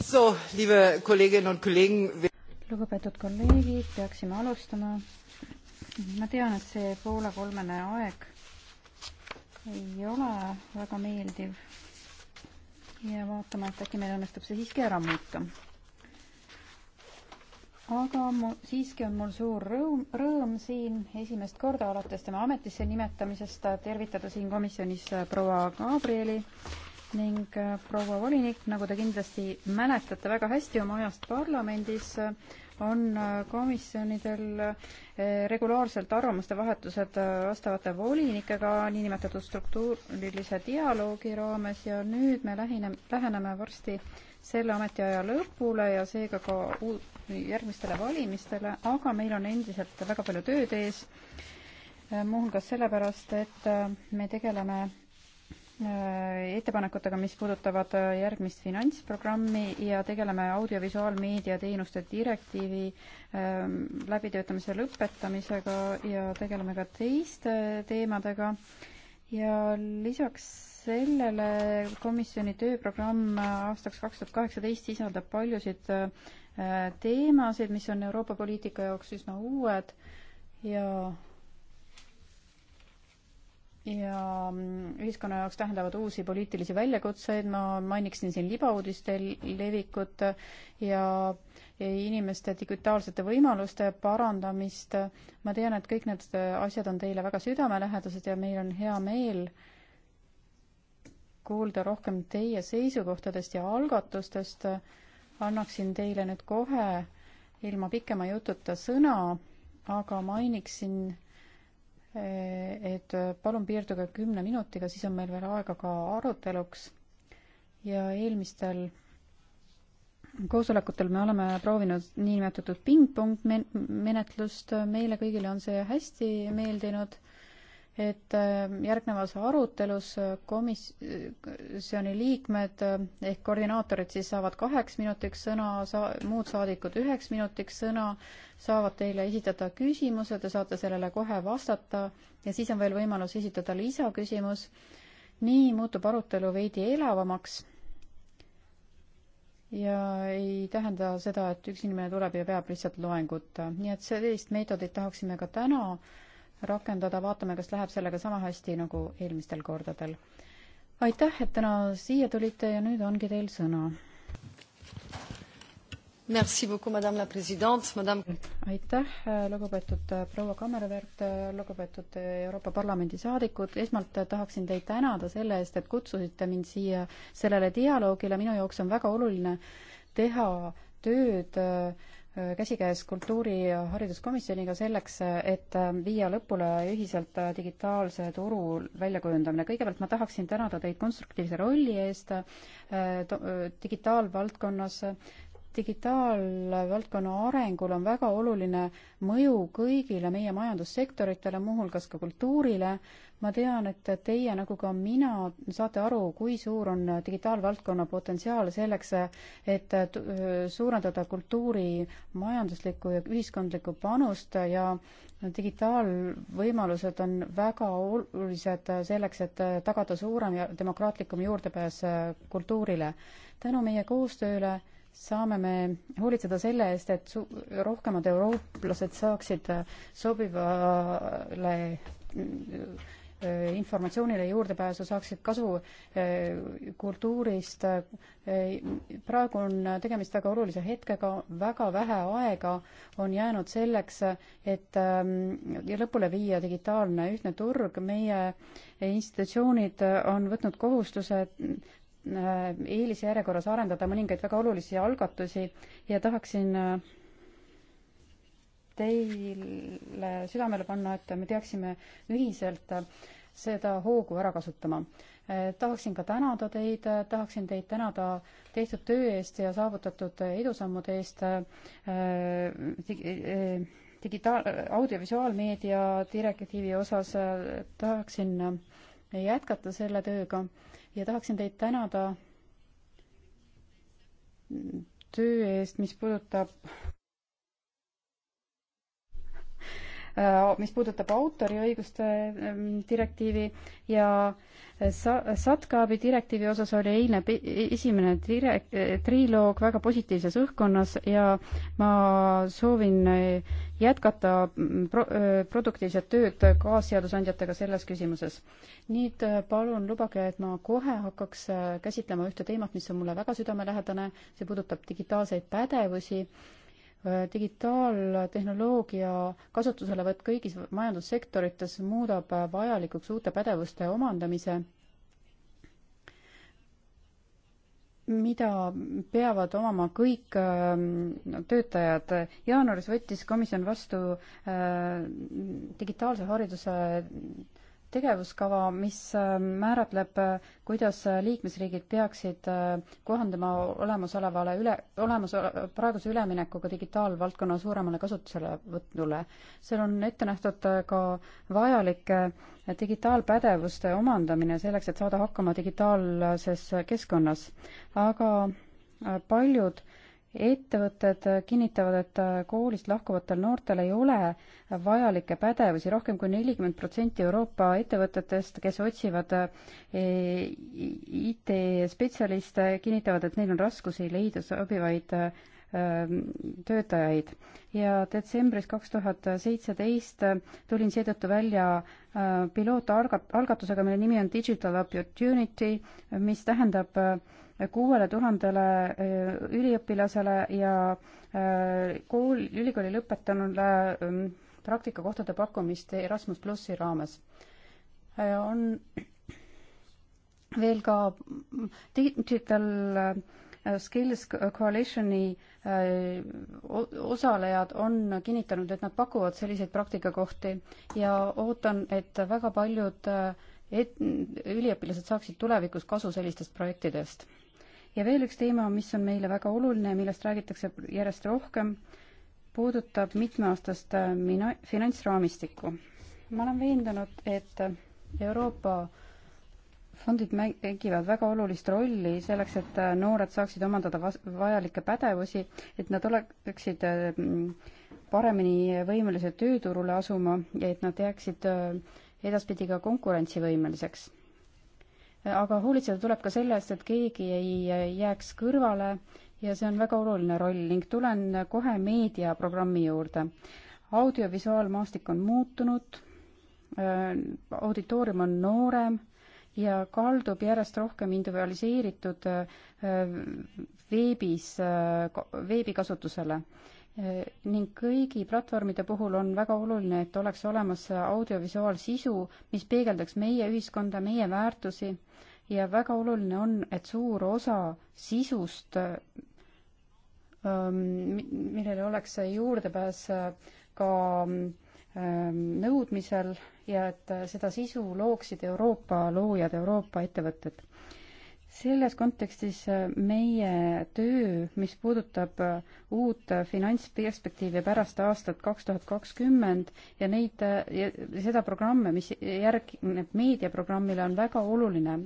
So, liebe Kolleginnen und Kollegen. Lugupeetud kolleegid, peaksime alustama. Ma tean, et see poole kolmene aeg ei ole väga meeldiv. Ja vaatame, et äkki meil õnnestub see siiski ära muuta. Aga mu, siiski on mul suur rõõm, rõõm siin esimest korda alates tema ametisse nimetamisest tervitada siin komisjonis proua Gabrieli. Gabrieli ning äh, proua volinik, nagu te kindlasti mäletate väga hästi oma ajast parlamendis, äh, on äh, komisjonidel regulaarselt arvamuste vahetused vastavate volinikega niinimetatud struktuurilise dialoogi raames ja nüüd me lähine, läheneme varsti selle ametiaja lõpule ja seega ka järgmistele valimistele, aga meil on endiselt väga palju tööd ees, muuhulgas sellepärast, et me tegeleme Äh, ettepanekutega, mis puudutavad äh, järgmist finantsprogrammi ja tegeleme audiovisuaalmeedia teenuste direktiivi ähm, läbitöötamise lõpetamisega ja tegeleme ka teiste teemadega. ja lisaks sellele komisjoni tööprogramm aastaks kaks tuhat kaheksateist sisaldab paljusid äh, teemasid, mis on Euroopa poliitika jaoks üsna uued ja ja mm, ühiskonna jaoks tähendavad uusi poliitilisi väljakutseid, ma mainiksin siin libauudiste levikut ja inimeste digitaalsete võimaluste parandamist. ma tean, et kõik need asjad on teile väga südamelähedased ja meil on hea meel kuulda rohkem teie seisukohtadest ja algatustest. annaksin teile nüüd kohe ilma pikema jututa sõna, aga mainiksin et palun piirduge kümne minutiga, siis on meil veel aega ka aruteluks. ja eelmistel koosolekutel me oleme proovinud niinimetatud pingpong menetlust, meile kõigile on see hästi meeldinud et ähm, järgnevas arutelus äh, komisjoni liikmed äh, ehk koordinaatorid siis saavad kaheks minutiks sõna, saa-, muud saadikud üheks minutiks sõna, saavad teile esitada küsimuse, te saate sellele kohe vastata ja siis on veel võimalus esitada lisaküsimus. nii muutub arutelu veidi elavamaks ja ei tähenda seda, et üks inimene tuleb ja peab lihtsalt loengut, nii et sellist meetodit tahaksime ka täna rakendada, vaatame, kas läheb sellega sama hästi nagu eelmistel kordadel. aitäh, et täna siia tulite ja nüüd ongi teil sõna. Merci beaucoup, madame la présidente, madame. aitäh, lugupeetud proua Kammerväärt, lugupeetud Euroopa Parlamendi saadikud. esmalt tahaksin teid tänada selle eest, et kutsusite mind siia sellele dialoogile. minu jaoks on väga oluline teha tööd äh, käsikäes kultuuri- ja hariduskomisjoniga selleks, et viia lõpule ühiselt digitaalse turu väljakujundamine. kõigepealt ma tahaksin tänada teid konstruktiivse rolli eest eh, digitaalvaldkonnas digitaalvaldkonna arengul on väga oluline mõju kõigile meie majandussektoritele, muuhulgas ka kultuurile. ma tean, et teie nagu ka mina saate aru, kui suur on digitaalvaldkonna potentsiaal selleks, et suurendada kultuuri majanduslikku ja ühiskondlikku panust ja digitaalvõimalused on väga olulised selleks, et tagada suurem ja demokraatlikum juurdepääs kultuurile. tänu meie koostööle saame me hoolitseda selle eest, et su-, rohkemad eurooplased saaksid sobivale äh, informatsioonile juurdepääsu, saaksid kasu äh, kultuurist. Äh, praegu on tegemist väga olulise hetkega, väga vähe aega on jäänud selleks, et ähm, lõpule viia digitaalne ühtne turg. meie institutsioonid on võtnud kohustuse Äh, eelisjärjekorras arendada mõningaid väga olulisi algatusi ja tahaksin äh, teile südamele panna, et me peaksime ühiselt äh, seda hoogu ära kasutama. tahaksin ka tänada teid, tahaksin teid tänada tehtud töö eest ja saavutatud edusammude eest digitaal, audiovisuaalmeedia direktiivi osas tahaksin jätkata selle tööga ja tahaksin teid tänada töö eest, mis puudutab mis puudutab autoriõiguste mm, direktiivi ja äh, sa-, satkaabi direktiivi osas oli eile esimene direk-, triloog väga positiivses õhkkonnas ja ma soovin jätkata pro-, produktiivset tööd kaasseadusandjatega selles küsimuses. nüüd äh, palun lubage, et ma kohe hakkaks äh, käsitlema ühte teemat, mis on mulle väga südamelähedane, see puudutab digitaalseid pädevusi digitaaltehnoloogia kasutuselevõtt kõigis majandussektorites muudab vajalikuks uute pädevuste omandamise, mida peavad omama kõik ähm, töötajad. jaanuaris võttis komisjon vastu äh, digitaalse hariduse tegevuskava, mis äh, määratleb, äh, kuidas äh, liikmesriigid peaksid kohandama olemasolevale üle, olemas, praeguse üleminekuga digitaalvaldkonna suuremale kasutuselevõtule. seal on ette nähtud ka vajalike digitaalpädevuste omandamine selleks, et saada hakkama digitaalses keskkonnas. aga paljud äh, ettevõtted kinnitavad, et koolist lahkuvatel noortel ei ole vajalikke pädevusi. rohkem kui nelikümmend protsenti Euroopa ettevõtetest, kes otsivad eh, IT-spetsialiste, kinnitavad, et neil on raskusi leida sobivaid ähm, töötajaid ja detsembris kaks tuhat seitseteist tulin seetõttu välja äh, pilootalgatusega, mille nimi on Digital Opportunity, mis tähendab äh, kuuele tuhandele eh, üliõpilasele ja eh, kool, ülikooli lõpetanule mm, praktikakohtade pakkumist Erasmus plussi raames. Eh, on veel ka mm, Digital Skills Coalitioni osalejad on kinnitanud, et nad pakuvad selliseid praktikakohti ja ootan, et väga paljud et üliõpilased saaksid tulevikus kasu sellistest projektidest ja veel üks teema, mis on meile väga oluline ja millest räägitakse järjest rohkem, puudutab mitmeaastast äh, mina-, finantsraamistikku. ma olen veendunud, et Euroopa fondid mängivad väga olulist rolli selleks, et äh, noored saaksid omandada vajalikke pädevusi, et nad oleksid äh, paremini võimelised tööturule asuma ja et nad jääksid edaspidi ka konkurentsivõimeliseks aga hoolitseda tuleb ka selle eest, et keegi ei jääks kõrvale ja see on väga oluline roll ning tulen kohe meediaprogrammi juurde. audiovisuaalmaastik on muutunud, äh, auditoorium on noorem ja kaldub järjest rohkem individualiseeritud äh, veebis, äh, veebikasutusele ning kõigi platvormide puhul on väga oluline, et oleks olemas audiovisuaalsisu, mis peegeldaks meie ühiskonda, meie väärtusi ja väga oluline on, et suur osa sisust, ähm, millele oleks juurdepääs äh, ka ähm, nõudmisel ja et seda sisu looksid Euroopa loojad, Euroopa ettevõtted selles kontekstis äh, meie töö, mis puudutab äh, uut äh, finantsperspektiivi pärast aastat kaks tuhat kakskümmend ja neid ja seda programme, mis järgneb meediaprogrammile, on väga oluline.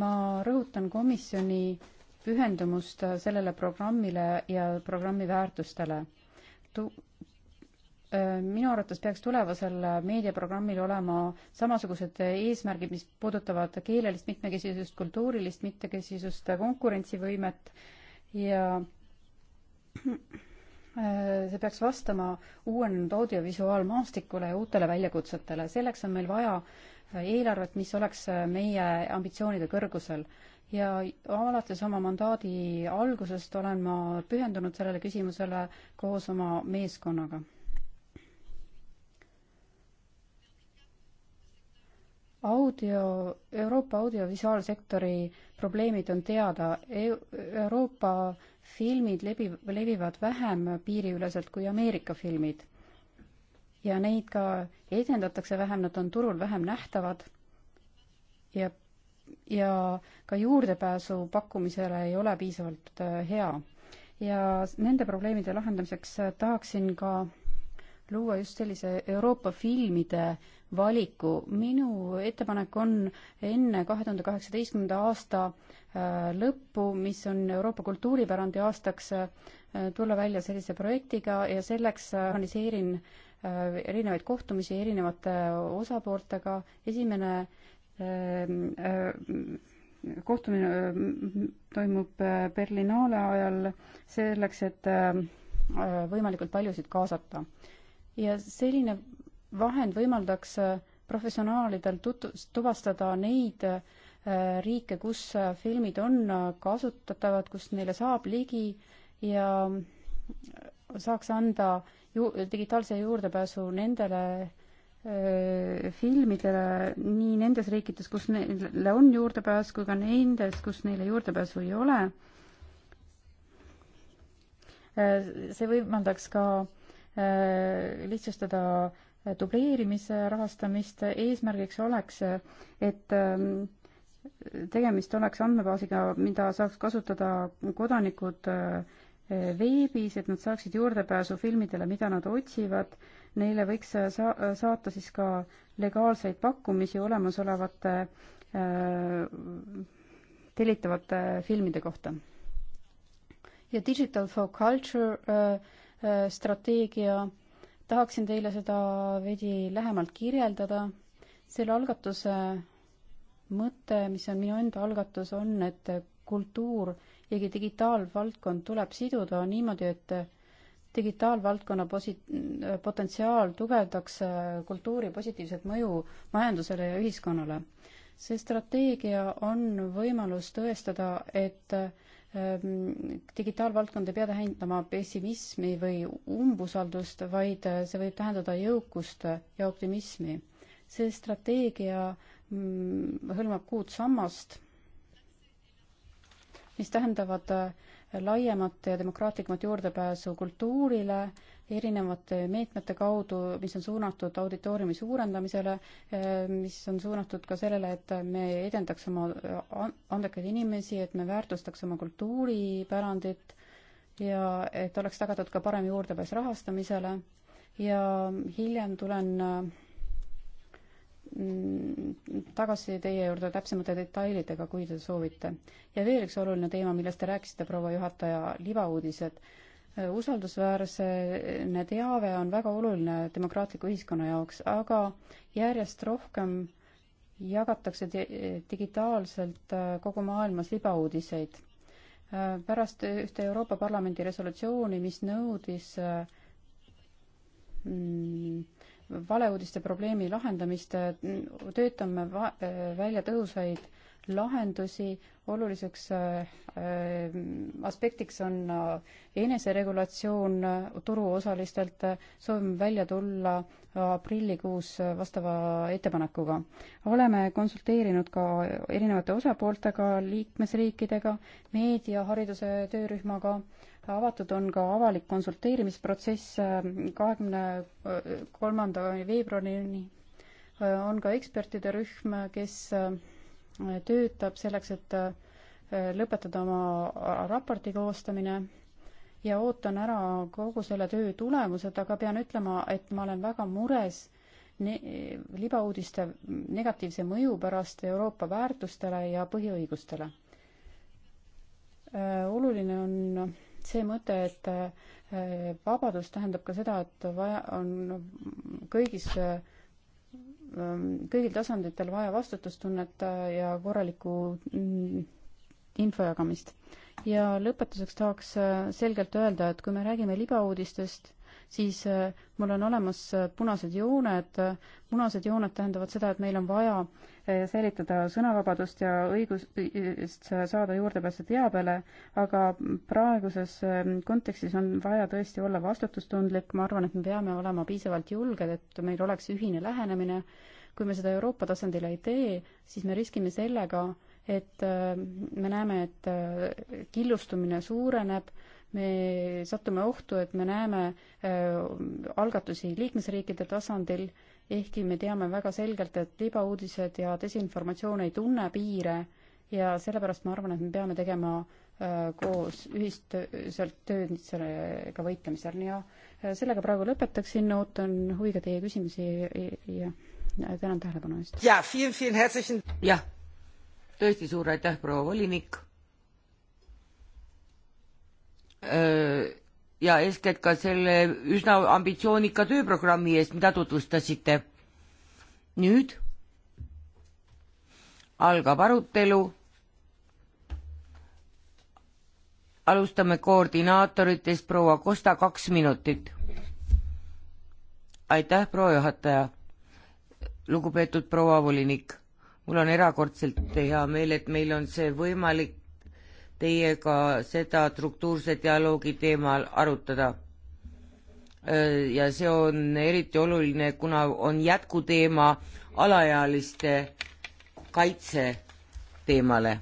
ma rõhutan komisjoni pühendumust sellele programmile ja programmi väärtustele tu-, minu arvates peaks tulevasel meediaprogrammil olema samasugused eesmärgid, mis puudutavad keelelist mitmekesisust, kultuurilist mitmekesisust, konkurentsivõimet ja see peaks vastama uuenenud audiovisuaalmaastikule ja uutele väljakutsetele. selleks on meil vaja eelarvet, mis oleks meie ambitsioonide kõrgusel. ja alates oma mandaadi algusest olen ma pühendunud sellele küsimusele koos oma meeskonnaga audio, Euroopa audiovisuaalsektori probleemid on teada e. Euroopa filmid levi, levivad vähem piiriüleselt kui Ameerika filmid. ja neid ka edendatakse vähem, nad on turul vähem nähtavad ja, ja ka juurdepääsu pakkumisele ei ole piisavalt äh, hea. ja nende probleemide lahendamiseks äh, tahaksin ka luua just sellise Euroopa filmide äh, valiku. minu ettepanek on enne kahe tuhande kaheksateistkümnenda aasta äh, lõppu, mis on Euroopa kultuuripärandi aastaks, äh, tulla välja sellise projektiga ja selleks organiseerin äh, erinevaid kohtumisi erinevate osapooltega. esimene ähm, kohtumine toimub Berlinale ajal selleks, et võimalikult paljusid kaasata. ja selline vahend võimaldaks äh, professionaalidel tutu-, tuvastada neid äh, riike, kus äh, filmid on kasutatavad, kus neile saab ligi ja saaks anda ju-, digitaalse juurdepääsu nendele filmidele nii nendes riikides, kus neile on juurdepääs, kui ka nendes, kus neile juurdepääsu ei ole. see võimaldaks ka lihtsustada äh, dubleerimise rahastamist, eesmärgiks oleks, et ähm, tegemist oleks andmebaasiga, mida saaks kasutada kodanikud äh, veebis, et nad saaksid juurdepääsu filmidele, mida nad otsivad. Neile võiks äh, sa-, äh, saata siis ka legaalseid pakkumisi olemasolevate tellitavate filmide kohta. ja Digital for Culture äh, äh, strateegia äh, tahaksin teile seda veidi lähemalt kirjeldada. selle algatuse mõte, mis on minu enda algatus, on, et kultuur ja digitaalvaldkond tuleb siduda niimoodi, et digitaalvaldkonna posi-, potentsiaal tugevdaks kultuuri positiivset mõju majandusele ja ühiskonnale. see strateegia on võimalus tõestada, et Ehm, digitaalvaldkond ei pea tähendama pessimismi või umbusaldust, vaid äh, see võib tähendada jõukust ja optimismi. see strateegia mm, hõlmab kuut sammast, mis tähendavad äh, laiemat ja demokraatlikumat juurdepääsu kultuurile, erinevate meetmete kaudu, mis on suunatud auditooriumi suurendamisele, eh, mis on suunatud ka sellele, et me edendaks oma andekaid inimesi, et me väärtustaks oma kultuuripärandit ja et oleks tagatud ka parem juurdepääs rahastamisele ja hiljem tulen mm, tagasi teie juurde täpsemate detailidega, kui te soovite. ja veel üks oluline teema, millest te rääkisite, proua juhataja, libauudised usaldusväärsene teave on väga oluline demokraatliku ühiskonna jaoks, aga järjest rohkem jagatakse digitaalselt äh, kogu maailmas libauudiseid. Äh, pärast ühte Euroopa Parlamendi resolutsiooni, mis nõudis äh, mm, valeuudiste probleemi lahendamist, töötame välja tõhusaid lahendusi. oluliseks äh, äh, aspektiks on äh, eneseregulatsioon turuosalistelt. soovime välja tulla aprillikuus vastava ettepanekuga. oleme konsulteerinud ka erinevate osapooltega, liikmesriikidega, meediahariduse töörühmaga avatud on ka avalik konsulteerimisprotsess kahekümne kolmanda veebruarini. on ka ekspertide rühm, kes töötab selleks, et äh, lõpetada oma raporti koostamine ja ootan ära kogu selle töö tulemused, aga pean ütlema, et ma olen väga mures ne-, libauudiste negatiivse mõju pärast Euroopa väärtustele ja põhiõigustele. Äh, oluline on see mõte, et äh, vabadus tähendab ka seda, et vaja on kõigis äh, Ähm, kõigil tasanditel vaja vastutustunnet äh, ja korralikku mm, info jagamist. ja lõpetuseks tahaks äh, selgelt öelda, et kui me räägime libauudistest, siis äh, mul on olemas äh, punased jooned. punased jooned tähendavad seda, et meil on vaja äh, säilitada sõnavabadust ja õigust saada juurdepääsu teabele, aga praeguses kontekstis on vaja tõesti olla vastutustundlik, ma arvan, et me peame olema piisavalt julged, et meil oleks ühine lähenemine. kui me seda Euroopa tasandil ei tee, siis me riskime sellega, et me näeme, et killustumine suureneb me satume ohtu, et me näeme äh, algatusi liikmesriikide tasandil, ehkki me teame väga selgelt, et libauudised ja desinformatsioon ei tunne piire ja sellepärast ma arvan, et me peame tegema äh, koos ühiselt tööd sellega võitlemisel ja äh, sellega praegu lõpetaksin, ootan huviga teie küsimusi ja tänan tähelepanu eest. jah, tõesti suur aitäh, proua volinik Äh, ja eeskätt ka selle üsna ambitsioonika tööprogrammi eest, mida tutvustasite. nüüd algab arutelu. alustame koordinaatoritest, proua Kosta, kaks minutit. aitäh, proua juhataja. lugupeetud proua volinik, mul on erakordselt hea meel, et meil on see võimalik teiega seda struktuurse dialoogi teemal arutada. Äh, ja see on eriti oluline, kuna on jätkuteema alaealiste kaitse teemale.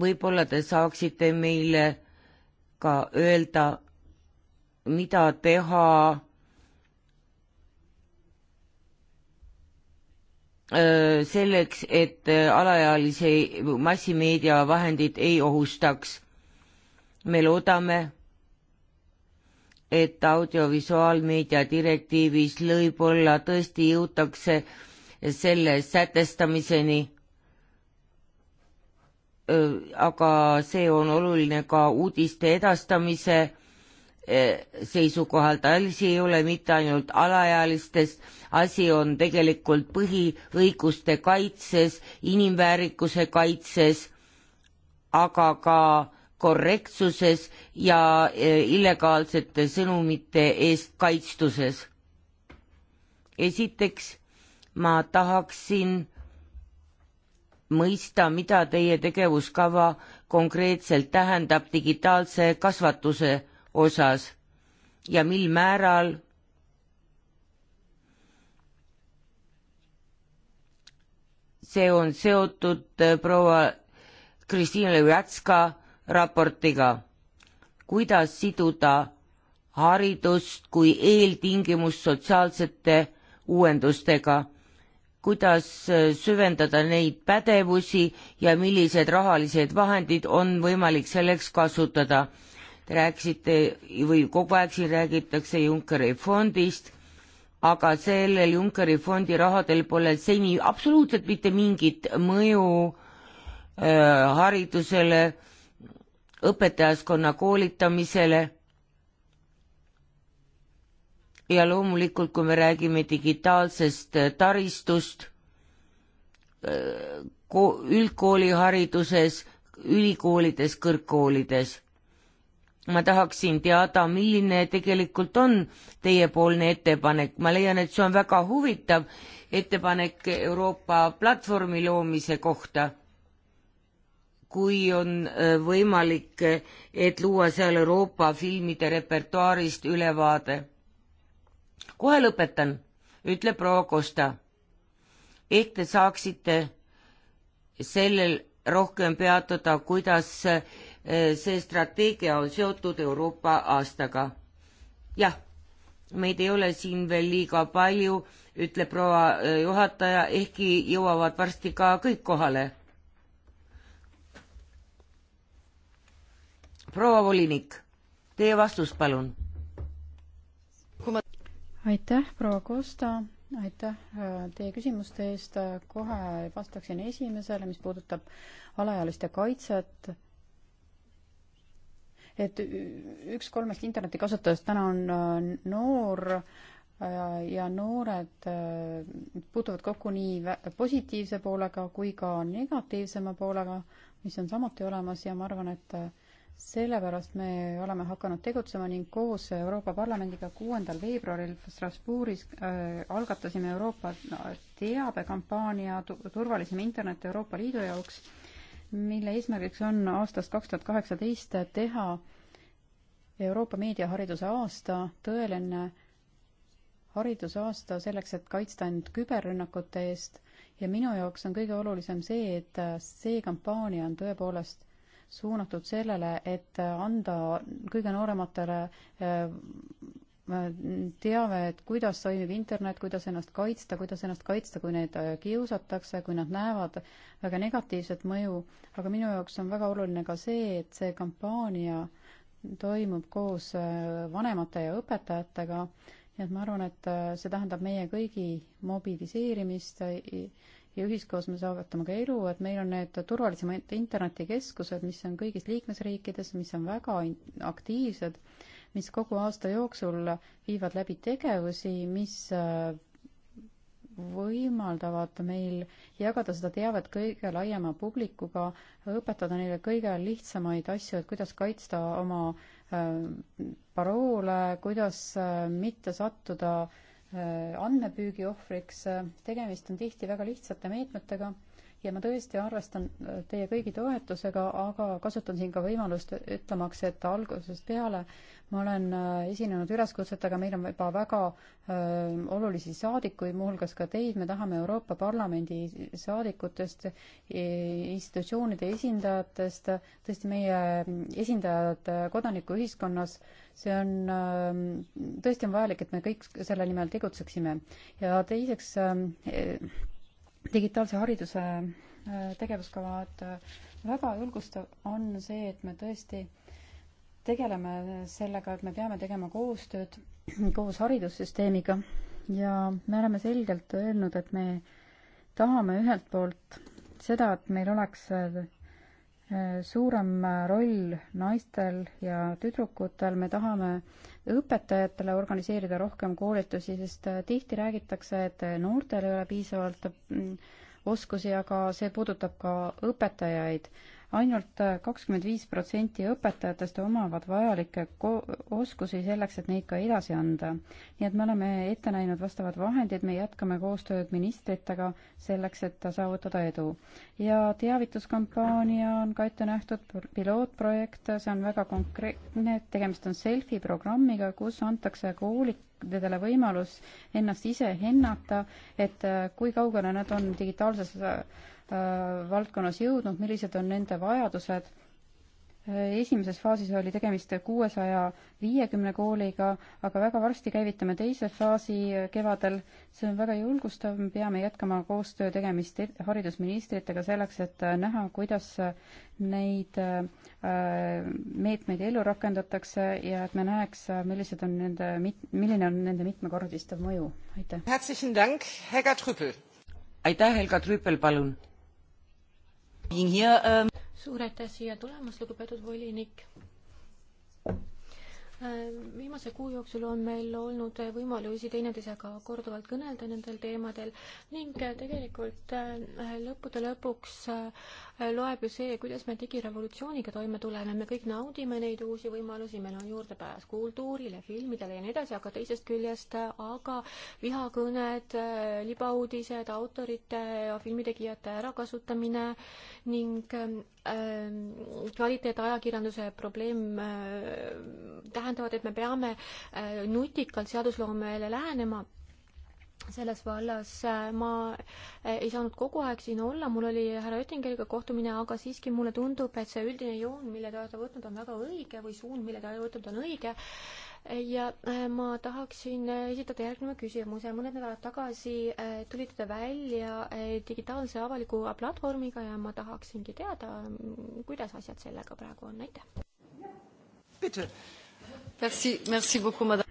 võib-olla te saaksite meile ka öelda, mida teha Äh, selleks, et äh, alaealisi massimeediavahendid ei ohustaks. me loodame, et audiovisuaalmeedia direktiivis võib-olla tõesti jõutakse selle sätestamiseni, äh, aga see on oluline ka uudiste edastamise E, seisukohalt, asi ei ole mitte ainult alaealistes, asi on tegelikult põhiõiguste kaitses, inimväärikuse kaitses, aga ka korrektsuses ja e, illegaalsete sõnumite eest kaitstuses. esiteks ma tahaksin mõista, mida teie tegevuskava konkreetselt tähendab digitaalse kasvatuse osas ja mil määral see on seotud äh, proua Kristiina Levjatska raportiga, kuidas siduda haridust kui eeltingimust sotsiaalsete uuendustega, kuidas äh, süvendada neid pädevusi ja millised rahalised vahendid on võimalik selleks kasutada Te rääkisite või kogu aeg siin räägitakse Junckeri fondist, aga sellel Junckeri fondi rahadel pole seni absoluutselt mitte mingit mõju äh, haridusele, õpetajaskonna koolitamisele ja loomulikult, kui me räägime digitaalsest äh, taristust, äh, üldkoolihariduses, ülikoolides, kõrgkoolides ma tahaksin teada, milline tegelikult on teiepoolne ettepanek, ma leian, et see on väga huvitav ettepanek Euroopa platvormi loomise kohta. kui on äh, võimalik, äh, et luua seal Euroopa filmide repertuaarist ülevaade. kohe lõpetan, ütleb proua Kosta. ehk te saaksite sellel rohkem peatuda, kuidas äh, Eh, see strateegia on seotud Euroopa aastaga. jah, meid ei ole siin veel liiga palju, ütleb proua eh, juhataja, ehkki jõuavad varsti ka kõik kohale. proua volinik, teie vastus, palun. aitäh, proua Kosta aitäh eh, teie küsimuste eest. kohe vastaksin esimesele, mis puudutab alaealiste kaitset et üks kolmest internetikasutajast täna on äh, noor äh, ja noored äh, puutuvad kokku nii positiivse poolega kui ka negatiivsema poolega, mis on samuti olemas ja ma arvan, et sellepärast me oleme hakanud tegutsema ning koos Euroopa Parlamendiga kuuendal veebruaril Strasbourgis äh, algatasime Euroopa teabekampaania Turvalisem internet Euroopa Liidu jaoks mille eesmärgiks on aastast kaks tuhat kaheksateist teha Euroopa meediahariduse aasta tõeline haridusaasta selleks, et kaitsta end küberrünnakute eest ja minu jaoks on kõige olulisem see, et see kampaania on tõepoolest suunatud sellele, et anda kõige noorematele teame, et kuidas toimib internet, kuidas ennast kaitsta, kuidas ennast kaitsta, kui neid äh, kiusatakse, kui nad näevad väga negatiivset mõju, aga minu jaoks on väga oluline ka see, et see kampaania toimub koos äh, vanemate ja õpetajatega, nii et ma arvan, et äh, see tähendab meie kõigi mobiliseerimist ja ühiskoos me saavutame ka elu, et meil on need turvalisemad internetikeskused, mis on kõigis liikmesriikides, mis on väga aktiivsed mis kogu aasta jooksul viivad läbi tegevusi, mis äh, võimaldavad meil jagada seda teavet kõige laiema publikuga, õpetada neile kõige lihtsamaid asju, et kuidas kaitsta oma äh, paroole, kuidas äh, mitte sattuda andmepüügi ohvriks, tegemist on tihti väga lihtsate meetmetega ja ma tõesti arvestan äh, teie kõigi toetusega, aga kasutan siin ka võimalust ütlemaks, et algusest peale ma olen äh, esinenud üleskutsetega, meil on juba väga öö, äh, olulisi saadikuid, muuhulgas ka teid, me tahame Euroopa Parlamendi saadikutest, institutsioonide esindajatest, tõesti meie mm, esindajad kodanikuühiskonnas, see on, ähm, tõesti on vajalik, et me kõik selle nimel tegutseksime. ja teiseks öö, ähm, e, digitaalse hariduse äh, tegevuskavad. Äh, väga julgustav on see, et me tõesti tegeleme sellega, et me peame tegema koostööd koos haridussüsteemiga ja me oleme selgelt öelnud, et me tahame ühelt poolt seda, et meil oleks äh, suurem roll naistel ja tüdrukutel, me tahame õpetajatele organiseerida rohkem koolitusi, sest äh, tihti räägitakse, et noortel ei ole piisavalt mm, oskusi, aga see puudutab ka õpetajaid ainult kakskümmend viis protsenti õpetajatest omavad vajalikke oskusi selleks, et neid ka edasi anda. nii et me oleme ette näinud vastavad vahendid, me jätkame koostööd ministritega selleks, et saavutada edu. ja teavituskampaania on ka ette nähtud, pilootprojekt, see on väga konkreetne, tegemist on Selfie programmiga, kus antakse koolik-, nendele võimalus ennast ise hinnata, et kui kaugele nad on digitaalses Äh, valdkonnas jõudnud, millised on nende vajadused. Äh, esimeses faasis oli tegemist kuuesaja viiekümne kooliga, aga väga varsti käivitame teise faasi äh, kevadel. see on väga julgustav, me peame jätkama koostöö tegemist haridusministritega selleks, et näha, kuidas neid meetmeid ellu rakendatakse ja et me näeks, millised on nende, milline on nende mitmekordistav mõju. aitäh! aitäh, Helga Trüppel, palun! suur aitäh siia tulemast, lugupeetud volinik äh, Viimase kuu jooksul on meil olnud võimalusi teineteisega korduvalt kõnelda nendel teemadel ning äh, tegelikult äh, lõppude lõpuks loeb ju see, kuidas me digirevolutsiooniga toime tuleme, me kõik naudime neid uusi võimalusi, meil on juurdepääs kultuurile, filmidele ja nii edasi, aga teisest küljest, aga vihakõned, libauudised, autorite ja filmitegijate ärakasutamine ning ähm, kvaliteetajakirjanduse probleem äh, tähendavad, et me peame äh, nutikalt seadusloomele lähenema selles vallas. Äh, ma äh, ei saanud kogu aeg siin olla, mul oli härra Oettingeriga kohtumine, aga siiski mulle tundub, et see üldine joon, mille te olete võtnud, on väga õige või suund, mille te olete võtnud, on õige. ja äh, ma tahaksin esitada järgneva küsimuse. mõned nädalad tagasi tulite te välja digitaalse avaliku platvormiga ja ma tahaksingi teada, mm, kuidas asjad sellega praegu on, aitäh! Merci, merci beaucoup, madame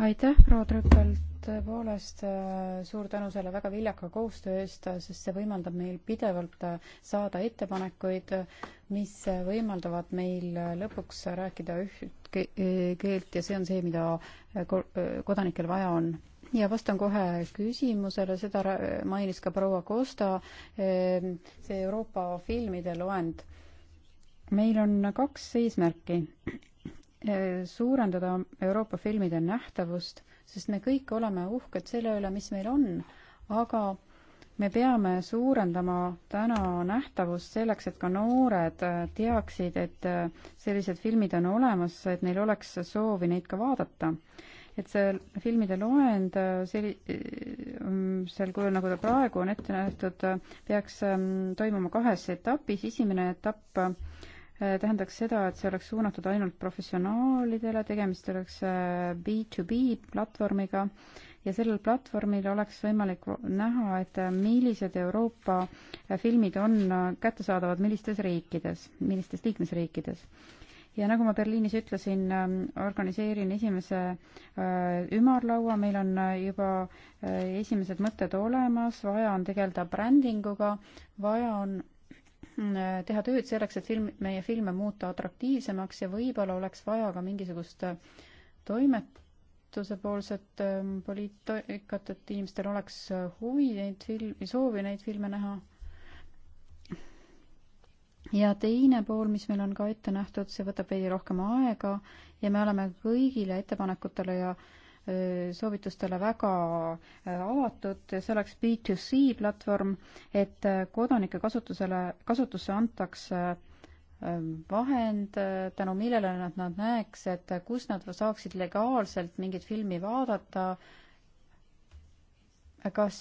aitäh, proua Trüppel, tõepoolest äh, suur tänu selle väga viljaka koostöö eest, äh, sest see võimaldab meil pidevalt äh, saada ettepanekuid, mis võimaldavad meil lõpuks rääkida üht keelt ja see on see, mida kodanikel vaja on. ja vastan kohe küsimusele, seda mainis ka proua Costa, see Euroopa filmide loend. meil on kaks eesmärki. Äh, suurendada Euroopa filmide nähtavust, sest me kõik oleme uhked selle üle, mis meil on, aga me peame suurendama täna nähtavust selleks, et ka noored äh, teaksid, et äh, sellised filmid on olemas, et neil oleks soovi neid ka vaadata. et see filmide loend selli-, mm, sel kujul, nagu ta praegu on ette nähtud, peaks ähm, toimuma kahes etapis, esimene etapp Äh, tähendaks seda, et see oleks suunatud ainult professionaalidele, tegemist oleks B2B äh, platvormiga ja sellel platvormil oleks võimalik näha, et äh, millised Euroopa filmid on kättesaadavad millistes riikides, millistes liikmesriikides. ja nagu ma Berliinis ütlesin, ähm, organiseerin esimese ümarlaua, meil on juba esimesed mõtted olemas, vaja on tegeleda brändinguga, vaja on Mm, äh, teha tööd selleks, et film, meie filme muuta atraktiivsemaks ja võib-olla oleks vaja ka mingisugust äh, toimetusepoolset ähm, poliitikat, et inimestel oleks äh, huvi neid filmi, soovi neid filme näha. ja teine pool, mis meil on ka ette nähtud, see võtab veidi rohkem aega ja me oleme kõigile ettepanekutele ja äh, soovitustele väga äh, avatud, see oleks B2C platvorm, et äh, kodanike kasutusele, kasutusse antaks äh, vahend, tänu millele nad, nad näeks, et kus nad saaksid legaalselt mingit filmi vaadata, kas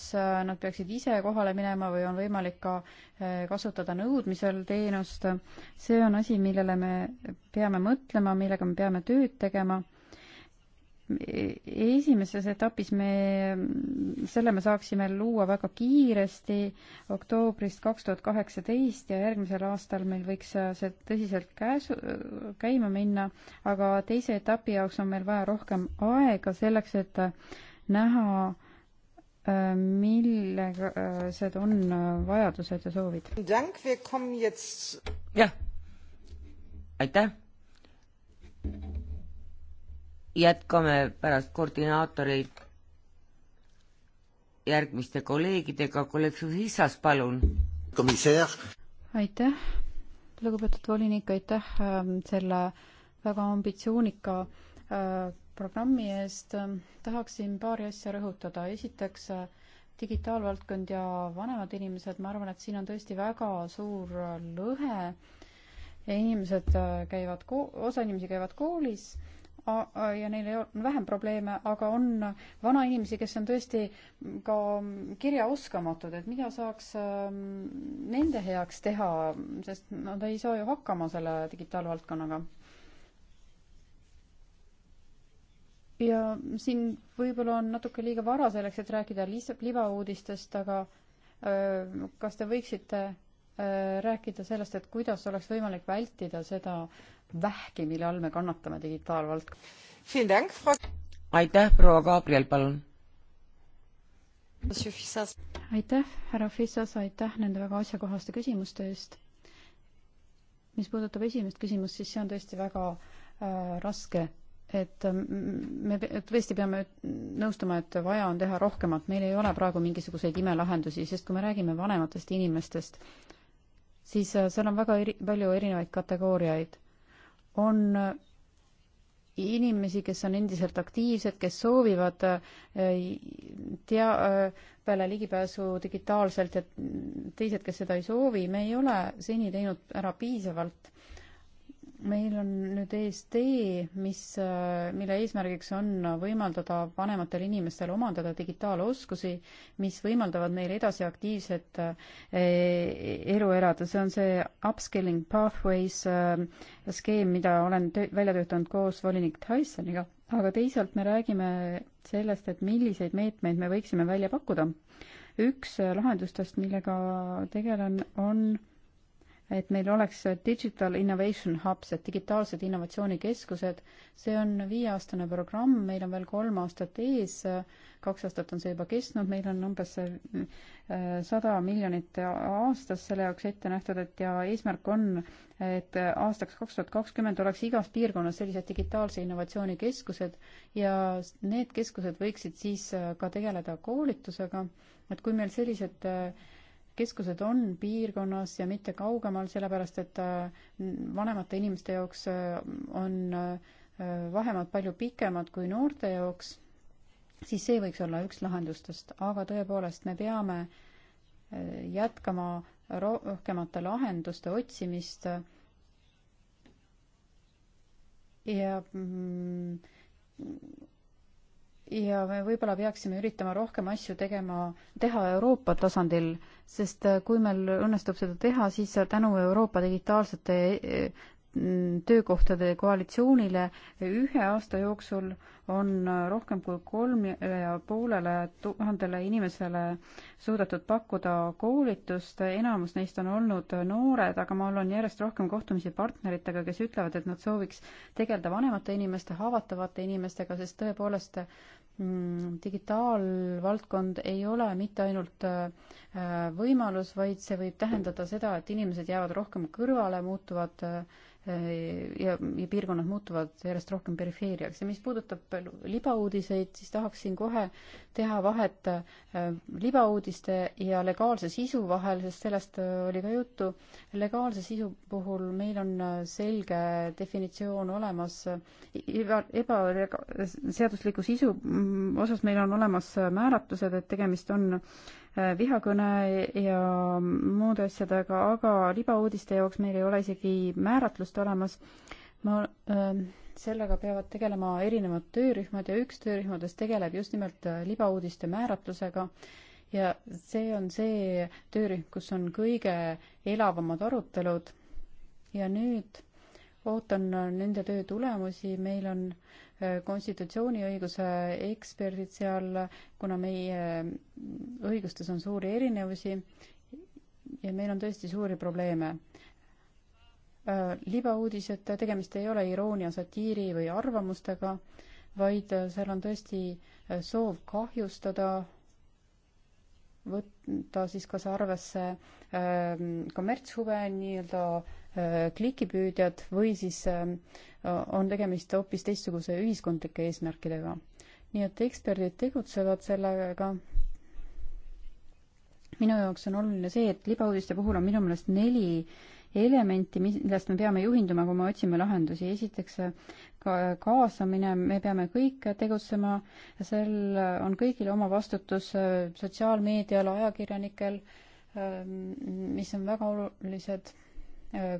nad peaksid ise kohale minema või on võimalik ka kasutada nõudmisel teenust. see on asi, millele me peame mõtlema, millega me peame tööd tegema esimeses etapis me, selle me saaksime luua väga kiiresti, oktoobrist kaks tuhat kaheksateist ja järgmisel aastal meil võiks see tõsiselt käsu, käima minna, aga teise etapi jaoks on meil vaja rohkem aega selleks, et näha, millised on vajadused ja soovid. jah, aitäh! jätkame pärast koordinaatoreid järgmiste kolleegidega, kolleeg Suhissas, palun. aitäh, lugupeetud volinik, aitäh ähm, selle väga ambitsioonika äh, programmi eest. Ähm, tahaksin paari asja rõhutada. esiteks äh, digitaalvaldkond ja vanemad inimesed, ma arvan, et siin on tõesti väga suur lõhe ja inimesed äh, käivad, osa inimesi käivad koolis ja neil on vähem probleeme, aga on vanainimesi, kes on tõesti ka kirjaoskamatud, et mida saaks ähm, nende heaks teha, sest nad ei saa ju hakkama selle digitaalvaldkonnaga. ja siin võib-olla on natuke liiga vara selleks, et rääkida lihtsalt libauudistest, aga äh, kas te võiksite Äh, rääkida sellest, et kuidas oleks võimalik vältida seda vähki, mille all me kannatame digitaalvaldkonnas. aitäh, proua Gabriel, palun. aitäh, härra Fissas, aitäh nende väga asjakohaste küsimuste eest. mis puudutab esimest küsimust, siis see on tõesti väga äh, raske et mm, me tõesti peame nõustuma, et vaja on teha rohkemat, meil ei ole praegu mingisuguseid imelahendusi, sest kui me räägime vanematest inimestest, siis äh, seal on väga eri, palju erinevaid kategooriaid. on äh, inimesi, kes on endiselt aktiivsed, kes soovivad äh, tea-, peale ligipääsu digitaalselt ja teised, kes seda ei soovi, me ei ole seni teinud ära piisavalt meil on nüüd ees tee, mis, äh, mille eesmärgiks on võimaldada vanematel inimestel omandada digitaaloskusi, mis võimaldavad neil edasi aktiivset äh, e-, elu elada. see on see upskilling pathways äh, skeem, mida olen tö-, välja töötanud koos volinik Tysoniga, aga teisalt me räägime sellest, et milliseid meetmeid me võiksime välja pakkuda. üks lahendustest, millega tegelen, on et meil oleks Digital Innovation Hubs, et digitaalsed innovatsioonikeskused. see on viieaastane programm, meil on veel kolm aastat ees, kaks aastat on see juba kestnud, meil on umbes äh, sada miljonit aastas selle jaoks ette nähtud, et ja eesmärk on, et aastaks kaks tuhat kakskümmend oleks igas piirkonnas sellised digitaalse innovatsioonikeskused ja need keskused võiksid siis ka tegeleda koolitusega, et kui meil sellised äh, keskused on piirkonnas ja mitte kaugemal, sellepärast et äh, vanemate inimeste jaoks äh, on äh, vahemaad palju pikemad kui noorte jaoks, siis see võiks olla üks lahendustest, aga tõepoolest, me peame jätkama rohkemate lahenduste otsimist ja mm, ja me võib-olla peaksime üritama rohkem asju tegema, teha Euroopa tasandil, sest äh, kui meil õnnestub seda teha, siis tänu Euroopa digitaalsete äh, töökohtade koalitsioonile ühe aasta jooksul on rohkem kui kolm ja poolele tuhandele inimesele suudetud pakkuda koolitust, enamus neist on olnud noored, aga mul on järjest rohkem kohtumisi partneritega, kes ütlevad, et nad sooviks tegeleda vanemate inimeste, haavatavate inimestega, sest tõepoolest mm, digitaalvaldkond ei ole mitte ainult äh, võimalus, vaid see võib tähendada seda, et inimesed jäävad rohkem kõrvale, muutuvad äh, ja, ja piirkonnad muutuvad järjest rohkem perifeeriaks ja mis puudutab libauudiseid, siis tahaksin kohe teha vahet äh, libauudiste ja legaalse sisu vahel, sest sellest äh, oli ka juttu. legaalse sisu puhul meil on äh, selge definitsioon olemas, ebaseadusliku sisu mm, osas meil on olemas määratlused, et tegemist on vihakõne ja muude asjadega, aga libauudiste jaoks meil ei ole isegi määratlust olemas. ma äh, sellega peavad tegelema erinevad töörühmad ja üks töörühmadest tegeleb just nimelt äh, libauudiste määratlusega ja see on see töörühm, kus on kõige elavamad arutelud. ja nüüd ootan äh, nende töö tulemusi, meil on äh, konstitutsiooniõiguse eksperdid seal, kuna meie õigustes on suuri erinevusi ja meil on tõesti suuri probleeme Äh, libauudised, tegemist ei ole iroonia, satiiri või arvamustega, vaid äh, seal on tõesti äh, soov kahjustada, võtta siis kas arvesse äh, kommertshuve, nii-öelda äh, klikipüüdjad või siis äh, on tegemist hoopis teistsuguse ühiskondlike eesmärkidega. nii et eksperdid tegutsevad sellega. minu jaoks on oluline see, et libauudiste puhul on minu meelest neli äh, elementi, millest me peame juhinduma, kui me otsime lahendusi. esiteks ka kaasamine, me peame kõik tegutsema, sel on kõigil oma vastutus sotsiaalmeedial, ajakirjanikel, mis on väga olulised Äh,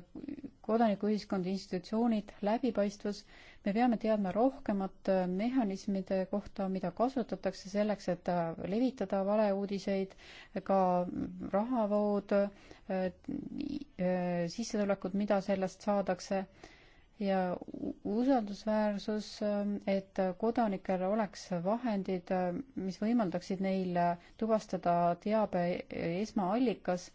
kodanikuühiskond, institutsioonid, läbipaistvus, me peame teadma rohkemat äh, mehhanismide kohta, mida kasutatakse selleks, et äh, levitada valeuudiseid, ka rahavood, sissetulekud, mida sellest saadakse, ja usaldusväärsus, et kodanikel oleks vahendid, mis võimaldaksid neil tuvastada teabe e-, esmaallikas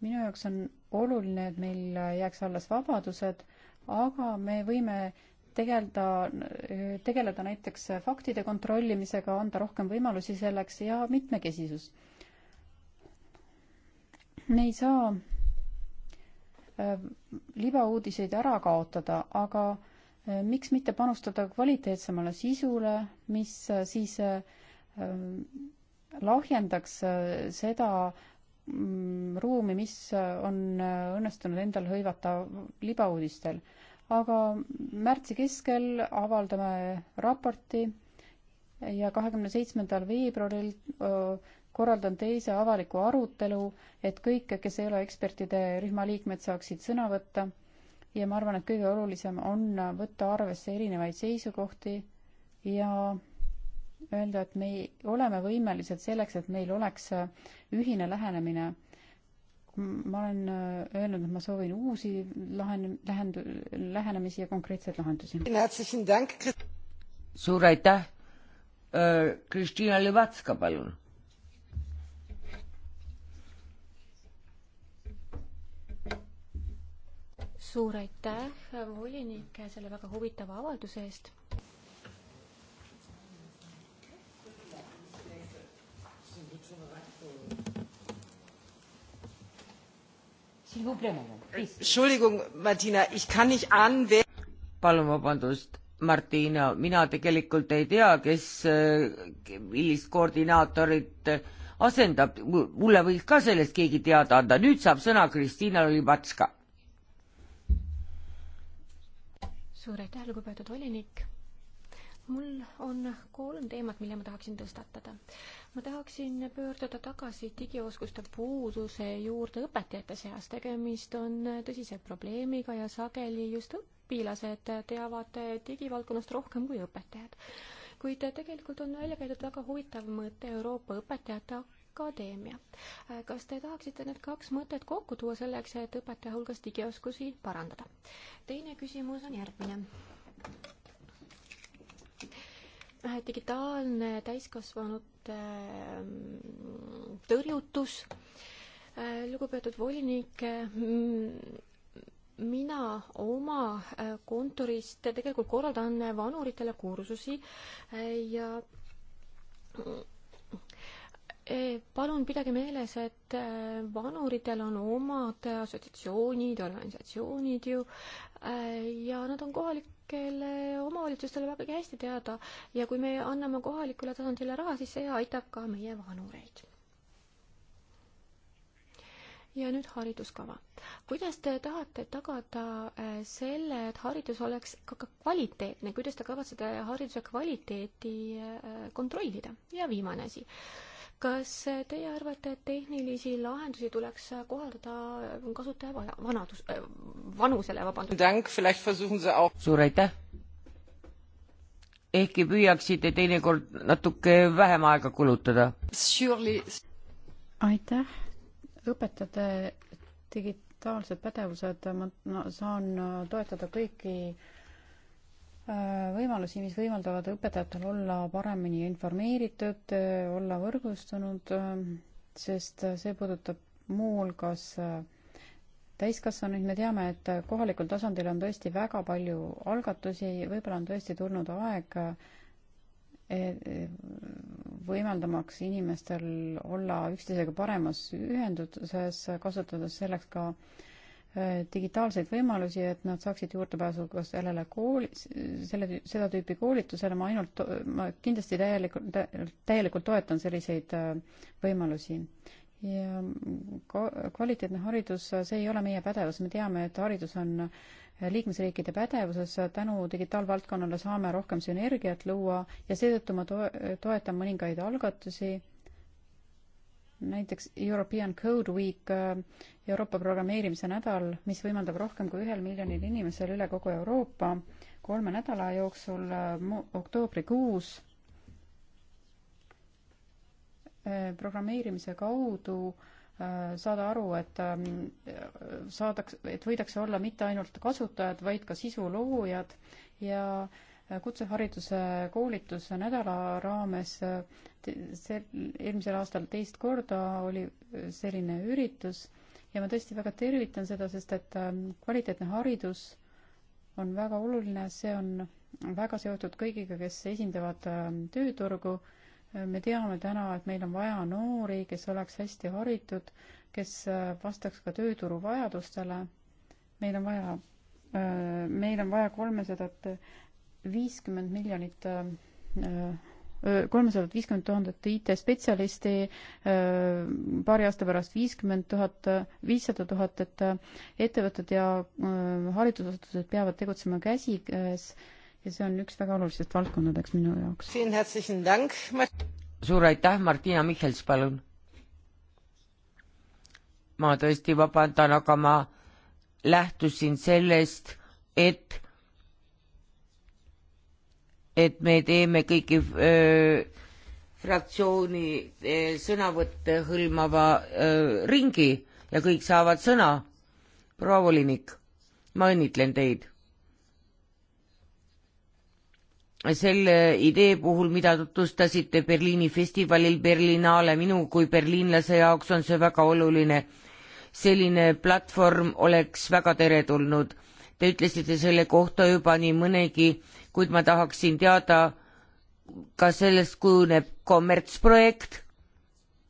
minu jaoks on oluline, et meil jääks alles vabadused, aga me võime tegeleda, tegeleda näiteks faktide kontrollimisega, anda rohkem võimalusi selleks ja mitmekesisus. me ei saa äh, libauudiseid ära kaotada, aga äh, miks mitte panustada kvaliteetsemale sisule, mis äh, siis lahjendaks seda Mm, ruumi, mis on õnnestunud endal hõivata libauudistel. aga märtsi keskel avaldame raporti ja kahekümne seitsmendal veebruaril korraldan teise avaliku arutelu, et kõik, kes ei ole ekspertide rühma liikmed, saaksid sõna võtta. ja ma arvan, et kõige olulisem on võtta arvesse erinevaid seisukohti ja öelda, et me oleme võimelised selleks, et meil oleks äh, ühine lähenemine. ma olen äh, öelnud, et ma soovin uusi lahen-, lähendu-, lähenemisi ja konkreetseid lahendusi. suur aitäh. Äh, Kristiina Levatska, palun. suur aitäh volinik selle väga huvitava avalduse eest Entschuldigung, Martina, ich kann nicht ahnen, wer palun vabandust, Martina, mina tegelikult ei tea, kes, äh, millist koordinaatorit äh, asendab, mulle võiks ka sellest keegi teada anda, nüüd saab sõna Kristiina Libatska. suur aitäh, lugupeetud volinik mul on kolm teemat, mille ma tahaksin tõstatada. ma tahaksin pöörduda tagasi digioskuste puuduse juurde õpetajate seas. tegemist on tõsise probleemiga ja sageli just õpilased teavad digivaldkonnast rohkem kui õpetajad. kuid tegelikult on välja käidud väga huvitav mõte Euroopa Õpetajate Akadeemia. kas te tahaksite need kaks mõtet kokku tuua selleks, et õpetaja hulgas digioskusi parandada? teine küsimus on järgmine Äh, digitaalne täiskasvanute ähm, tõrjutus. Äh, lugupeetud volinik, mm, mina oma äh, kontorist tegelikult korraldan vanuritele kursusi ja mm, palun pidage meeles, et vanuritel on omad assotsiatsioonid, organisatsioonid ju ja nad on kohalik kohalikele omavalitsustele vägagi hästi teada ja kui me anname kohalikule tasandile raha, siis see aitab ka meie vanureid. ja nüüd hariduskava. kuidas te tahate tagada äh, selle, et haridus oleks ka, ka kvaliteetne, kuidas te kavatsete hariduse kvaliteeti äh, kontrollida? ja viimane asi kas teie arvate, et tehnilisi lahendusi tuleks kohaldada kasutaja vaja, vanadus äh,, vanusele, vabandust? suur aitäh! ehkki püüaksite teinekord natuke vähem aega kulutada. aitäh! õpetajate digitaalsed pädevused, ma no, saan toetada kõiki äh, Äh, võimalusi, mis võimaldavad õpetajatel olla paremini informeeritud, äh, olla võrgustunud, äh, sest see puudutab muuhulgas täiskasvanuid, me teame, et kohalikul tasandil on tõesti väga palju algatusi, võib-olla on tõesti tulnud aeg võimaldamaks inimestel olla üksteisega paremas ühenduses, kasutades selleks ka äh, Äh, digitaalseid võimalusi, et nad saaksid juurdepääsu ka sellele kooli, selle, seda tüüpi koolitusele, ma ainult, ma kindlasti täielikult, täielikult toetan selliseid äh, võimalusi. ja kvaliteetne haridus, see ei ole meie pädevus, me teame, et haridus on äh, liikmesriikide pädevuses, tänu digitaalvaldkonnale saame rohkem sünergiat luua ja seetõttu ma to-, toetan mõningaid algatusi näiteks European Code Week, äh, Euroopa programmeerimise nädal, mis võimaldab rohkem kui ühel miljonil inimesel üle kogu Euroopa kolme nädala jooksul äh, oktoobrikuus äh, programmeerimise kaudu saada aru, et ähm, saadaks, et võidakse olla mitte ainult kasutajad, vaid ka sisuloojad ja kutsehariduse koolituse nädala raames sel, eelmisel aastal teist korda oli selline üritus ja ma tõesti väga tervitan seda, sest et ähm, kvaliteetne haridus on väga oluline, see on väga seotud kõigiga, kes esindavad ähm, tööturgu. Äh, me teame täna, et meil on vaja noori, kes oleks hästi haritud, kes äh, vastaks ka tööturu vajadustele. meil on vaja, äh, meil on vaja kolmesadat viiskümmend miljonit kolmsada viiskümmend tuhandet IT-spetsialisti, äh, paari aasta pärast viiskümmend tuhat, viissada tuhat, et äh, ettevõtted ja äh, haridusasutused peavad tegutsema käsikäes ja see on üks väga olulistest valdkondadeks minu jaoks. suur aitäh, Martina Michels, palun! ma tõesti vabandan, aga ma lähtusin sellest, et et me teeme kõiki öö, fraktsiooni öö, sõnavõtte hõlmava öö, ringi ja kõik saavad sõna. proua volinik, ma õnnitlen teid. selle idee puhul, mida tutvustasite Berliini festivalil Berlinale, minu kui berliinlase jaoks on see väga oluline. selline platvorm oleks väga teretulnud. Te ütlesite selle kohta juba nii mõnegi äh, kuid ma tahaksin teada, kas sellest kujuneb kommertsprojekt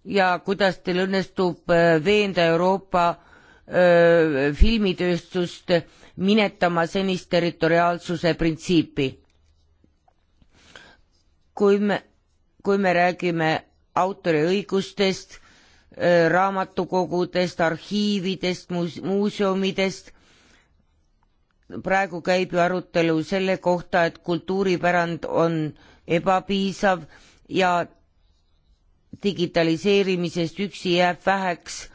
ja kuidas teil õnnestub äh, veenda Euroopa öö, äh, filmitööstust minetama senist territoriaalsuse printsiipi. kui me, kui me räägime autoriõigustest, äh, raamatukogudest, arhiividest muus,, muuseumidest, praegu käib ju arutelu selle kohta, et kultuuripärand on ebapiisav ja digitaliseerimisest üksi jääb väheks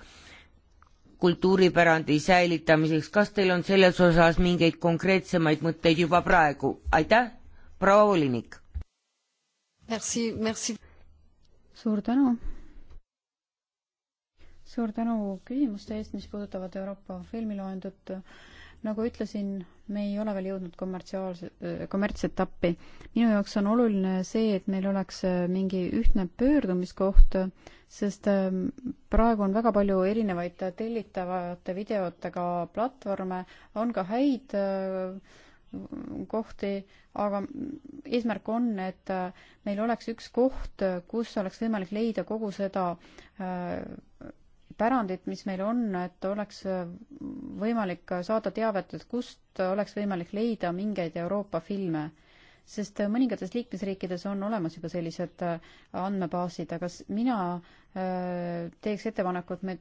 kultuuripärandi säilitamiseks. kas teil on selles osas mingeid konkreetsemaid mõtteid juba praegu? aitäh, proua volinik. Merci, merci. suur tänu. suur tänu küsimuste eest, mis puudutavad Euroopa filmiloendut nagu ütlesin, me ei ole veel jõudnud kommertsiaalse, äh, kommertsetappi. minu jaoks on oluline see, et meil oleks äh, mingi ühtne pöördumiskoht, sest ähm, praegu on väga palju erinevaid tellitavate videotega platvorme, on ka häid äh, kohti, aga eesmärk on, et meil oleks üks koht, kus oleks võimalik leida kogu seda pärandit, mis meil on, et oleks võimalik saada teavet, et kust oleks võimalik leida mingeid Euroopa filme. sest mõningates liikmesriikides on olemas juba sellised äh, andmebaasid, aga mina äh, teeks ettepaneku, et me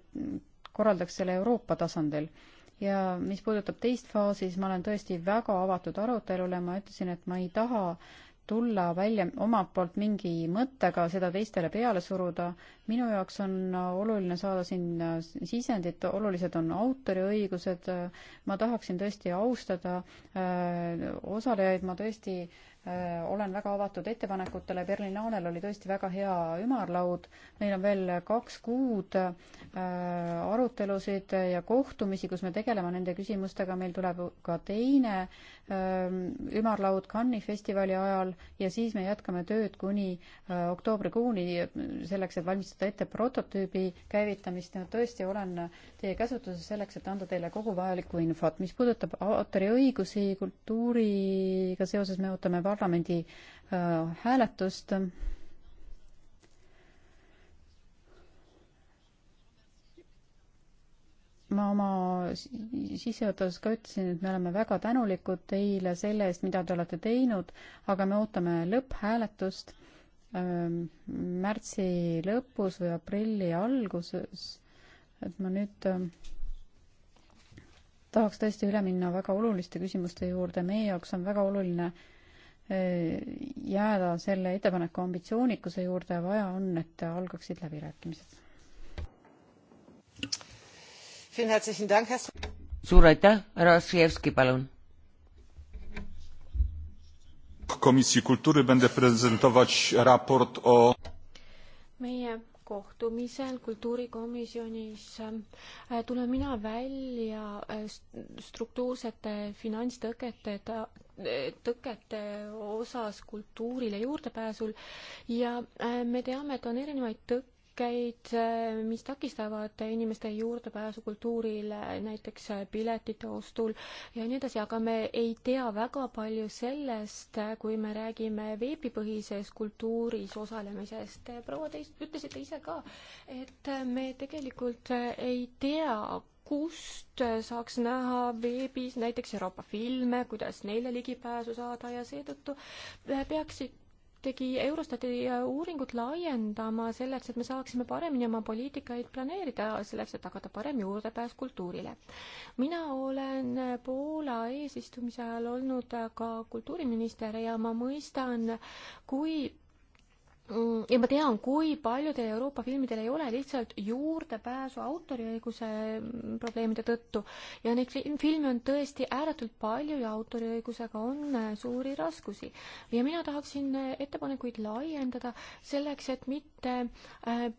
korraldaks selle Euroopa tasandil. ja mis puudutab teist faasi, siis ma olen tõesti väga avatud arutelule, ma ütlesin, et ma ei taha tulla välja omalt poolt mingi mõttega, seda teistele peale suruda. minu jaoks on oluline saada siin sisendit, olulised on autoriõigused, ma tahaksin tõesti austada äh, osalejaid, ma tõesti äh, Äh, olen väga avatud ettepanekutele, Berlinaalel oli tõesti väga hea ümarlaud, meil on veel kaks kuud äh, arutelusid ja kohtumisi, kus me tegeleme nende küsimustega, meil tuleb ka teine ähm, ümarlaud Cannes'i festivali ajal ja siis me jätkame tööd kuni äh, oktoobrikuuni, selleks, et valmistada ette prototüübi käivitamist ja tõesti olen teie käsutuses selleks, et anda teile kogu vajalikku infot. mis puudutab autoriõigusi kultuuriga seoses, me ootame parlamendi hääletust ma oma sissejuhatuses ka ütlesin, et me oleme väga tänulikud teile selle eest, mida te olete teinud, aga me ootame lõpphääletust märtsi lõpus või aprilli alguses. et ma nüüd tahaks tõesti üle minna väga oluliste küsimuste juurde. meie jaoks on väga oluline äh, Äh, jääda selle ettepaneku ambitsioonikuse juurde, vaja on, et algaksid läbirääkimised. suur aitäh, härra Ossijevski, palun. komisjoni kultuuri będę presentować raport o meie kohtumisel kultuurikomisjonis äh, tulen mina välja äh, struktuursete finantstõkete tõkete osas kultuurile juurdepääsul ja äh, me teame, et on erinevaid tõkkeid, äh, mis takistavad inimeste juurdepääsu kultuurile, näiteks äh, piletite ostul ja nii edasi, aga me ei tea väga palju sellest, kui me räägime veebipõhises kultuuris osalemisest. proua, te ütlesite ise ka, et me tegelikult ei tea, kust saaks näha veebis näiteks Euroopa filme, kuidas neile ligipääsu saada ja seetõttu eh, peaksid tegi Eurostati eh, uuringut laiendama selleks, et me saaksime paremini oma poliitikaid planeerida, selleks, et tagada parem juurdepääs kultuurile. mina olen Poola eesistumise ajal olnud ka kultuuriminister ja ma mõistan, kui ja mm, ma tean, kui paljudel Euroopa filmidel ei ole lihtsalt juurdepääsu autoriõiguse mm, probleemide tõttu ja neid filme on tõesti ääretult palju ja autoriõigusega on äh, suuri raskusi. ja mina tahaksin äh, ettepanekuid laiendada selleks, et mitte äh,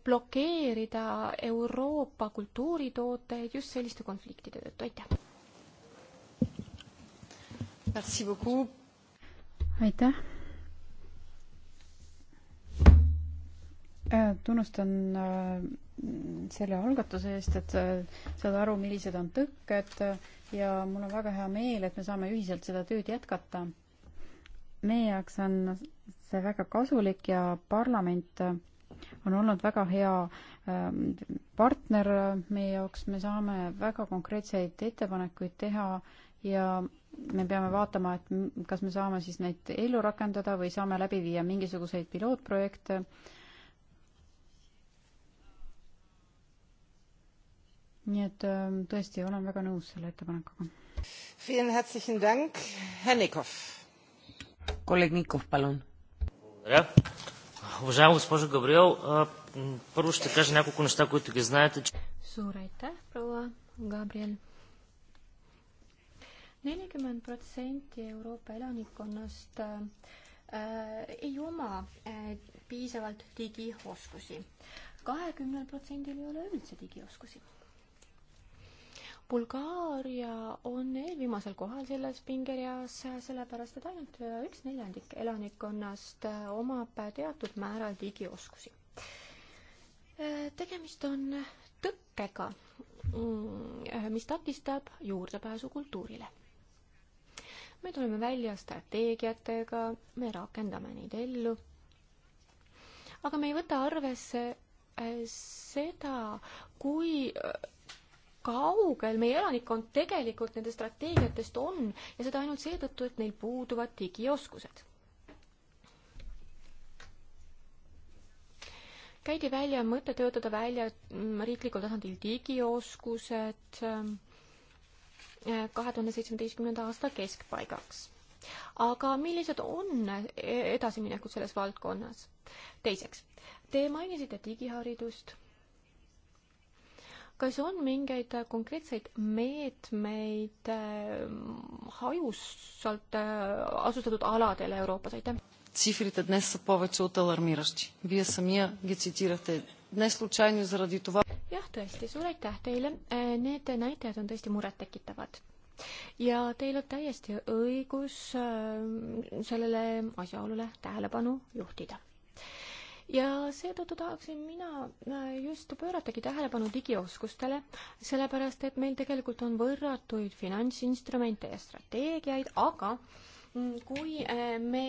blokeerida Euroopa kultuuritooteid just selliste konfliktide tõttu, aitäh! aitäh! Äh, tunnustan äh, selle algatuse eest, et äh, saada aru, millised on tõkked ja mul on väga hea meel, et me saame ühiselt seda tööd jätkata. meie jaoks on see väga kasulik ja parlament on olnud väga hea partner meie jaoks, me saame väga konkreetseid ettepanekuid teha ja me peame vaatama, et kas me saame siis neid ellu rakendada või saame läbi viia mingisuguseid pilootprojekte nii et ähm, tõesti olen väga nõus selle ettepanekuga. kolleeg Nikov, palun. jah, уважаема госпожо Габриел, първо ще кажа няколко неща, които ги знаете. suur aitäh, proua Gabriel. nelikümmend protsenti Euroopa elanikkonnast äh, äh, ei oma äh, piisavalt digioskusi. kahekümnel protsendil ei ole üldse digioskusi Bulgaaria on eelviimasel kohal selles pingereas, sellepärast et ainult üks neljandik elanikkonnast omab teatud määral digioskusi. tegemist on tõkkega, mis takistab juurdepääsu kultuurile. me tuleme välja strateegiatega, me rakendame neid ellu, aga me ei võta arvesse seda, kui kaugel meie elanikkond tegelikult nende strateegiatest on ja seda ainult seetõttu, et neil puuduvad digioskused. käidi välja mõte töötada välja mm, riiklikul tasandil digioskused ähm, kahe tuhande seitsmeteistkümnenda aasta keskpaigaks. aga millised on e-, edasiminekud selles valdkonnas? teiseks, te mainisite digiharidust kas on mingeid konkreetseid meetmeid äh, hajusalt äh, asustatud aladel Euroopas, aitäh? Цифрите днес са повече от алармиращи. Вие самия ги цитирахте. Не случайно и заради това. jah, tõesti, suur aitäh teile. Äh, need näitajad on tõesti murettekitavad ja teil on täiesti õigus sellele asjaolule tähelepanu juhtida ja seetõttu tahaksin mina äh, just pööratagi tähelepanu digioskustele, sellepärast et meil tegelikult on võrratuid finantsinstrumente ja strateegiaid, aga mm, kui äh, me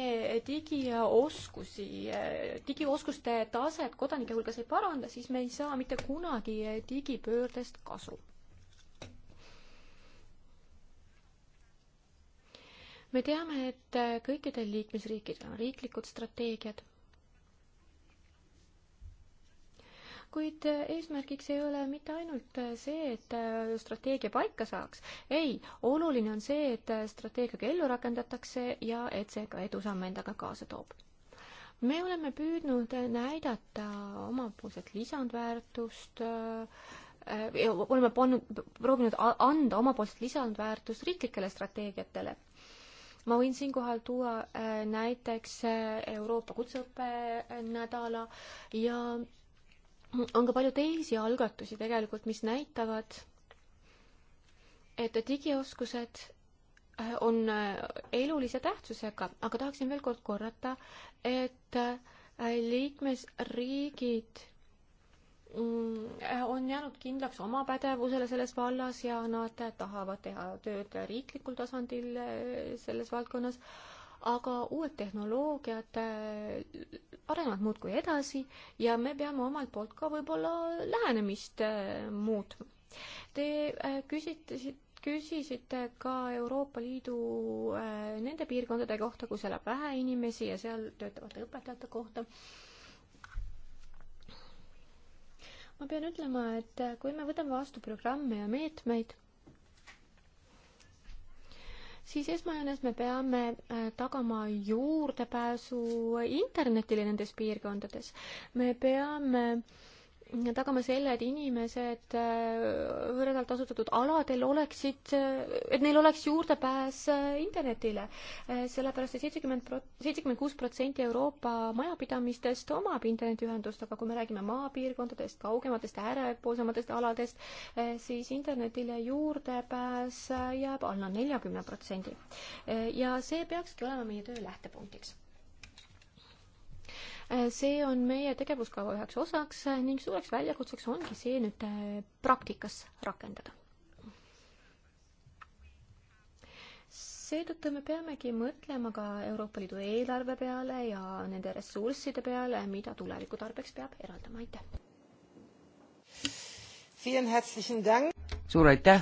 digioskusi, äh, digioskuste taset kodanike hulgas ei paranda, siis me ei saa mitte kunagi digipöördest kasu. me teame, et kõikidel liikmesriikidel on riiklikud strateegiad kuid äh, eesmärgiks ei ole mitte ainult äh, see, et äh, strateegia paika saaks. ei, oluline on see, et strateegia ka ellu rakendatakse ja et see ka edusamme endaga kaasa toob. me oleme püüdnud näidata omapoolset lisandväärtust oleme pannud, proovinud anda omapoolset lisandväärtust riiklikele strateegiatele. ma võin siinkohal tuua näiteks Euroopa kutseõppe nädala ja on ka palju teisi algatusi tegelikult, mis näitavad, et digioskused äh, on äh, elulise tähtsusega, aga tahaksin veel kord korrata, et äh, liikmesriigid mm, on jäänud kindlaks oma pädevusele selles vallas ja nad tahavad teha tööd riiklikul tasandil selles valdkonnas aga uued tehnoloogiad äh, arenevad muudkui edasi ja me peame omalt poolt ka võib-olla lähenemist äh, muutma. Te äh, küsitasite küsisite ka Euroopa Liidu nende piirkondade kohta, kus elab vähe inimesi ja seal töötavate õpetajate kohta ma pean ütlema, et kui me võtame vastu programme ja meetmeid, siis esmajoones me peame äh, tagama juurdepääsu internetile nendes piirkondades. me peame äh, tagama selle, et inimesed hõredalt äh, asutatud aladel oleksid, äh, et neil oleks juurdepääs äh, internetile. sellepärast et seitsekümmend prot-, seitsekümmend kuus protsenti Euroopa majapidamistest omab internetiühendust, aga kui me räägime maapiirkondadest, kaugematest, äärepoolsematest aladest, siis internetile juurdepääs jääb alla neljakümne protsendi. ja see peakski olema meie töö lähtepunktiks Äh, see on meie tegevuskava üheks osaks äh, ning suureks väljakutseks ongi see nüüd äh, praktikas rakendada. seetõttu me peamegi mõtlema ka Euroopa Liidu eelarve peale ja nende ressursside peale, mida tuleviku tarbeks peab eraldama, aitäh! suur aitäh!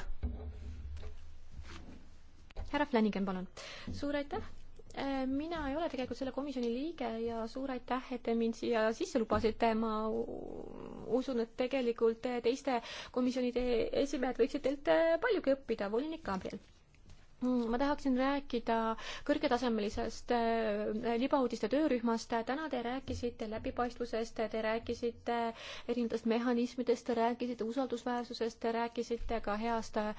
härra Flanagan, palun! suur aitäh! Äh, mina ei ole tegelikult selle komisjoni liige ja suur aitäh, et te mind siia sisse lubasite, ma usun, et tegelikult teiste komisjonide esimehed võiksid teilt äh, paljugi õppida, volinik Gabriel. Mm, ma tahaksin rääkida kõrgetasemelisest äh, libauudiste töörühmast. täna te rääkisite läbipaistvusest, te rääkisite erinevatest mehhanismidest, te rääkisite usaldusväärsusest, te rääkisite ka heast äh,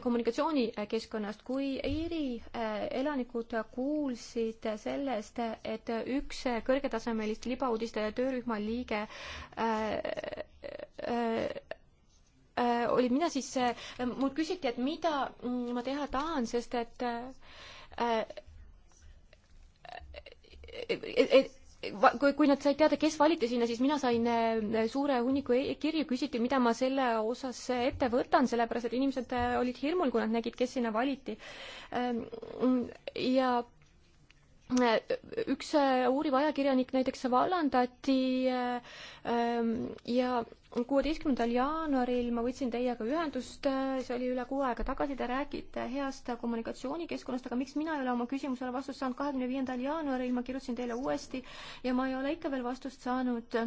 kommunikatsioonikeskkonnast. kui Iiri äh, elanikud kuulsid sellest, et üks kõrgetasemelist libauudiste töörühma liige Äh, olin mina siis, äh, mult küsiti, et mida mm, ma teha tahan, sest et äh, et, et kui, kui nad said teada, kes valiti sinna, siis mina sain suure hunniku e-, kirju, küsiti, mida ma selle osas ette võtan, sellepärast et inimesed olid hirmul, kui nad nägid, kes sinna valiti. Ähm, ja üks uuriv ajakirjanik näiteks vallandati ähm, ja kuueteistkümnendal jaanuaril ma võtsin teiega ühendust, see oli üle kuu aega tagasi, te räägite heast kommunikatsioonikeskkonnast, aga miks mina ei ole oma küsimusele vastust saanud, kahekümne viiendal jaanuaril ma kirjutasin teile uuesti ja ma ei ole ikka veel vastust saanud.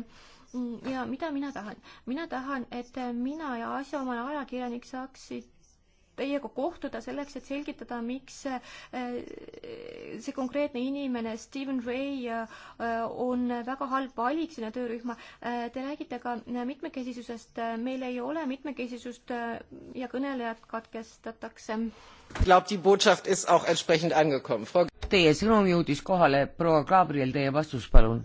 ja mida mina tahan? mina tahan, et mina ja asjaomane ajakirjanik saaksid teiega kohtuda selleks, et selgitada, miks äh, see konkreetne inimene, Steven Ray, äh, on väga halb valik sinna töörühma. Äh, te räägite ka mitmekesisusest, meil ei ole mitmekesisust ja kõnelejad katkestatakse. Teie sõnum jõudis kohale, proua Gabriel, teie vastus palun.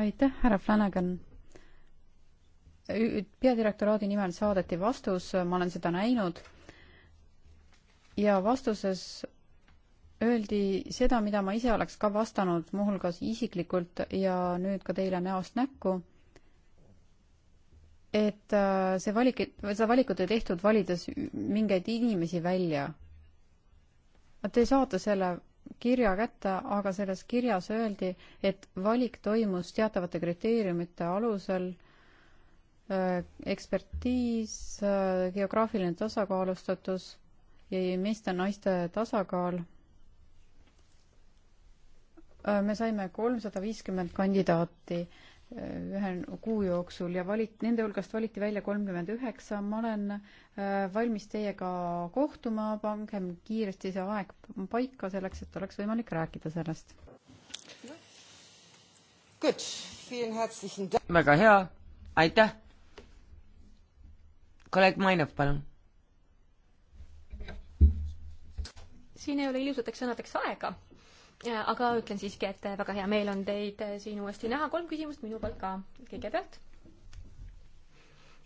aitäh, härra Flanagan peadirektoraadi nimel saadeti vastus, ma olen seda näinud, ja vastuses öeldi seda, mida ma ise oleks ka vastanud, muuhulgas isiklikult ja nüüd ka teile näost näkku, et äh, see valik, seda valikut ei tehtud valides mingeid inimesi välja. Te saate selle kirja kätte, aga selles kirjas öeldi, et valik toimus teatavate kriteeriumite alusel äh, Äh, ekspertiis, äh, geograafiline tasakaalustatus ja meeste-naiste tasakaal. Äh, me saime kolmsada viiskümmend kandidaati ühe kuu jooksul ja valit-, nende hulgast valiti välja kolmkümmend üheksa, ma olen valmis teiega kohtuma, pange kiiresti see aeg paika selleks, et oleks võimalik rääkida sellest. väga hea, aitäh! kolleeg Mainov, palun. siin ei ole ilusateks sõnadeks aega, äh, aga ütlen siiski, et äh, väga hea meel on teid äh, siin uuesti näha, kolm küsimust minu poolt ka kõigepealt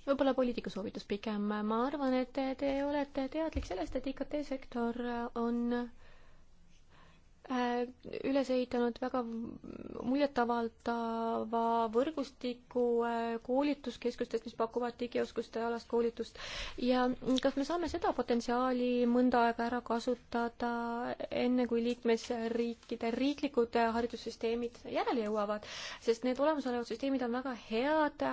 võib-olla poliitiku soovitus pigem, ma arvan, et te olete teadlik sellest, et IKT-sektor on Äh, üles ehitanud väga muljetavaldava võrgustiku äh, koolituskeskustest, mis pakuvad digioskuste alast koolitust. ja kas me saame seda potentsiaali mõnda aega ära kasutada, enne kui liikmesriikide riiklikud äh, haridussüsteemid järele jõuavad, sest need olemasolevad süsteemid on väga head,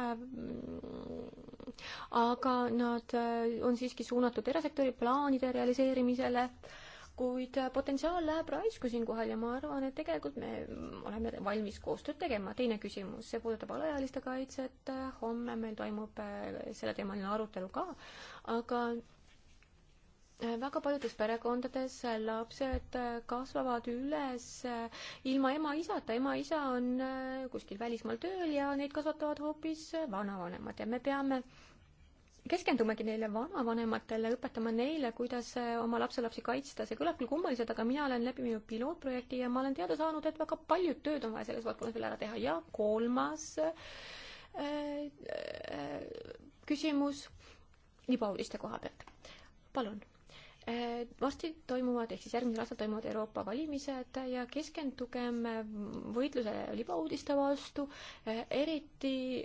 aga nad on siiski suunatud erasektori plaanide realiseerimisele kuid äh, potentsiaal läheb raisku siinkohal ja ma arvan, et tegelikult me oleme valmis koostööd tegema. teine küsimus, see puudutab alaealiste kaitset, homme meil toimub äh, selleteemaline arutelu ka, aga äh, väga paljudes perekondades lapsed kasvavad üles ilma ema-isata, ema-isa on kuskil välismaal tööl ja neid kasvatavad hoopis vanavanemad ja me peame äh, keskendumegi neile vanavanematele, õpetama neile, kuidas eh, oma lapselapsi kaitsta, see kõlab küll kummaliselt, aga mina olen läbi minu pilootprojekti ja ma olen teada saanud, et väga paljud tööd on vaja selles valdkonnas veel ära teha ja kolmas äh, äh, küsimus libauudiste koha pealt. palun Äh, varsti toimuvad, ehk siis järgmisel aastal toimuvad Euroopa valimised ja keskendugem äh, võitlusele libauudiste vastu, äh, eriti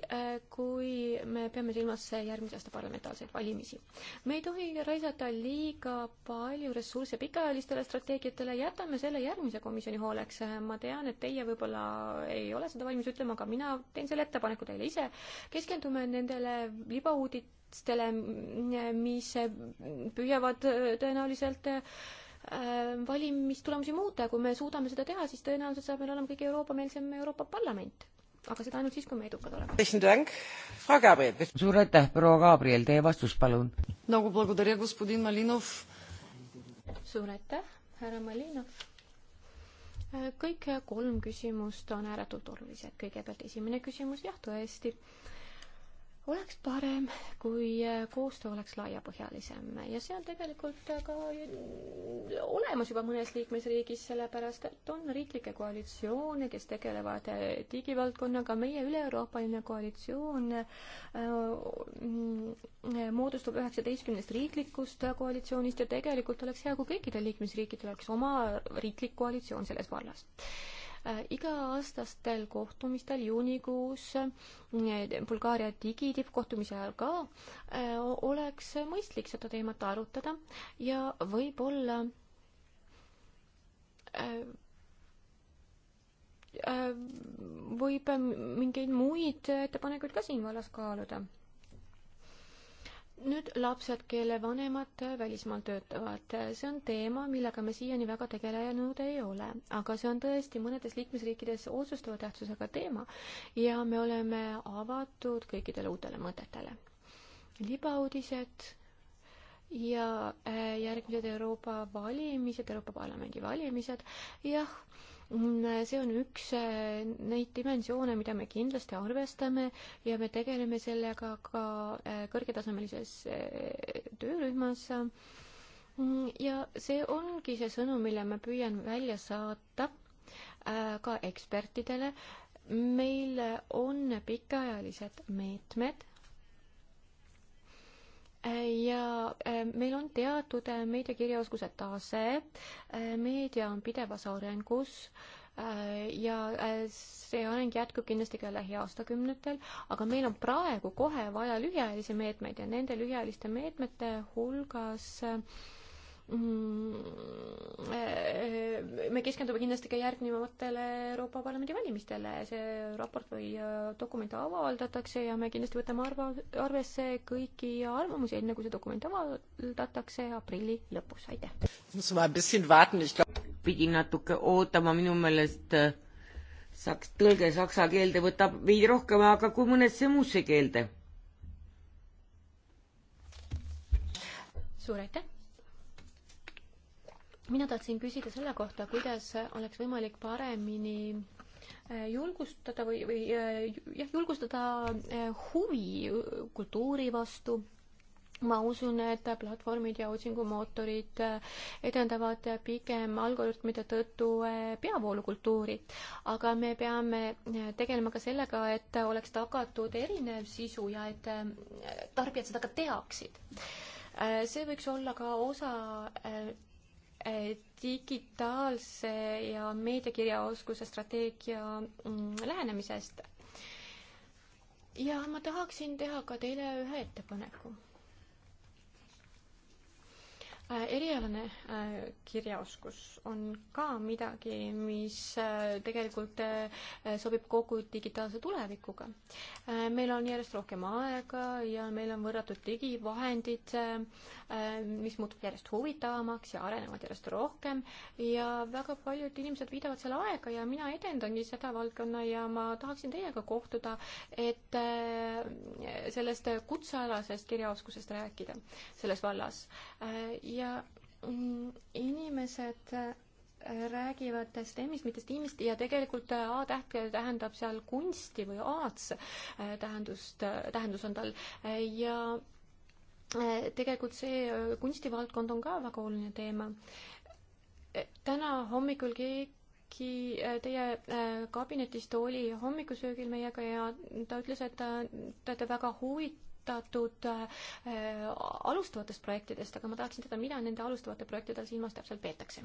kui me peame silmas järgmise aasta parlamentaarseid valimisi. me ei tohi raisata liiga palju ressursse pikaajalistele strateegiatele, jätame selle järgmise komisjoni hooleks. ma tean, et teie võib-olla ei ole seda valmis ütlema, aga mina teen selle ettepaneku teile ise. keskendume nendele libauudit-, tele, mis püüavad äh, tõenäoliselt äh, valimistulemusi muuta ja kui me suudame seda teha, siis tõenäoliselt saab meil olema kõige Euroopa-meelsem Euroopa Parlament. aga seda ainult siis, kui me edukad oleme. suur aitäh, proua Gabriel, teie vastus palun. nagu благодаря, господин Malinov. suur aitäh, härra Malinov. kõik kolm küsimust on ääretult olulised. kõigepealt esimene küsimus, jah, tõesti oleks parem, kui äh, koostöö oleks laiapõhjalisem ja see on tegelikult ka olemas juba mõnes liikmesriigis, sellepärast et on riiklikke koalitsioone, kes tegelevad äh, digivaldkonnaga, meie üle-euroopaline koalitsioon äh, mm, moodustub üheksateistkümnest riiklikust koalitsioonist ja tegelikult oleks hea, kui kõikidel liikmesriikidel oleks oma riiklik koalitsioon selles vallas Äh, iga-aastastel kohtumistel juunikuus äh, Bulgaaria digitippkohtumise ajal ka äh, oleks mõistlik seda teemat arutada ja võib-olla võib mingeid muid ettepanekuid ka siin vallas kaaluda nüüd lapsed, kelle vanemad välismaal töötavad, see on teema, millega me siiani väga tegelenud ei ole, aga see on tõesti mõnedes liikmesriikides otsustava tähtsusega teema ja me oleme avatud kõikidele uutele mõtetele. libauudised ja äh, järgmised Euroopa valimised, Euroopa Parlamendi valimised, jah Mm, see on üks äh, neid dimensioone, mida me kindlasti arvestame ja me tegeleme sellega ka äh, kõrgetasemelises äh, töörühmas. Mm, ja see ongi see sõnum, mille ma püüan välja saata ka ekspertidele. meil on pikaajalised meetmed ja e, meil on teatud e, meediakirjaoskuse tase, e, meedia on pidevas arengus ja see areng jätkub kindlasti ka lähiaastakümnetel, aga meil on praegu kohe vaja lühiajalisi meetmeid ja nende lühiajaliste meetmete hulgas äh, Mm, eh, me keskendume kindlasti ka järgnevatele Euroopa Parlamendi valimistele, see raport või äh, dokument avaldatakse ja me kindlasti võtame arva, arvesse kõiki arvamusi, enne kui see dokument avaldatakse aprilli lõpus, aitäh. pidin natuke ootama, minu meelest äh, saks-, tõlge saksa keelde võtab veidi rohkem aega kui mõnesse muusse keelde. suur aitäh mina tahtsin küsida selle kohta, kuidas oleks võimalik paremini äh, julgustada või, või äh, jah, julgustada äh, huvi kultuuri vastu. ma usun, et platvormid ja otsingumootorid edendavad pigem algoritmide tõttu peavoolukultuuri, aga me peame tegelema ka sellega, et oleks tagatud erinev sisu ja et tarbijad seda ka teaksid see võiks olla ka osa digitaalse ja meediakirjaoskuse strateegia mm, lähenemisest. ja ma tahaksin teha ka teile ühe ettepaneku. Äh, erialane äh, kirjaoskus on ka midagi, mis äh, tegelikult sobib kogu digitaalse tulevikuga. meil on järjest rohkem aega ja meil on võrratud digivahendid Äh, mis muutub järjest huvitavamaks ja arenevad järjest rohkem ja väga paljud inimesed viidavad seal aega ja mina edendangi seda valdkonna ja ma tahaksin teiega kohtuda, et äh, sellest kutsealasest kirjaoskusest rääkida selles vallas. Äh, ja mm, inimesed räägivad STEM-ist, mitte STEAM-ist ja tegelikult A täht tähendab seal kunsti või aats tähendust, tähendus on tal ja Äh, tegelikult see äh, kunstivaldkond on ka väga oluline teema. Äh, täna hommikul keegi teie kabinetist oli hommikusöögil meiega ja ta ütles, et ta, te olete väga huvitatud äh, alustavatest projektidest, aga ma tahaksin teada, mida nende alustavate projektide all silmas täpselt peetakse?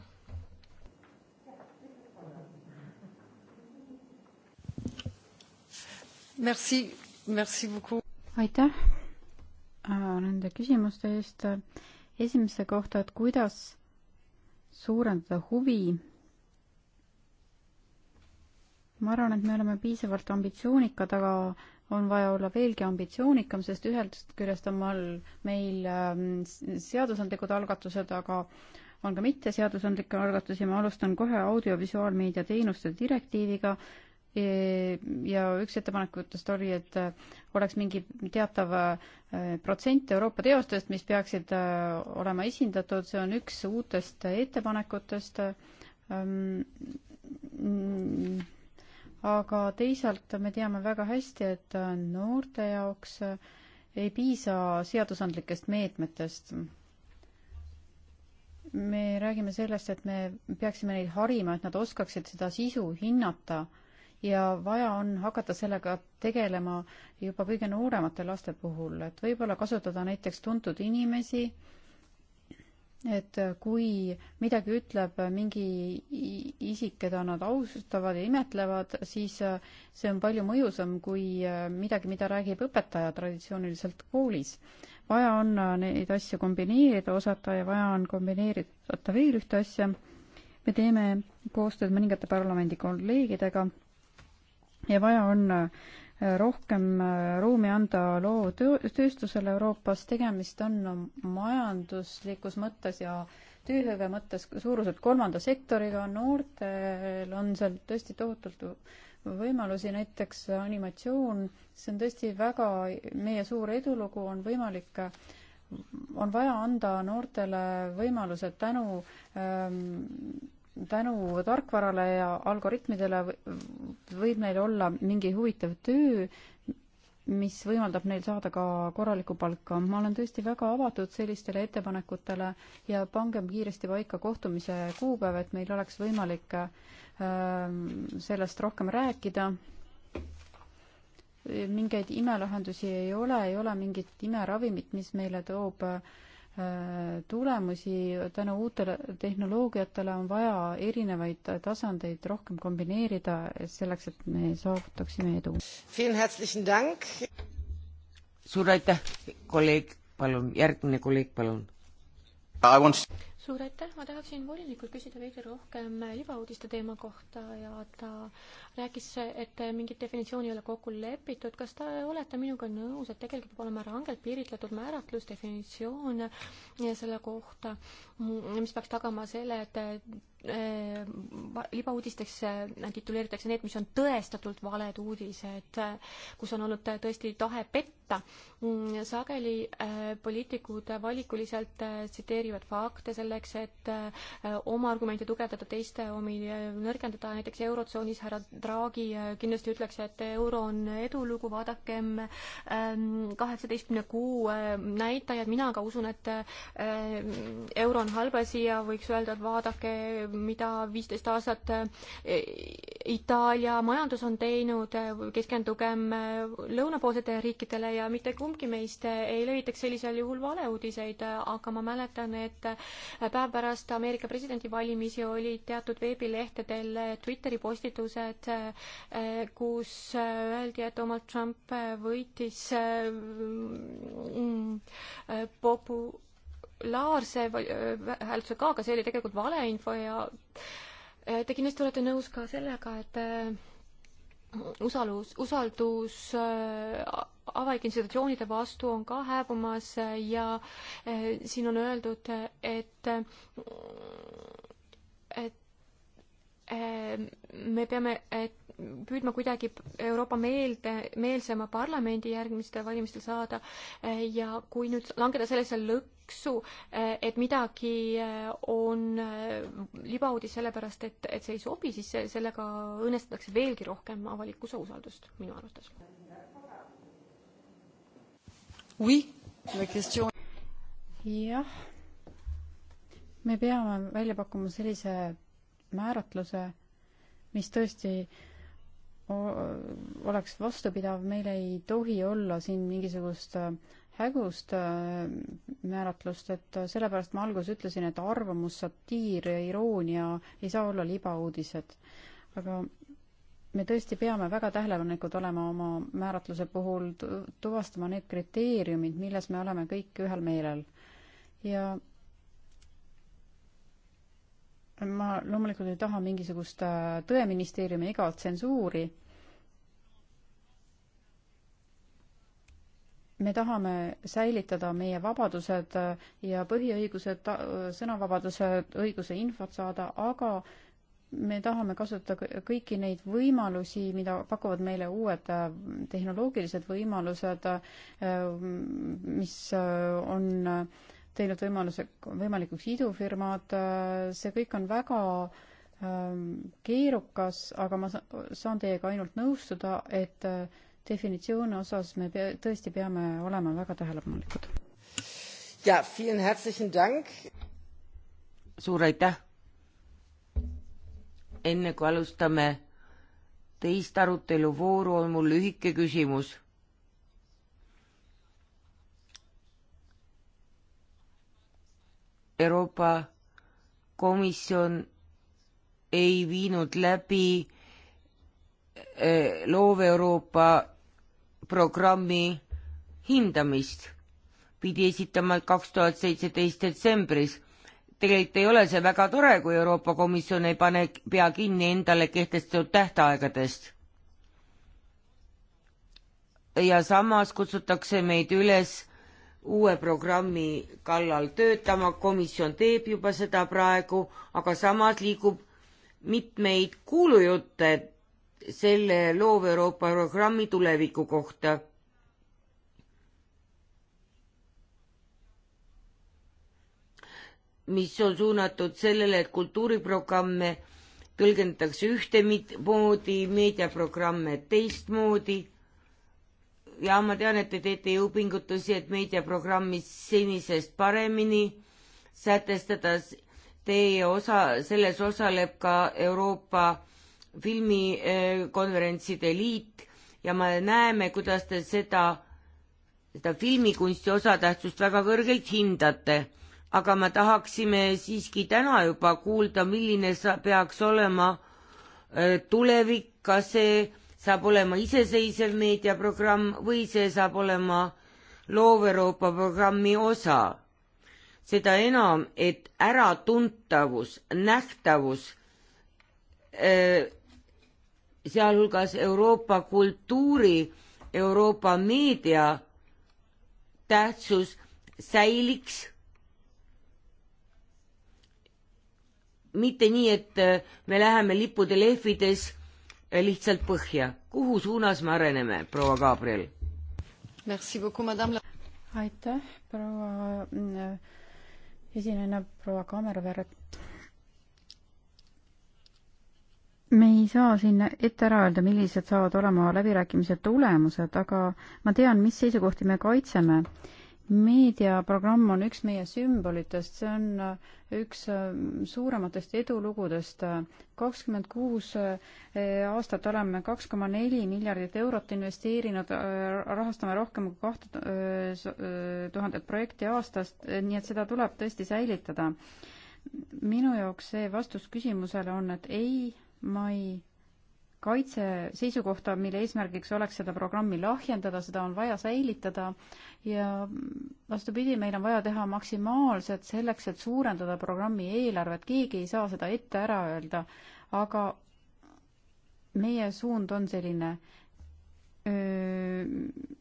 Merci, merci beaucoup. aitäh Äh, nende küsimuste eest. esimese kohta, et kuidas suurendada huvi. ma arvan, et me oleme piisavalt ambitsioonikad, aga on vaja olla veelgi ambitsioonikam, sest ühest küljest on meil, meil ähm, seadusandlikud algatused, aga on ka mitteseadusandlikke algatusi, ma alustan kohe audiovisuaalmeedia teenuste direktiiviga, E, ja üks ettepanekutest oli, et äh, oleks mingi teatav äh, protsent Euroopa teostest, mis peaksid äh, olema esindatud, see on üks uutest ettepanekutest. Ähm, aga teisalt me teame väga hästi, et noorte jaoks ei piisa seadusandlikest meetmetest me räägime sellest, et me peaksime neid harima, et nad oskaksid seda sisu hinnata äh, ja vaja on hakata sellega tegelema juba kõige nooremate laste puhul, et võib-olla kasutada näiteks tuntud inimesi, et kui midagi ütleb mingi isik, keda nad austavad ja imetlevad, siis see on palju mõjusam kui midagi, mida räägib õpetaja traditsiooniliselt koolis. vaja on neid asju kombineerida, osata ja vaja on kombineerida veel ühte asja. me teeme koostööd mõningate parlamendi kolleegidega ja vaja on äh, rohkem äh, ruumi anda loovtööstusele Euroopas, tegemist on majanduslikus mõttes ja tööhõive mõttes suuruselt kolmanda sektoriga, noortel on seal tõesti tohutult võimalusi, näiteks animatsioon, see on tõesti väga meie suur edulugu, on võimalik, on vaja anda noortele võimalused tänu ähm, tänu tarkvarale ja algoritmidele võib neil olla mingi huvitav töö, mis võimaldab neil saada ka korralikku palka. ma olen tõesti väga avatud sellistele ettepanekutele ja pangem kiiresti paika kohtumise kuupäev, et meil oleks võimalik äh, sellest rohkem rääkida. mingeid imelahendusi ei ole, ei ole mingit imeravimit, mis meile toob äh, tulemusi tänu uutele tehnoloogiatele on vaja erinevaid tasandeid rohkem kombineerida selleks, et me saavutaksime edu. suur aitäh, kolleeg, palun, järgmine kolleeg, palun suur aitäh, ma tahaksin volinikult küsida veidi rohkem libauudiste teema kohta ja ta rääkis, et mingit definitsiooni ei ole kokku lepitud. kas te olete minuga nõus, et tegelikult peab olema rangelt piiritletud määratlus, definitsioon selle kohta, mis peaks tagama selle, et eh, libauudisteks tituleeritakse need, mis on tõestatult valed uudised, kus on olnud tõesti tahe petta. sageli eh, poliitikud valikuliselt eh, tsiteerivad fakte selle selleks, et äh, oma argumente tugevdada, teiste omi äh, nõrgendada, näiteks Eurotsoonis härra Draghi äh, kindlasti ütleks, et euro on edulugu, vaadakem ähm, kaheksateistkümne kuu näitajad, mina aga usun, et euro on halb asi ja võiks öelda, et vaadake, mida viisteist aastat Itaalia majandus on teinud, keskendugem lõunapoolsetele riikidele ja mitte kumbki meist ei levitaks sellisel juhul valeuudiseid, aga ma mäletan, et päev pärast Ameerika presidendivalimisi olid teatud veebilehtedel Twitteri postitused, eh, kus eh, öeldi, et Donald Trump eh, võitis mm, populaarse hääletuse ka, aga see oli tegelikult valeinfo ja te kindlasti olete nõus ka sellega, et usalus, usaldus äh, avalike institutsioonide vastu on ka hääbumas ja äh, siin on öeldud, et, et äh, me peame püüdma kuidagi Euroopa meelde, meelsema parlamendi järgmistel valimistel saada ja kui nüüd langeda sellesse lõkku, tiksu, eh, et midagi eh, on eh, libauudis sellepärast, et, et see ei sobi, siis sellega õõnestatakse veelgi rohkem avalikkuse usaldust minu arvates. jah, me peame välja pakkuma sellise määratluse, mis tõesti oleks vastupidav, meil ei tohi olla siin mingisugust äh, hägust äh, määratlust, et äh, sellepärast ma alguses ütlesin, et arvamus, satiir ja iroonia ei saa olla libauudised. aga me tõesti peame väga tähelepanelikud olema oma määratluse puhul, tuvastama need kriteeriumid, milles me oleme kõik ühel meelel. ja ma loomulikult ei taha mingisugust äh, tõeministeeriumi ega tsensuuri me tahame säilitada meie vabadused ja põhiõigused, sõnavabaduse õiguse infot saada, aga me tahame kasutada kõiki neid võimalusi, mida pakuvad meile uued äh, tehnoloogilised võimalused, äh, mis äh, on teinud võimaluse, võimalikuks idufirmad, see kõik on väga keerukas, aga ma saan teiega ainult nõustuda, et definitsioone osas me pea, tõesti peame olema väga tähelepanelikud. ja, suur aitäh! enne kui alustame teist aruteluvooru, on mul lühike küsimus. Euroopa Komisjon ei viinud läbi eh, loov Euroopa programmi hindamist. pidi esitama kaks tuhat seitseteist detsembris. tegelikult ei ole see väga tore, kui Euroopa Komisjon ei pane pea kinni endale kehtestatud tähtaegadest. ja samas kutsutakse meid üles uue programmi kallal töötama, komisjon teeb juba seda praegu, aga samas liigub mitmeid kuulujutte selle loov Euroopa programmi tuleviku kohta. mis on suunatud sellele, et kultuuriprogramme tõlgendatakse ühtemoodi, meediaprogramme teistmoodi. ja ma tean, et te teete jõupingutusi, et meediaprogrammi senisest paremini sätestada. Teie osa, selles osaleb ka Euroopa filmikonverentside liit ja me näeme, kuidas te seda, seda filmikunsti osatähtsust väga kõrgelt hindate. aga me tahaksime siiski täna juba kuulda, milline sa, peaks olema äh, tulevik, kas see saab olema iseseisev meediaprogramm või see saab olema Loov-Euroopa programmi osa. seda enam, et äratuntavus, nähtavus äh, sealhulgas Euroopa kultuuri, Euroopa meedia tähtsus säiliks. mitte nii, et äh, me läheme lippude lehvides äh, lihtsalt põhja. kuhu suunas me areneme, proua Gabriel? aitäh, proua mm, äh, esinejana, proua Kaamerveret me ei saa siin ette ära öelda, millised saavad olema läbirääkimise tulemused, aga ma tean, mis seisukohti me kaitseme. meediaprogramm on üks meie sümbolitest, see on äh, üks äh, suurematest edulugudest. kakskümmend kuus äh, aastat oleme kaks koma neli miljardit eurot investeerinud, rahastame rohkem kui kahte tuhandet projekti aastas, nii et seda tuleb tõesti säilitada. minu jaoks see vastus küsimusele on, et ei mai kaitse seisukohta, mille eesmärgiks oleks seda programmi lahjendada, seda on vaja säilitada ja vastupidi, meil on vaja teha maksimaalset selleks, et suurendada programmi eelarvet, keegi ei saa seda ette ära öelda, aga meie suund on selline.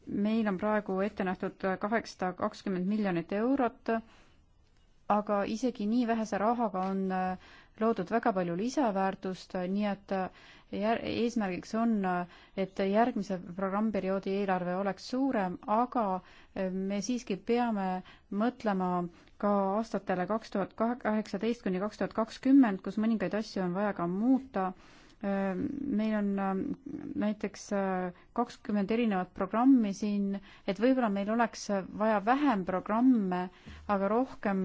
meil on praegu ette nähtud kaheksasada kakskümmend miljonit eurot, aga isegi nii vähese rahaga on äh, loodud väga palju lisaväärtust, nii et äh, jär-, eesmärgiks on, äh, et järgmise programmperioodi eelarve oleks suurem, aga äh, me siiski peame mõtlema ka aastatele kaks tuhat kaheksateist kuni kaks tuhat kakskümmend, kus mõningaid asju on vaja ka muuta meil on näiteks kakskümmend erinevat programmi siin, et võib-olla meil oleks vaja vähem programme, aga rohkem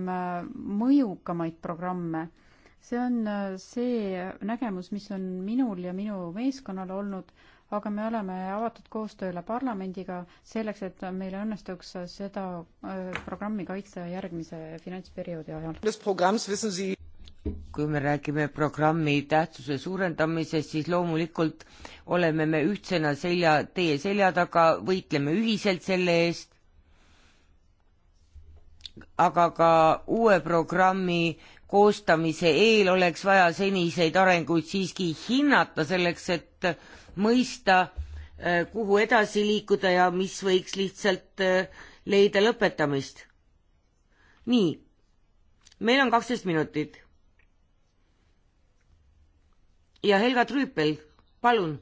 mõjukamaid programme see on äh, see nägemus, mis on minul ja minu meeskonnal olnud, aga me oleme avatud koostööle parlamendiga selleks, et meil õnnestuks seda äh, programmi kaitsta järgmise finantsperioodi ajal. kui me räägime programmi tähtsuse suurendamisest, siis loomulikult oleme me ühtsena selja, teie selja taga, võitleme ühiselt selle eest, aga ka uue programmi äh, koostamise eel oleks vaja seniseid arenguid siiski hinnata selleks, et mõista, äh, kuhu edasi liikuda ja mis võiks lihtsalt äh, leida lõpetamist. nii, meil on kaksteist minutit. ja Helga Trüüpel, palun.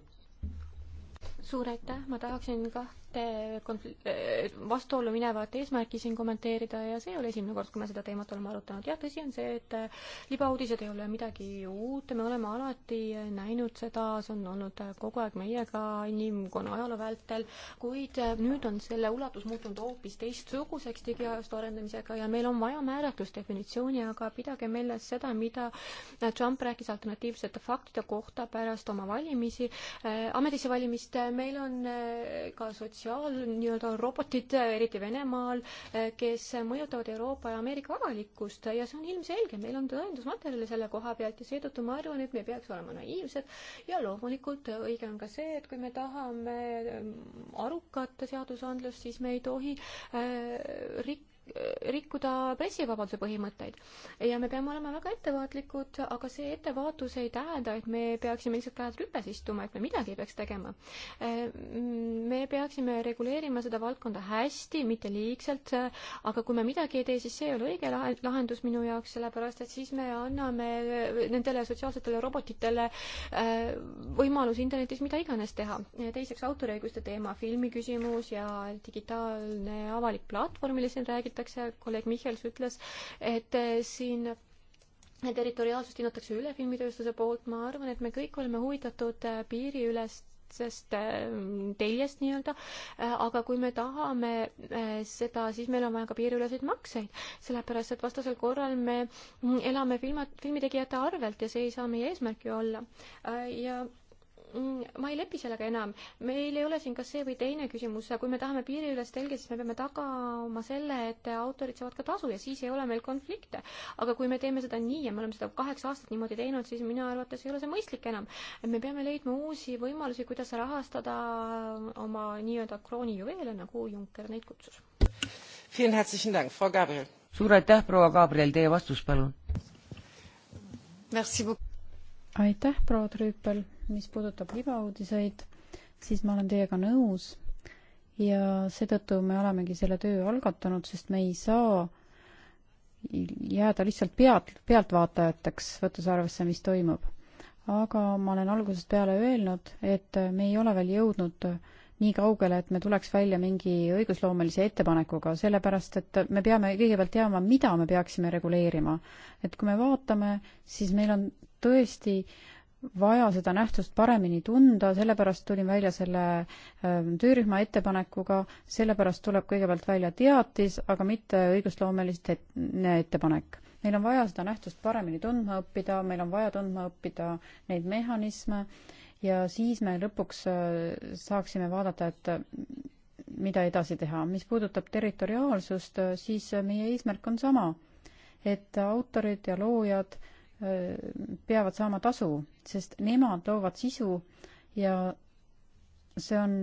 suur aitäh, ma tahaksin kaht-, kahte konfl-, eh, vastuollu minevat eesmärki siin kommenteerida ja see ei ole esimene kord, kui me seda teemat oleme arutanud. jah, tõsi on see, et eh, libauudised ei ole midagi uut, me oleme alati näinud seda, see on olnud kogu aeg meiega inimkonna ajaloo vältel, kuid eh, nüüd on selle ulatus muutunud hoopis teistsuguseks digiajastu arendamisega ja meil on vaja määratlusdefinitsiooni, aga pidage meeles seda, mida Trump rääkis alternatiivsete faktide kohta pärast oma valimisi, ametisse valimist, meil on ka sots-, sotsiaal nii-öelda robotid, eriti Venemaal, kes mõjutavad Euroopa ja Ameerika avalikkust ja see on ilmselge, meil on tõendusmaterjali selle koha pealt ja seetõttu ma arvan, et me ei peaks olema naiivsed ja loomulikult õige on ka see, et kui me tahame arukat seadusandlust, siis me ei tohi äh, rikkuda rikkuda pressivabaduse põhimõtteid. ja me peame olema väga ettevaatlikud, aga see ettevaatus ei tähenda, et me peaksime lihtsalt käed rüpes istuma, et me midagi ei peaks tegema. me peaksime reguleerima seda valdkonda hästi, mitte liigselt, aga kui me midagi ei tee, siis see ei ole õige lahendus minu jaoks, sellepärast et siis me anname nendele sotsiaalsetele robotitele äh, võimaluse internetis mida iganes teha. teiseks autoriõiguste teema, filmi küsimus ja digitaalne avalik platvorm, millest siin räägiti, räägitakse, kolleeg Michals ütles, et eh, siin territoriaalsust hinnatakse üle filmitööstuse poolt, ma arvan, et me kõik oleme huvitatud eh, piiriülest sest eh, teljest nii-öelda, aga kui me tahame seda, siis meil on vaja ka piiriüleseid makseid, sellepärast et vastasel korral me mm, elame filma, filmitegijate arvelt ja see ei saa meie eesmärk ju olla. ja Mm, ma ei lepi sellega enam. meil ei ole siin kas see või teine küsimus, kui me tahame piiriülest telge, siis me peame tagama selle, et autorid saavad ka tasu ja siis ei ole meil konflikte. aga kui me teeme seda nii ja me oleme seda kaheksa aastat niimoodi teinud, siis minu arvates ei ole see mõistlik enam. me peame leidma uusi võimalusi, kuidas rahastada oma nii-öelda kroonijuveele, nagu Juncker neid kutsus. suur aitäh, proua Gabriel, teie vastus palun. aitäh, proua Trüüpel mis puudutab libauudiseid, siis ma olen teiega nõus ja seetõttu me olemegi selle töö algatanud, sest me ei saa jääda lihtsalt pealt, pealtvaatajateks, võttes arvesse, mis toimub. aga ma olen algusest peale öelnud, et me ei ole veel jõudnud nii kaugele, et me tuleks välja mingi õigusloomelise ettepanekuga, sellepärast et me peame kõigepealt teama, mida me peaksime reguleerima. et kui me vaatame, siis meil on tõesti äh, vaja seda nähtust paremini tunda, sellepärast tulin välja selle ähm, töörühma ettepanekuga, sellepärast tuleb kõigepealt välja teatis, aga mitte õigusloomelist et, ettepanek. meil on vaja seda nähtust paremini tundma õppida, meil on vaja tundma õppida neid mehhanisme ja siis me lõpuks äh, saaksime vaadata, et äh, mida edasi teha. mis puudutab territoriaalsust, äh, siis meie eesmärk on sama, et autorid ja loojad äh, peavad saama tasu, sest nemad loovad sisu ja see on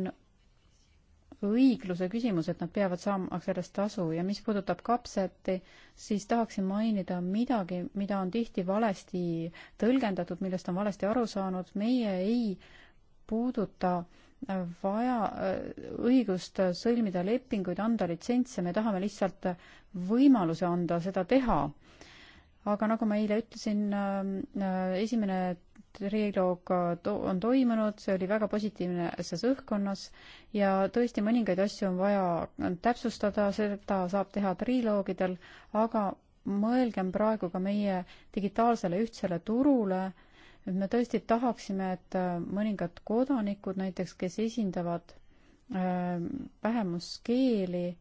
õigluse küsimus, et nad peavad saama sellest tasu ja mis puudutab kapseti, siis tahaksin mainida midagi, mida on tihti valesti tõlgendatud, millest on valesti aru saanud, meie ei puuduta vaja õigust sõlmida lepinguid, anda litsentse, me tahame lihtsalt võimaluse anda seda teha aga nagu ma eile ütlesin, ähm, äh, esimene triloog äh, on toimunud, see oli väga positiivses õhkkonnas ja tõesti mõningaid asju on vaja täpsustada, seda saab teha triloogidel, aga mõelgem praegu ka meie digitaalsele ühtsele turule, et me tõesti tahaksime, et äh, mõningad kodanikud näiteks, kes esindavad vähemuskeeli äh,,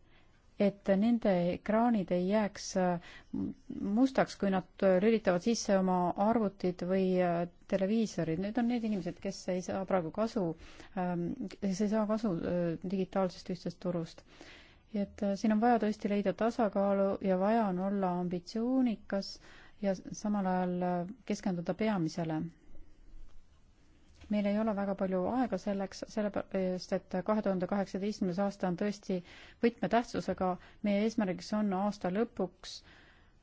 et nende ekraanid ei jääks äh, mustaks, kui nad äh, lülitavad sisse oma arvutid või äh, televiisorid. Need on need inimesed, kes ei saa praegu kasu, ähm, kes ei saa kasu digitaalsest ühtsest turust. et siin on vaja tõesti leida tasakaalu ja vaja on olla ambitsioonikas ja samal ajal keskenduda peamisele meil ei ole väga palju aega selleks, sellepärast et kahe tuhande kaheksateistkümnes aasta on tõesti võtmetähtsusega. meie eesmärgiks on aasta lõpuks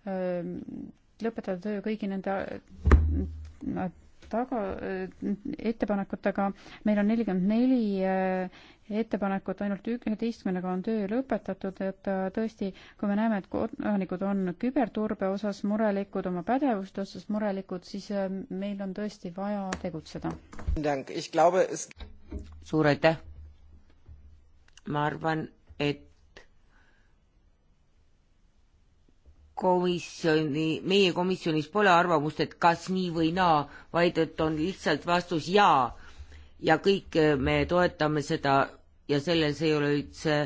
ähm, lõpetada töö kõigi nende äh, taga, äh, ettepanekutega. meil on nelikümmend neli äh, ettepanekut ainult üheteistkümnega on töö lõpetatud, et äh, tõesti, kui me näeme, et kodanikud on küberturbe osas murelikud, oma pädevuste osas murelikud, siis äh, meil on tõesti vaja tegutseda. suur aitäh! ma arvan, et komisjoni, meie komisjonis pole arvamust, et kas nii või naa, vaid et on lihtsalt vastus jaa ja kõik eh, me toetame seda ja selles ei ole üldse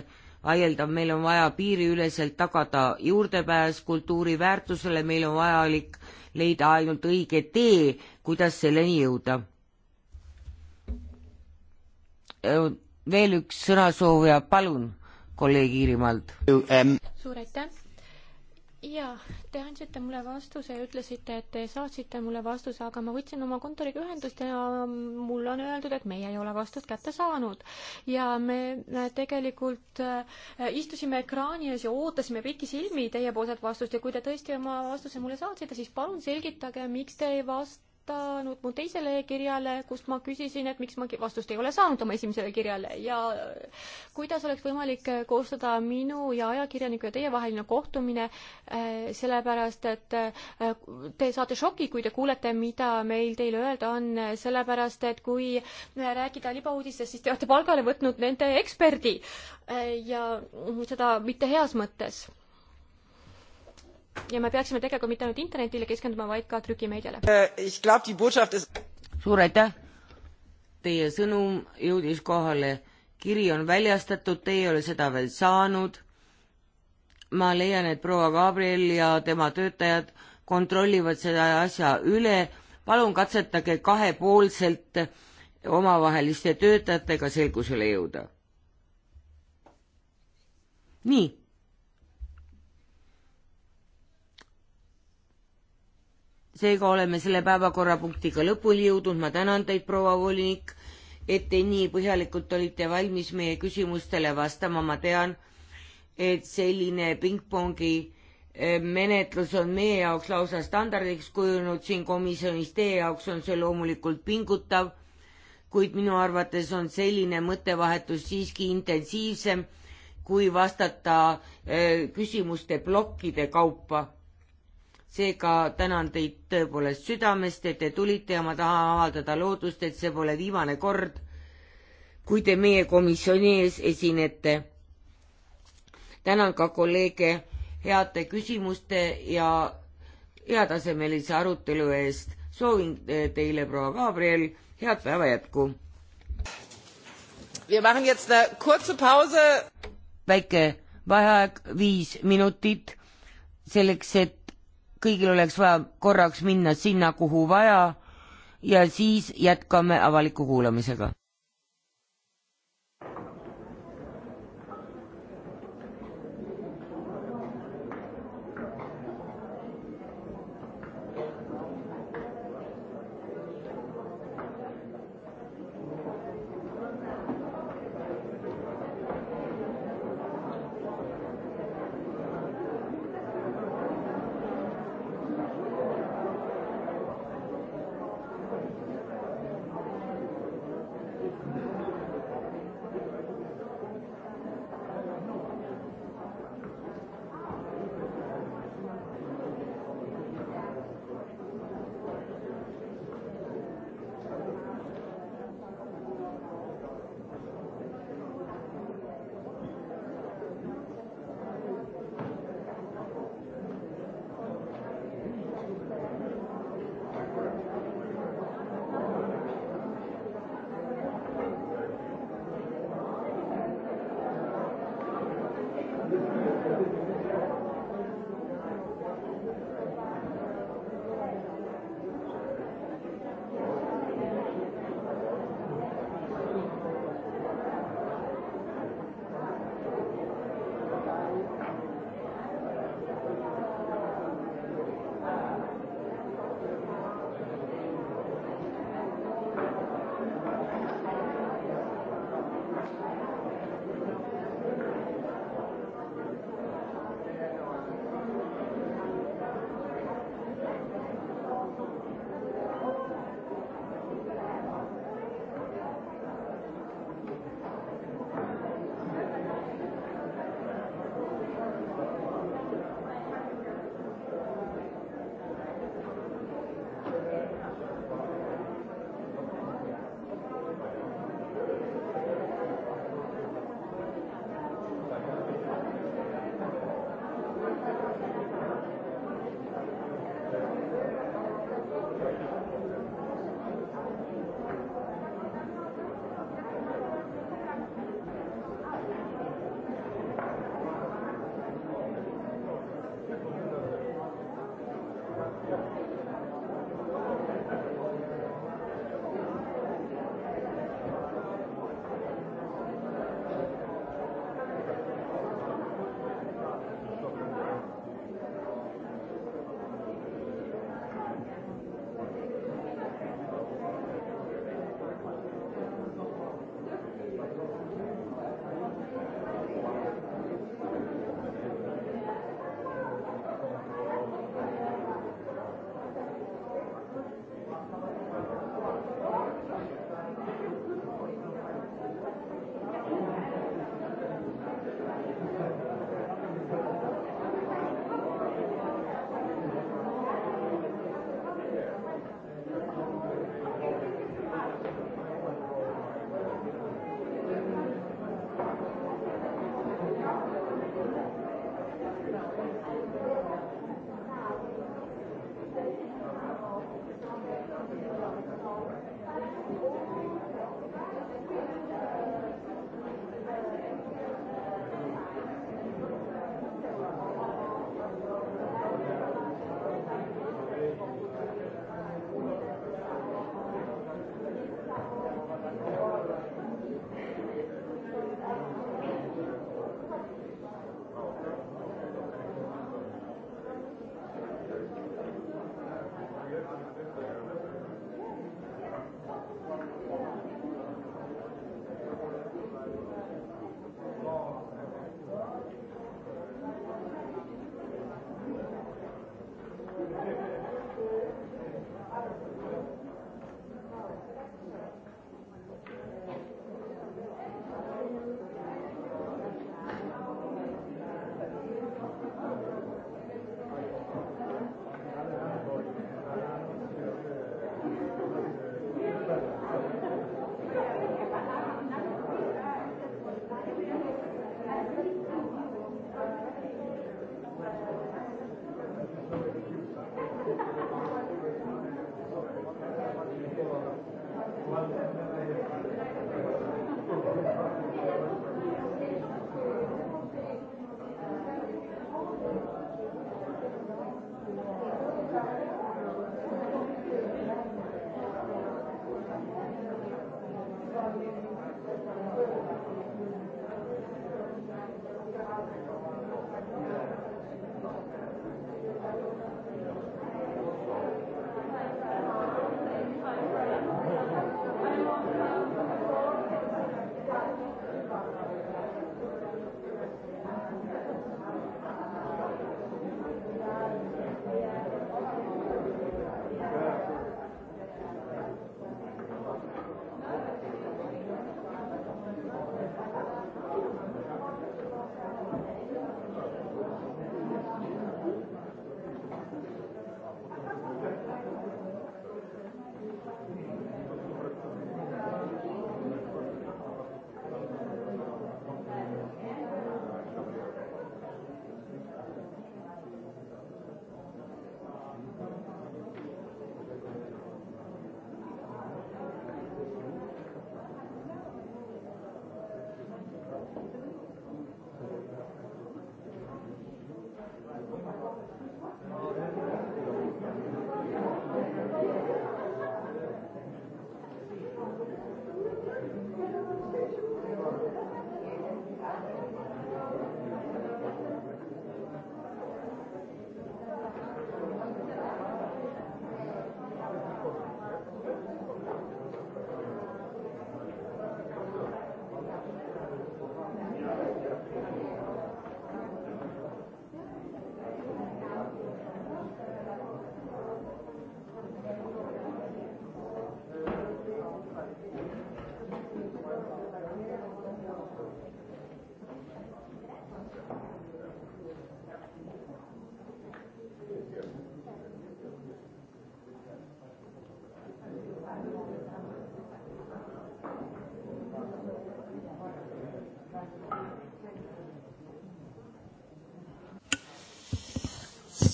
vaieldav, meil on vaja piiriüleselt tagada juurdepääs kultuuriväärtusele, meil on vajalik leida ainult õige tee, kuidas selleni jõuda. Eh, veel üks sõnasoovija, palun, kolleeg Iirimaalt. Um, suur aitäh jaa, te andsite mulle vastuse ja ütlesite, et te saatsite mulle vastuse, aga ma võtsin oma kontoriga ühendust ja mulle on öeldud, et meie ei ole vastust kätte saanud. ja me äh, tegelikult äh, istusime ekraani ees ja ootasime pikisilmi teiepoolset vastust ja kui te tõesti oma vastuse mulle saatsite, siis palun selgitage, miks te ei vasta vastanud mu teisele kirjale, kust ma küsisin, et miks ma vastust ei ole saanud oma esimesele kirjale ja kuidas oleks võimalik koostada minu ja ajakirjaniku ja teie vaheline kohtumine, äh, sellepärast et äh, te saate šoki, kui te kuulete, mida meil teile öelda on, sellepärast et kui äh, rääkida libauudistest, siis te olete palgale võtnud nende eksperdi ja seda mitte heas mõttes ja me peaksime tegema mitte ainult internetile keskenduma, vaid ka trükimeediale. Äh, suur aitäh, teie sõnum jõudis kohale, kiri on väljastatud, te ei ole seda veel saanud. ma leian, et proua Gabriel ja tema töötajad kontrollivad seda asja üle, palun katsetage kahepoolselt omavaheliste töötajatega selgusele jõuda. nii seega oleme selle päevakorrapunktiga lõpuni jõudnud, ma tänan teid, proua volinik, et te nii põhjalikult olite valmis meie küsimustele vastama, ma tean, et selline pingpongi eh, menetlus on meie jaoks lausa standardiks kujunenud siin komisjonis, teie jaoks on see loomulikult pingutav, kuid minu arvates on selline mõttevahetus siiski intensiivsem kui vastata eh, küsimuste plokkide kaupa seega tänan teid tõepoolest südamest, et te tulite ja ma tahan avaldada lootust, et see pole viimane kord, kui te meie komisjoni ees esinete. tänan ka kolleege heade küsimuste ja heatasemelise arutelu eest. soovin teile, proua Gabriel, head päeva jätku. väike vaheaeg, viis minutit selleks, et kõigil oleks vaja korraks minna sinna, kuhu vaja ja siis jätkame avaliku kuulamisega.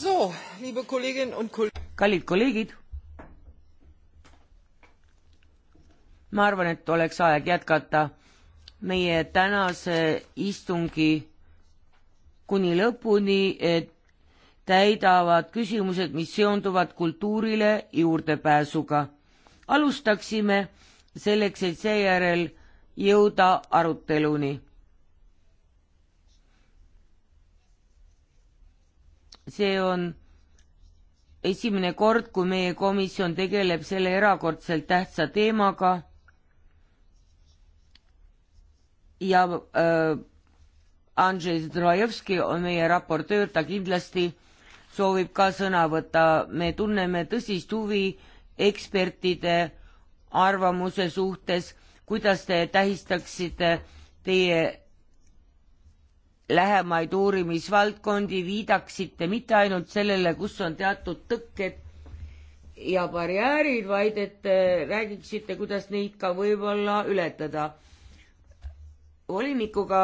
So, liebe Kolleginnen und Kollegen. kallid kolleegid, ma arvan, et oleks aeg jätkata meie tänase istungi kuni lõpuni, et täidavad küsimused, mis seonduvad kultuurile juurdepääsuga. alustaksime selleks, et seejärel jõuda aruteluni see on esimene kord, kui meie komisjon tegeleb selle erakordselt tähtsa teemaga ja äh, Andrzej Zdrojevski on meie raportöör, ta kindlasti soovib ka sõna võtta, me tunneme tõsist huvi ekspertide arvamuse suhtes, kuidas te tähistaksite teie lähemaid uurimisvaldkondi, viidaksite mitte ainult sellele, kus on teatud tõkked ja barjäärid, vaid et eh, räägiksite, kuidas neid ka võib-olla ületada. volinikuga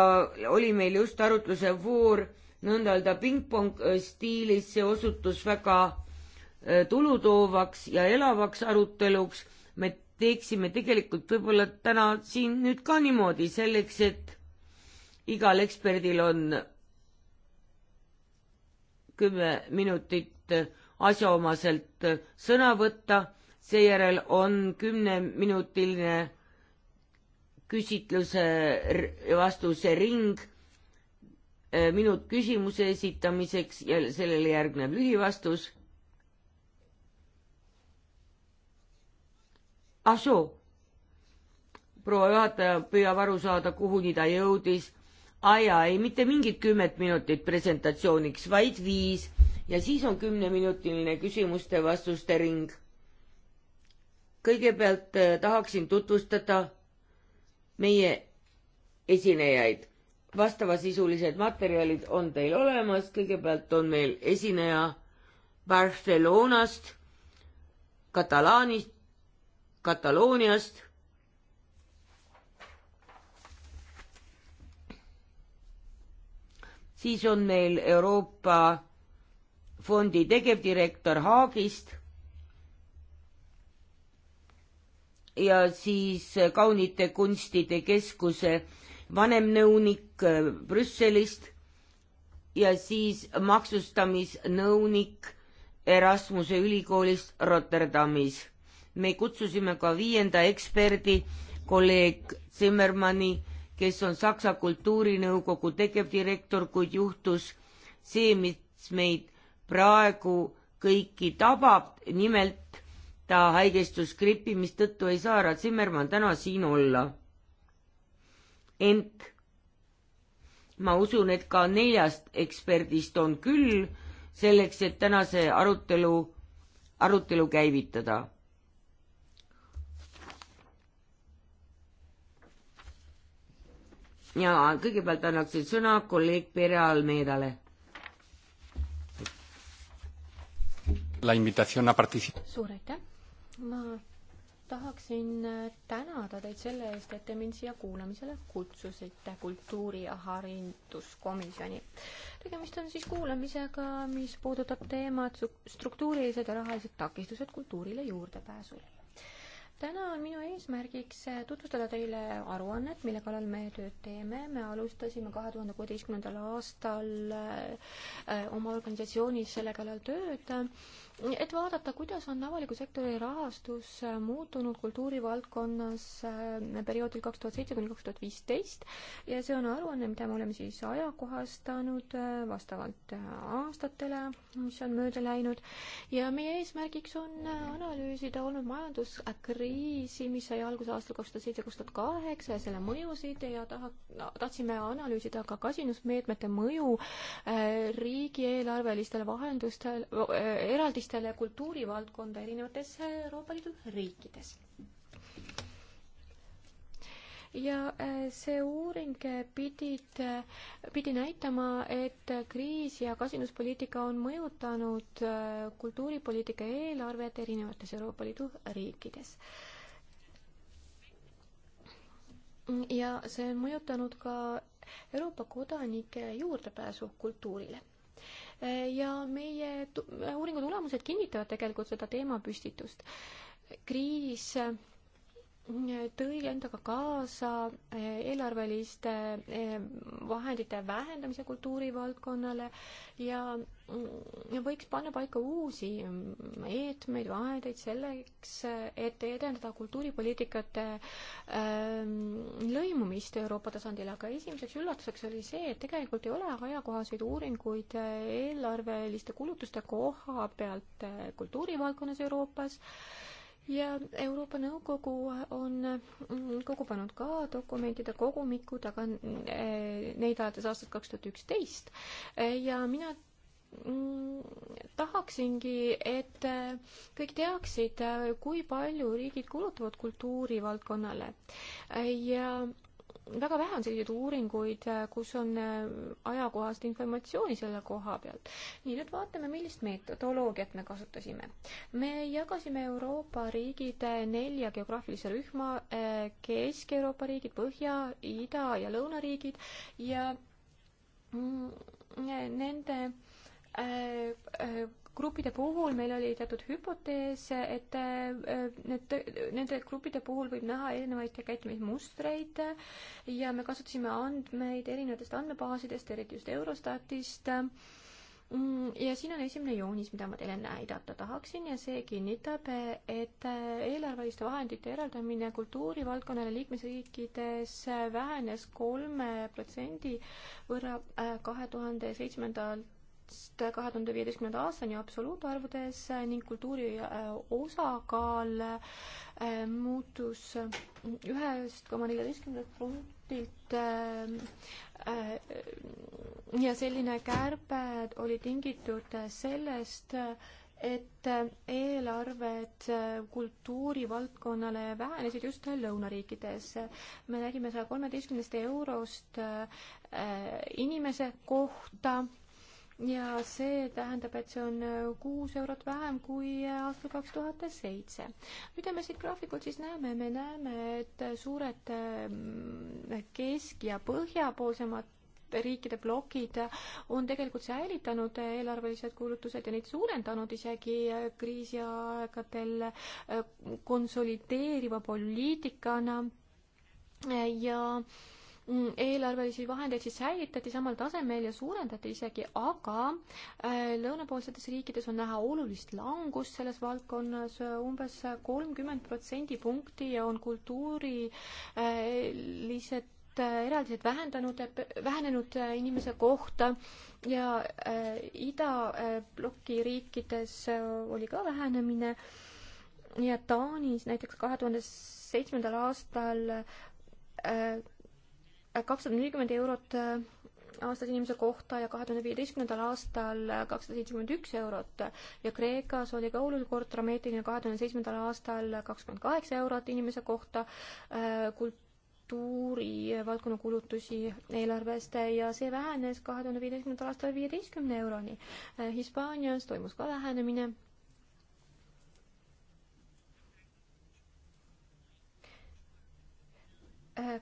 oli meil just arutluse voor nõnda-öelda pingpong eh, stiilis, see osutus väga eh, tulutoovaks ja elavaks aruteluks. me teeksime tegelikult võib-olla täna siin nüüd ka niimoodi selleks, et igal eksperdil on kümme minutit asjaomaselt sõna võtta, seejärel on kümneminutiline küsitluse vastuse ring, äh, minut küsimuse esitamiseks ja sellele järgneb lühivastus. ah soo, proua juhataja püüab aru saada, kuhuni ta jõudis aja, ei mitte mingit kümmet minutit presentatsiooniks, vaid viis ja siis on kümneminutiline küsimuste-vastuste ring. kõigepealt eh, tahaksin tutvustada meie esinejaid. vastavasisulised materjalid on teil olemas, kõigepealt on meil esineja Barcelonast, Katalaanist, Katalooniast siis on meil Euroopa fondi tegevdirektor Haagist ja siis Kaunite Kunstide Keskuse vanemnõunik äh, Brüsselist ja siis maksustamisnõunik Erasmuse ülikoolist Rotterdamis. me kutsusime ka viienda eksperdi, kolleeg Zimmermanni kes on Saksa Kultuurinõukogu tegevdirektor, kuid juhtus see, mis meid praegu kõiki tabab, nimelt ta haigestus gripi, mistõttu ei saa härra Zimmermann täna siin olla. ent ma usun, et ka neljast eksperdist on küll selleks, et tänase arutelu, arutelu käivitada ja kõigepealt annaksin sõna kolleeg Pere Almeedale. suur aitäh, ma tahaksin tänada teid selle eest, et te mind siia kuulamisele kutsusite kultuuri- ja hariduskomisjoni. tegemist on siis kuulamisega, mis puudutab teemat struktuurilised ja rahalised takistused kultuurile juurdepääsul täna on minu eesmärgiks äh, tutvustada teile aruannet, mille kallal me tööd teeme. me alustasime kahe tuhande kuueteistkümnendal aastal äh, äh, oma organisatsioonis selle kallal tööd et vaadata, kuidas on avaliku sektori rahastus äh, muutunud kultuurivaldkonnas äh, perioodil kaks tuhat seitse kuni kaks tuhat viisteist ja see on aruanne, mida me oleme siis ajakohastanud äh, vastavalt aastatele, mis on mööda läinud ja meie eesmärgiks on analüüsida olnud majanduskriisi, mis sai alguse aastal kaks tuhat seitse, kaks tuhat kaheksa ja selle mõjusid ja taha, tahtsime analüüsida ka kasinusmeetmete mõju riigieelarvelistele vahendustele, eraldi uudistele kultuurivaldkonda erinevates Euroopa Liidu riikides ja äh, see uuring pidid, äh, pidi näitama, et kriis ja kasinuspoliitika on mõjutanud äh, kultuuripoliitika eelarvet erinevates Euroopa Liidu riikides. ja see on mõjutanud ka Euroopa kodanike juurdepääsu kultuurile ja meie uuringu tulemused kinnitavad tegelikult seda teemapüstitust. kriis äh, tõi endaga kaasa äh, eelarveliste äh, vahendite vähendamise kultuurivaldkonnale ja võiks panna paika uusi meetmeid, vahendeid selleks, et edendada kultuuripoliitikate ähm, lõimumist Euroopa tasandil, aga esimeseks üllatuseks oli see, et tegelikult ei ole ajakohaseid uuringuid äh, eelarveliste kulutuste koha pealt äh, kultuurivaldkonnas Euroopas ja Euroopa Nõukogu on mm, kogu pannud ka dokumentide kogumikud, aga äh, neid alates aastast kaks tuhat üksteist ja mina Mm, tahaksingi, et äh, kõik teaksid, äh, kui palju riigid kulutavad kultuurivaldkonnale äh, ja väga vähe on selliseid uuringuid, kus on ajakohast informatsiooni selle koha pealt. nii, nüüd vaatame, millist metodoloogiat me kasutasime. me jagasime Euroopa riigid nelja geograafilisse rühma, Kesk-Euroopa riigid, Põhja, Ida ja Lõunariigid ja mm, nende Äh, äh, gruppide puhul meil oli teatud hüpotees, et äh, need, nende gruppide puhul võib näha erinevaid käitumismustreid ja me kasutasime andmeid erinevatest andmebaasidest, eriti just Eurostatist. Mm, ja siin on esimene joonis, mida ma teile näidata tahaksin ja see kinnitab, et eelarveliste vahendite eraldamine kultuurivaldkonnale liikmesriikides vähenes kolme protsendi võrra kahe tuhande seitsmendalt tuhandest kahe tuhande viieteistkümnenda aastani absoluutarvudes ning kultuuri äh, osakaal äh, muutus ühest koma neljateistkümnelt punktilt äh, ja selline kärbe oli tingitud sellest, et eelarved kultuurivaldkonnale vähenesid just lõunariikides. me räägime saja kolmeteistkümnest eurost inimese kohta ja see tähendab, et see on äh, kuus eurot vähem kui äh, aastal kaks tuhat seitse. mida me siit graafikult siis näeme, me näeme, et äh, suured kesk- ja põhjapoolsemad riikide plokid on tegelikult säilitanud eelarvelised kulutused ja neid suurendanud isegi kriisiaegadel konsolideeriva poliitikana ja äh, Mm, eelarvelisi vahendeid siis säilitati samal tasemel ja suurendati isegi, aga äh, lõunapoolsetes riikides on näha olulist langust selles valdkonnas äh, umbes kolmkümmend protsendipunkti on kultuurilised äh, eraldised vähendanud, vähenenud inimese kohta ja äh, idabloki äh, riikides äh, oli ka vähenemine ja Taanis näiteks kahe tuhande seitsmendal aastal äh, kakssada nelikümmend eurot äh, aastas inimese kohta ja kahe tuhande viieteistkümnendal aastal äh, kakssada seitsekümmend üks eurot ja Kreekas oli ka olukord dramaatiline kahe tuhande seitsmendal aastal äh, kakskümmend kaheksa eurot inimese kohta kultuurivaldkonna kulutusi eelarvest ja see vähenes kahe tuhande viieteistkümnendal aastal viieteistkümne euroni. Hispaanias toimus ka vähenemine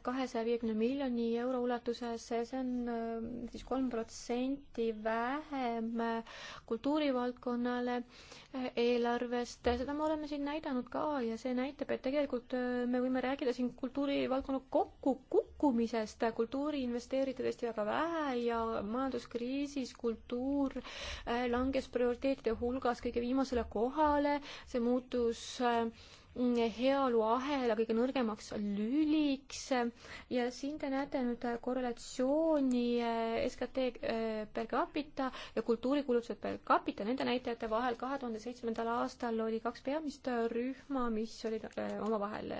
kahesaja viiekümne miljoni euro ulatuses, see on äh, siis kolm protsenti vähem äh, kultuurivaldkonnale äh, eelarvest, seda me oleme siin näidanud ka ja see näitab, et tegelikult me võime rääkida siin kultuurivaldkonna kokku kukkumisest, kultuuri investeeriti tõesti väga vähe ja majanduskriisis kultuur langes prioriteetide hulgas kõige viimasele kohale, see muutus äh, heaoluahela kõige nõrgemaks lüliks ja siin te näete nüüd korrelatsiooni eh, SKT eh, per capita ja kultuurikulutused per capita, nende näitajate vahel kahe tuhande seitsmendal aastal oli kaks peamist rühma, mis olid eh, omavahel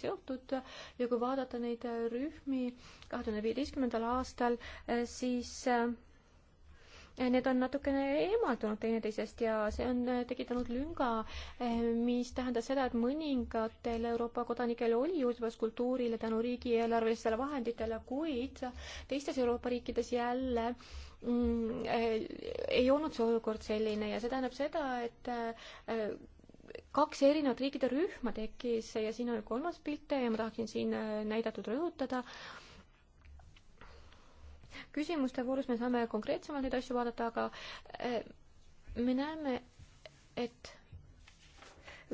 seotud ja kui vaadata neid rühmi kahe tuhande viieteistkümnendal aastal, siis need on natukene eemaldunud teineteisest ja see on äh, tekitanud lünga, äh, mis tähendas seda, et mõningatel Euroopa kodanikel oli juurdepääs kultuurile tänu riigieelarvelistele vahenditele, kuid teistes Euroopa riikides jälle mm, äh, ei olnud see olukord selline ja see tähendab seda, et kaks erinevat riikide rühma tekkis ja siin on kolmas pilt ja ma tahaksin siin näidatud rõhutada äh, küsimuste voorus me saame konkreetsemalt neid asju vaadata, aga eh, me näeme, et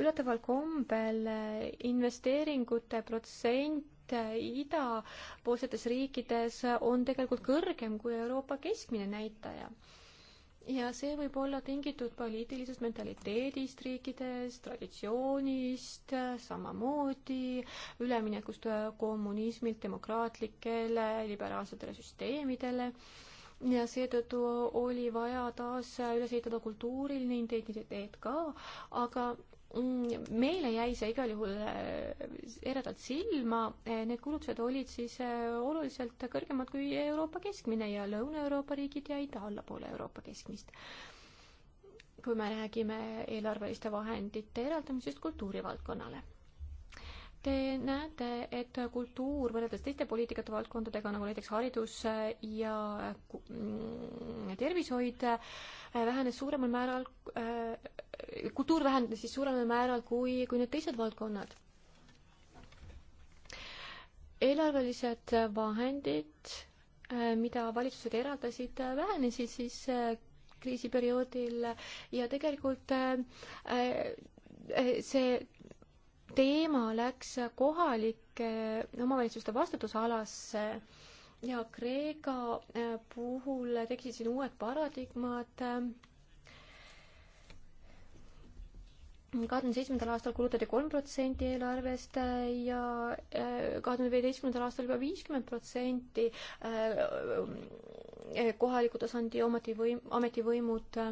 üllataval kombel eh, investeeringute protsent eh, idapoolsetes riikides on tegelikult kõrgem kui Euroopa keskmine näitaja ja see võib olla tingitud poliitilisest mentaliteedist riikides, traditsioonist, samamoodi üleminekust kommunismilt demokraatlikele liberaalsetele süsteemidele ja seetõttu oli vaja taas üles ehitada kultuuriline identiteet ka, aga Mm, meile jäi see igal juhul äh, eredalt silma, äh, need kulutused olid siis äh, oluliselt kõrgemad kui Euroopa keskmine ja Lõuna-Euroopa riigid jäid allapoole Euroopa keskmist. kui me räägime eelarveliste vahendite eraldamisest kultuurivaldkonnale Te näete, et kultuur võrreldes teiste poliitikate valdkondadega, nagu näiteks haridus ja mm, tervishoid, vähenes suuremal määral, äh, kultuur vähenes siis suuremal määral kui, kui need teised valdkonnad eelarvelised vahendid, äh, mida valitsused eraldasid, vähenesid siis äh, kriisiperioodil ja tegelikult see teema läks kohalike omavalitsuste vastutusalasse ja Kreeka äh, puhul tekkisid siin uued paradigmad. kahekümne seitsmendal aastal kulutati kolm protsenti eelarvest äh, ja äh, kahekümne viieteistkümnendal aastal juba viiskümmend protsenti kohaliku tasandi ametivõim, ametivõimud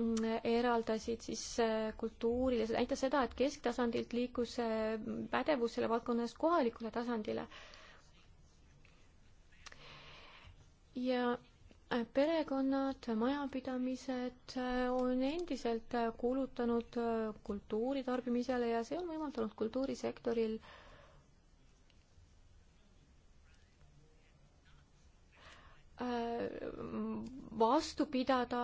Äh, eraldasid siis äh, kultuurile, see näitas seda, et kesktasandilt liikus äh, pädevus selle valdkonna eest kohalikule tasandile. ja perekonnad, majapidamised on endiselt kulutanud kultuuri tarbimisele ja see on võimaldanud kultuurisektoril äh, Äh, vastu pidada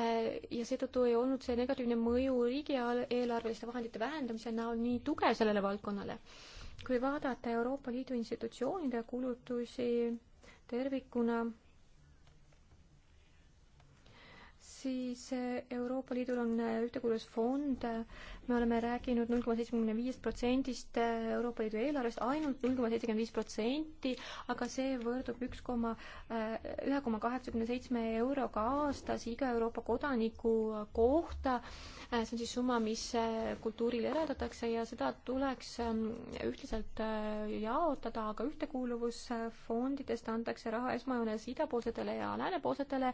äh, ja seetõttu ei olnud see negatiivne mõju riigieelarveliste vahendite vähendamise näol nii tugev sellele valdkonnale. kui vaadata Euroopa Liidu institutsioonide kulutusi tervikuna siis eh, Euroopa Liidul on eh, ühtekuuluvusfond, me oleme rääkinud null koma seitsmekümne viiest protsendist eh, Euroopa Liidu eelarvest ainult, ainult null koma seitsekümmend viis protsenti, aga see võrdub üks koma, ühe koma kaheksakümne seitsme euroga aastas iga Euroopa kodaniku kohta. see on siis summa, mis kultuurile eraldatakse ja seda tuleks ehm, ühtlaselt jaotada, aga ühtekuuluvusfondidest antakse raha esmajoones idapoolsetele ja läänepoolsetele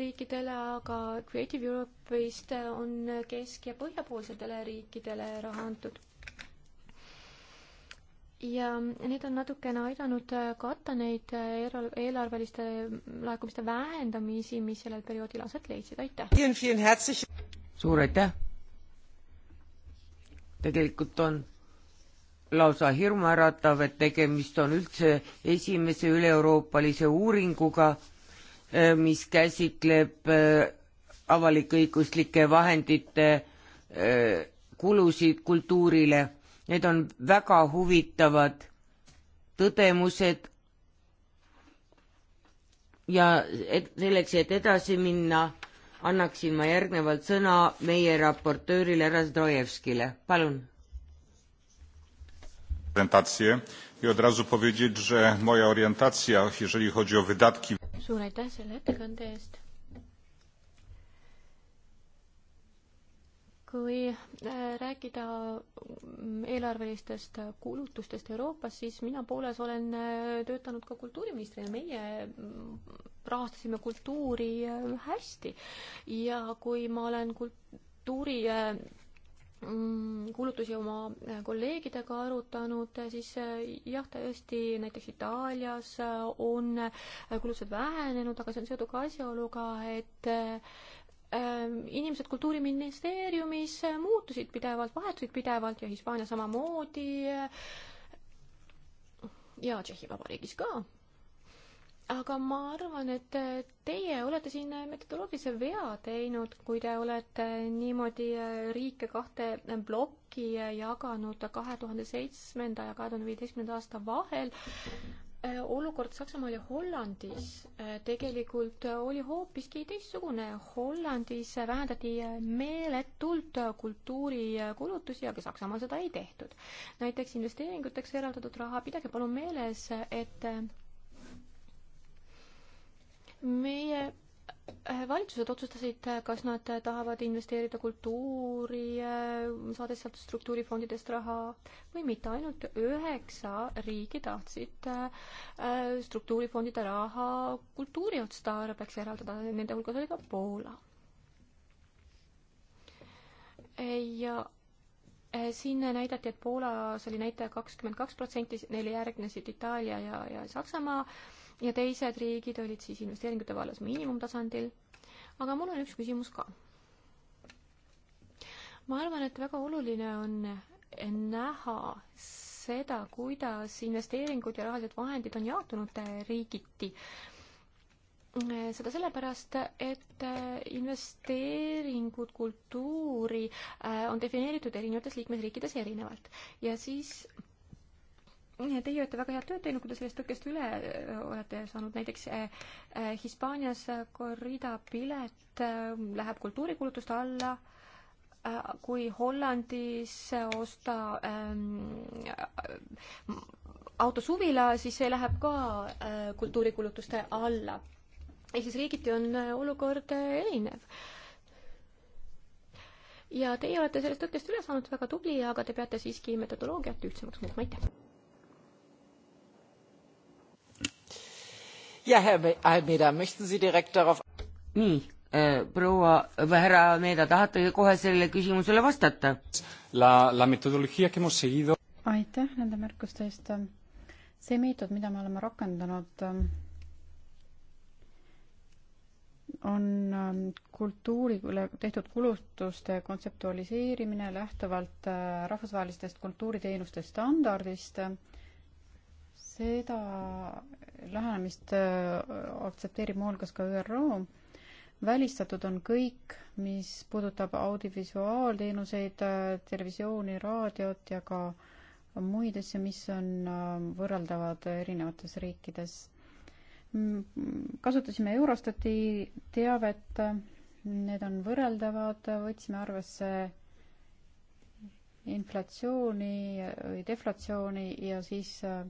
riikidele, aga Creative Europe'ist on kesk- ja põhjapoolsetele riikidele raha antud. ja need on natukene aidanud katta neid eelarveliste laekumiste vähendamisi, mis sellel perioodil aset leidsid, aitäh! suur aitäh! tegelikult on lausa hirmuäratav, et tegemist on üldse esimese üle-euroopalise uuringuga Äh, mis käsitleb äh, avalik-õiguslike vahendite äh, kulusid kultuurile. Need on väga huvitavad tõdemused ja et selleks, et edasi minna, annaksin ma järgnevalt sõna meie raportöörile härra Zdrojevskile, palun i od razu powiedzieć, że moja orientacja, jeżeli chodzi o wydatki. suur aitäh selle ettekande eest. kui äh, rääkida mm, eelarvelistest kulutustest Euroopas, siis mina Poolas olen äh, töötanud ka kultuuriministrina, meie mm, rahastasime kultuuri äh, hästi ja kui ma olen kultuuri Mm, kuulutusi oma äh, kolleegidega arutanud, äh, siis äh, jah, tõesti näiteks Itaalias on kulutused vähenenud, aga see on seotud ka asjaoluga, et ähm, inimesed Kultuuriministeeriumis muutusid pidevalt, vahetusid pidevalt ja Hispaania samamoodi ja Tšehhi Vabariigis ka aga ma arvan, et äh, teie olete siin äh, metodoloogilise vea teinud, kui te olete äh, niimoodi riike kahte plokki jaganud kahe tuhande seitsmenda ja kahe tuhande viieteistkümnenda aasta vahel. olukord Saksamaal ja Hollandis tegelikult oli hoopiski teistsugune. Hollandis vähendati meeletult kultuurikulutusi, aga Saksamaal seda ei tehtud. näiteks investeeringuteks eraldatud raha, pidage palun meeles, et meie äh, valitsused otsustasid, äh, kas nad äh, tahavad investeerida kultuuri, saades sealt struktuurifondidest raha või mitte, ainult üheksa riigi tahtsid struktuurifondide raha kultuuri otstarbeks eraldada, nende hulgas oli ka Poola. ja siin näidati, et Poolas oli näitaja kakskümmend kaks protsenti, neile järgnesid Itaalia ja, ja Saksamaa ja teised riigid olid siis investeeringute vallas miinimumtasandil. aga mul on üks küsimus ka. ma arvan, et väga oluline on näha seda, kuidas investeeringud ja rahalised vahendid on jaotunud riigiti seda sellepärast, et investeeringud kultuuri äh, on defineeritud erinevates liikmesriikides erinevalt ja siis Teie olete väga head tööd teinud, kui te sellest tõkkest üle äh, olete saanud, näiteks äh, äh, Hispaanias korrida pilet läheb kultuurikulutuste alla, kui Hollandis osta ähm, auto suvila, siis see läheb ka äh, kultuurikulutuste alla. ehk siis riigiti on olukord erinev ja teie olete sellest tõkkest üle saanud, väga tubli, aga te peate siiski metodoloogiat ühtsemaks muutma, aitäh! ja härra Almeida, möchten Sie direkt darauf? nii äh,, proua või härra Almeida, tahate kohe sellele küsimusele vastata? La, la metodoloogia que hemos seguido. aitäh nende märkuste eest. see meetod, mida me oleme rakendanud, on ähm, kultuurile tehtud kulutuste kontseptualiseerimine lähtuvalt äh, rahvusvahelistest kultuuriteenuste standardist äh, seda lähenemist äh, aktsepteerib muuhulgas ka ÜRO. välistatud on kõik, mis puudutab audiovisuaalteenuseid, äh, televisiooni, raadiot ja ka muid asju, mis on äh, võrreldavad erinevates riikides. kasutasime Eurostati teavet, need on võrreldavad, võtsime arvesse inflatsiooni või deflatsiooni ja siis äh,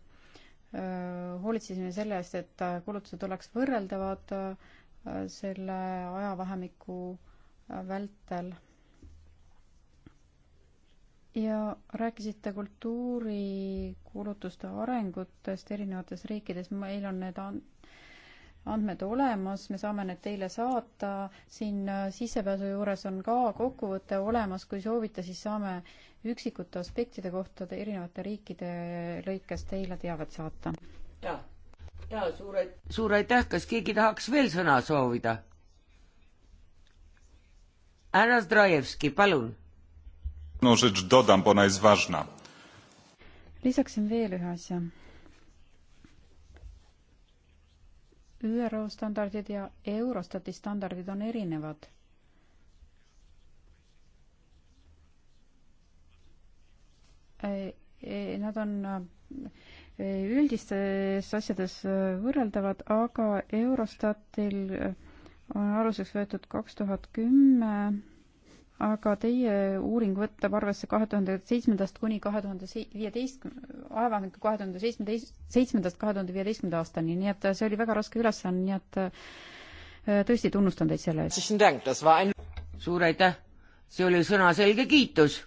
Äh, hoolitsesime selle eest, et kulutused oleks võrreldavad äh, selle ajavahemiku äh, vältel. ja rääkisite kultuurikulutuste arengutest erinevates riikides, meil on need and-, andmed olemas, me saame need teile saata, siin äh, sissepääsu juures on ka kokkuvõte olemas, kui soovite, siis saame üksikute aspektide kohta erinevate riikide lõikes teile teavet saata. ja, ja suur aitäh. suur aitäh, kas keegi tahaks veel sõna soovida? härra Zdrojevski, palun. no, dodam, bo ona jest ważna. lisaksin veel ühe asja ÜRO standardid ja Eurostati standardid on erinevad. E, e, nad on e, üldistes asjades võrreldavad, aga Eurostatil on aluseks võetud kaks tuhat kümme aga teie uuring võtab arvesse kahe tuhande seitsmendast kuni kahe tuhande viieteist, ajavahemikku kahe tuhande seitsmeteist, seitsmendast kahe tuhande viieteistkümnenda aastani, nii et see oli väga raske ülesanne, nii et äh, tõesti tunnustan teid selle eest. suur aitäh, see oli sõnaselge kiitus.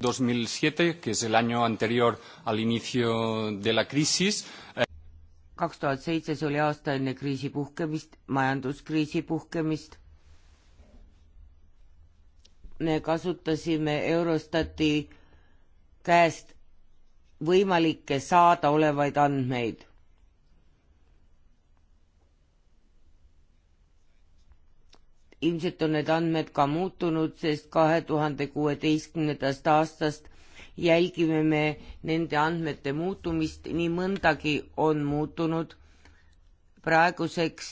2007, que es el año anterior al inicio de la crisis. kaks tuhat seitse, see oli aasta enne kriisi puhkemist, majanduskriisi puhkemist me kasutasime Eurostati käest võimalikke saadaolevaid andmeid. ilmselt on need andmed ka muutunud, sest kahe tuhande kuueteistkümnendast aastast jälgime me nende andmete muutumist, nii mõndagi on muutunud. praeguseks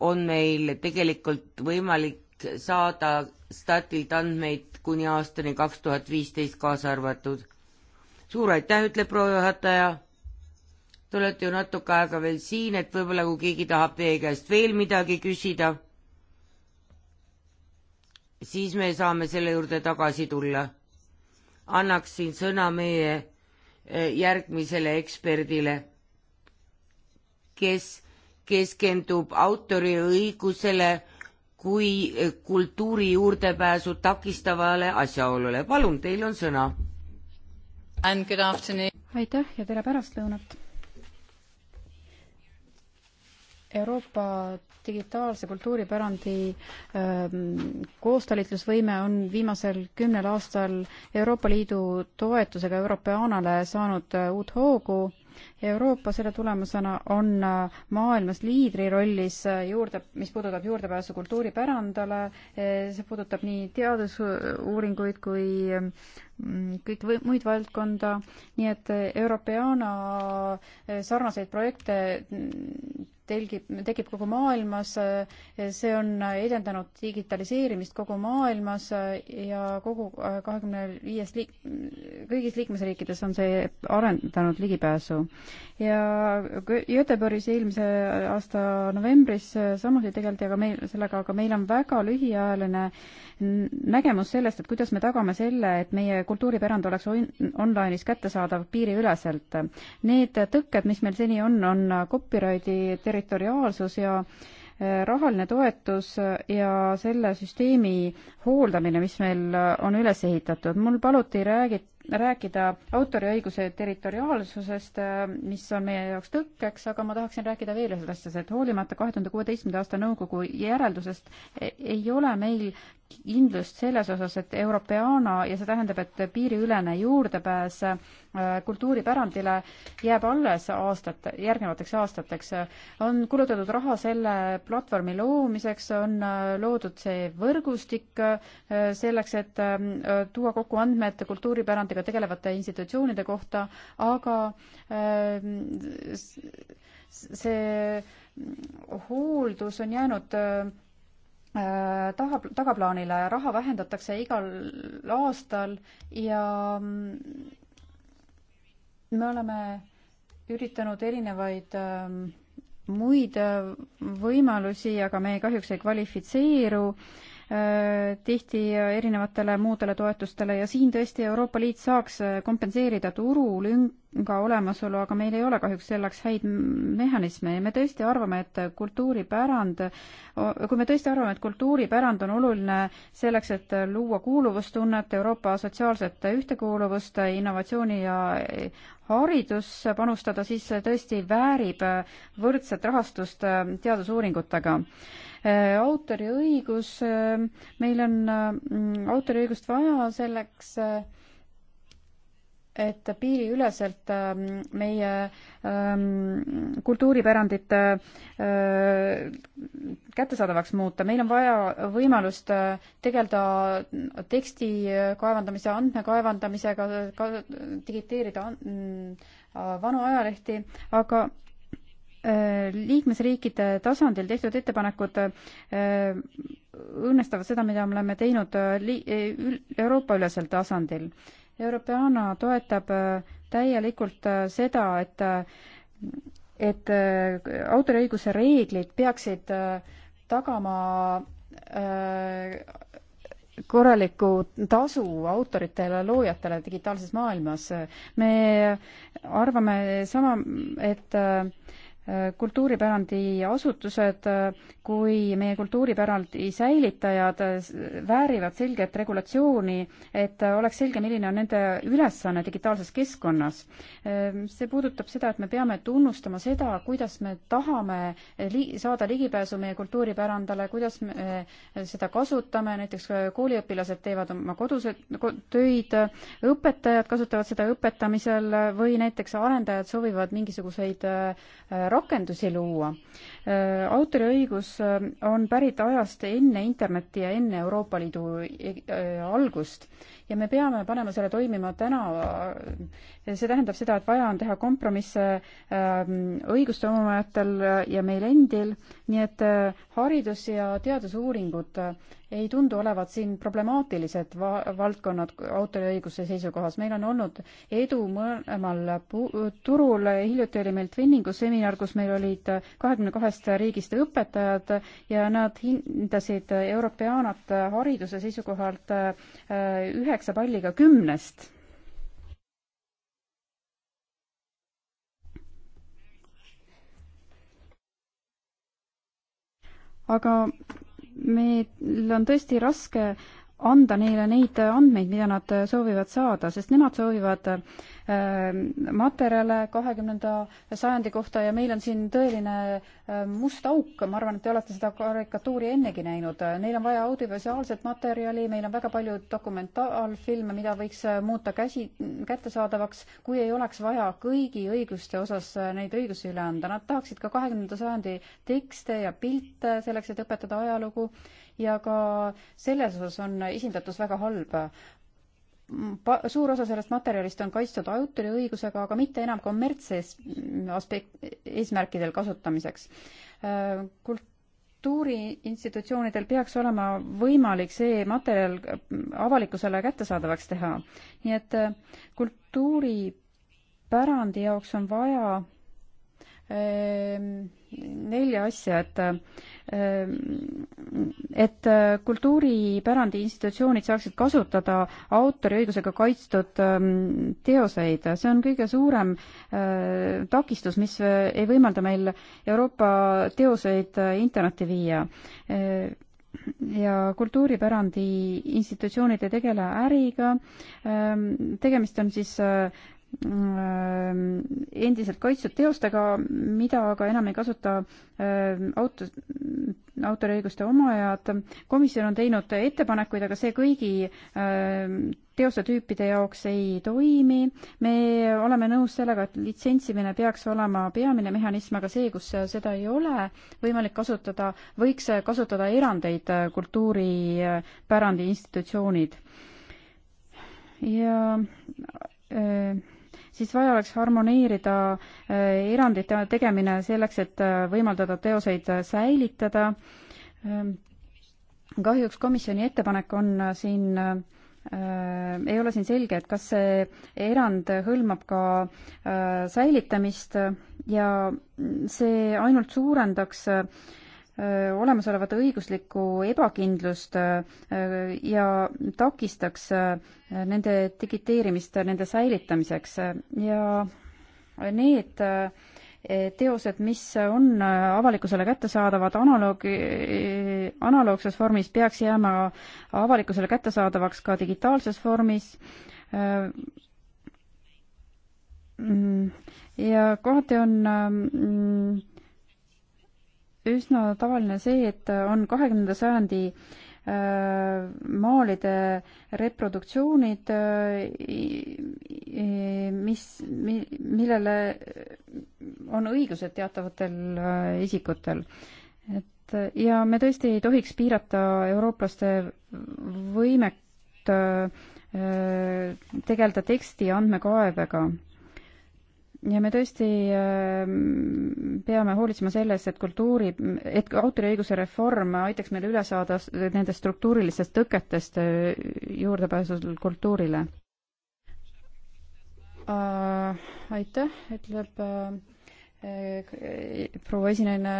on meil tegelikult võimalik et saada statilt andmeid kuni aastani kaks tuhat viisteist kaasa arvatud. suur aitäh, ütleb proua juhataja. Te olete ju natuke aega veel siin, et võib-olla kui keegi tahab teie käest veel midagi küsida, siis me saame selle juurde tagasi tulla. annaksin sõna meie eh, järgmisele eksperdile, kes keskendub autoriõigusele kui eh, kultuuri juurdepääsu takistavale asjaolule. palun, teil on sõna. aitäh ja tere pärastlõunat. Euroopa digitaalse kultuuripärandi ähm, koostalitlusvõime on viimasel kümnel aastal Euroopa Liidu toetusega Europeanale saanud äh, uut hoogu Euroopa selle tulemusena on äh, maailmas liidri rollis äh, juurde, mis puudutab juurdepääsu kultuuripärandale, äh, see puudutab nii teadusuuringuid kui mm, kõik või, muid valdkonda, nii et Europeana sarnaseid projekte mm, telgib, tekib kogu maailmas, see on edendanud digitaliseerimist kogu maailmas ja kogu äh, kahekümne viies liik-, kõigis liikmesriikides on see arendanud ligipääsu. ja Göteborgis eelmise aasta novembris samuti tegeleti aga meil, sellega, aga meil on väga lühiajaline nägemus sellest, et kuidas me tagame selle, et meie kultuuripärand oleks on-, online'is kättesaadav piiriüleselt. Need tõkked, mis meil seni on, on copyrighti territoriaalsus ja eh, rahaline toetus ja selle süsteemi hooldamine, mis meil eh, on üles ehitatud. mul paluti räägi-, rääkida autoriõiguse territoriaalsusest, eh, mis on meie jaoks tõkkeks, aga ma tahaksin rääkida veel ühest asjast, et hoolimata kahe tuhande kuueteistkümnenda aasta nõukogu järeldusest ei ole meil kindlust selles osas, et europeana ja see tähendab, et piiriülene juurdepääs äh, kultuuripärandile jääb alles aastate, järgnevateks aastateks. on kulutatud raha selle platvormi loomiseks, on äh, loodud see võrgustik äh, selleks, et tuua kokku andmed kultuuripärandiga tegelevate institutsioonide kohta, aga see hooldus on jäänud Äh, taha, tagaplaanile, raha vähendatakse igal aastal ja mm, me oleme üritanud erinevaid ähm, muid äh, võimalusi, aga me ei kahjuks ei kvalifitseeru äh, Äh, tihti erinevatele muudele toetustele ja siin tõesti Euroopa Liit saaks äh, kompenseerida turulünga olemasolu, aga meil ei ole kahjuks selleks häid mehhanisme ja me tõesti arvame, et kultuuripärand, kui me tõesti arvame, et kultuuripärand on oluline selleks, et luua kuuluvustunnet, Euroopa sotsiaalset ühtekuuluvust, innovatsiooni ja eh, haridusse panustada, siis tõesti väärib äh, võrdset rahastust teadusuuringutega Äh, autoriõigus, äh, meil on äh, autoriõigust vaja selleks, et piiriüleselt meie ähm, kultuuripärandit kättesaadavaks muuta. meil on vaja võimalust tegeleda teksti kaevandamise, andmekaevandamisega, digiteerida mm, vanu ajalehti, aga Äh, liikmesriikide tasandil tehtud ettepanekud äh, õnnestavad seda, mida me oleme teinud äh, Euroopa-ülesel tasandil. Europeana toetab täielikult seda, et, et autoriõiguse reeglid peaksid tagama korralikku tasu autoritele, loojatele digitaalses maailmas. me arvame sama, et kultuuripärandi asutused kui meie kultuuripärandi säilitajad väärivad selget regulatsiooni, et oleks selge, milline on nende ülesanne digitaalses keskkonnas. Ehm, see puudutab seda, et me peame tunnustama seda, kuidas me tahame li-, saada ligipääsu meie kultuuripärandale, kuidas me eh, seda kasutame, näiteks eh, kooliõpilased teevad oma kodused töid, õpetajad kasutavad seda õpetamisel või näiteks arendajad soovivad mingisuguseid eh, rakendusi luua. Ehm, autoriõigus küsimus äh, on pärit ajast enne Internetti ja enne Euroopa Liidu äh, algust ja me peame panema selle toimima täna. see tähendab seda, et vaja on teha kompromisse ähm, õiguste omajatel ja meil endil nii et äh, haridus- ja teadusuuringud äh, ei tundu olevat siin problemaatilised va valdkonnad autoriõiguse seisukohas. meil on olnud edu mõlemal turul, hiljuti oli meil Twinningu seminar, kus meil olid äh, kahekümne kahest riigist õpetajad ja nad hindasid Europeanat hariduse seisukohalt üheksa palliga kümnest aga meil on tõesti raske anda neile neid andmeid, mida nad soovivad saada, sest nemad soovivad ähm, materjale kahekümnenda sajandi kohta ja meil on siin tõeline ähm, must auk, ma arvan, et te olete seda karikatuuri ennegi näinud. Neil on vaja audiovisuaalset materjali, meil on väga palju dokumentaalfilme, mida võiks äh, muuta käsi, kättesaadavaks, kui ei oleks vaja kõigi õiguste osas äh, neid õigusi üle anda. Nad tahaksid ka kahekümnenda sajandi tekste ja pilte selleks, et õpetada ajalugu ja ka selles osas on esindatus väga halb. Pa-, suur osa sellest materjalist on kaitstud autoriõigusega, aga mitte enam kommertses aspekt, eesmärkidel kasutamiseks. Kult-, kultuuriinstitutsioonidel peaks olema võimalik see materjal avalikkusele kättesaadavaks teha. nii et eh, kultuuripärandi jaoks on vaja eh, nelja asja, et et kultuuripärandi institutsioonid saaksid kasutada autoriõigusega kaitstud ähm, teoseid. see on kõige suurem äh, takistus, mis äh, ei võimalda meil Euroopa teoseid äh, internetti viia ja kultuuripärandi institutsioonid ei tegele äriga, ähm, tegemist on siis Ehm, endiselt kaitstud teostega, mida aga enam ei kasuta ehm, auto, autoriõiguste omajad. komisjon on teinud ettepanekuid, aga see kõigi ehm, teosetüüpide jaoks ei toimi. me oleme nõus sellega, et litsentsimine peaks olema peamine mehhanism, aga see, kus seda ei ole võimalik kasutada, võiks kasutada erandeid kultuuripärandi institutsioonid. ja öö, siis vaja oleks harmoneerida äh, erandite tegemine selleks, et äh, võimaldada teoseid äh, säilitada. Ähm, kahjuks komisjoni ettepanek on siin ei ole siin selge, et kas see erand hõlmab ka säilitamist ja see ainult suurendaks äh, olemasolevat õiguslikku ebakindlust ja takistaks nende digiteerimist nende säilitamiseks ja need teosed, mis on avalikkusele kättesaadavad analoogi, analoogses vormis, peaks jääma avalikkusele kättesaadavaks ka digitaalses vormis mm, ja kohati on mm, üsna tavaline see, et on kahekümnenda sajandi äh, maalide reproduktsioonid, äh, mis, millele on õigused teatavatel äh, isikutel. et ja me tõesti ei tohiks piirata eurooplaste võimet tegeleda teksti andmekaevega ja me tõesti ähm, peame hoolitsema selles, et kultuuri, et autoriõiguse reform aitaks meil üle saada nendest struktuurilistest tõketest äh, juurdepääsul kultuurile. Äh, aitäh, ütleb äh, proua esinaine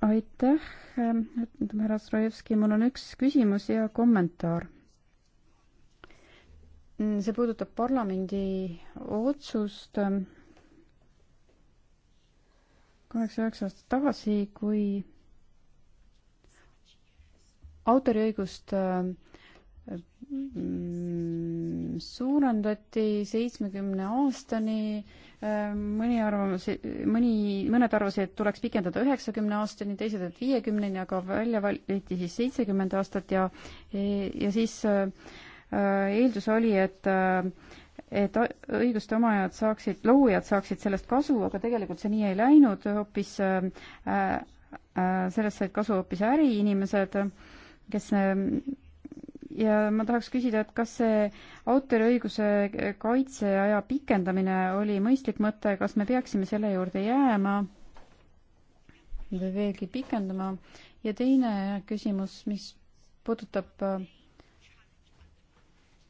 aitäh, ütleme härra Strojevski, mul on üks küsimus ja kommentaar. see puudutab parlamendi otsust kaheksa-üheksa aastat tagasi, kui autoriõigust mm, suurendati seitsmekümne aastani mõni arvamus, mõni, mõned arvasid, et tuleks pikendada üheksakümne aastani, teised, et viiekümneni, aga välja valiti siis seitsekümmend aastat ja, ja siis äh, eeldus oli, et et õiguste omajad saaksid, loojad saaksid sellest kasu, aga tegelikult see nii ei läinud, hoopis äh, äh, sellest said kasu hoopis äriinimesed, kes äh, ja ma tahaks küsida, et kas see autoriõiguse kaitseaja pikendamine oli mõistlik mõte, kas me peaksime selle juurde jääma või veelgi pikendama? ja teine küsimus, mis puudutab äh,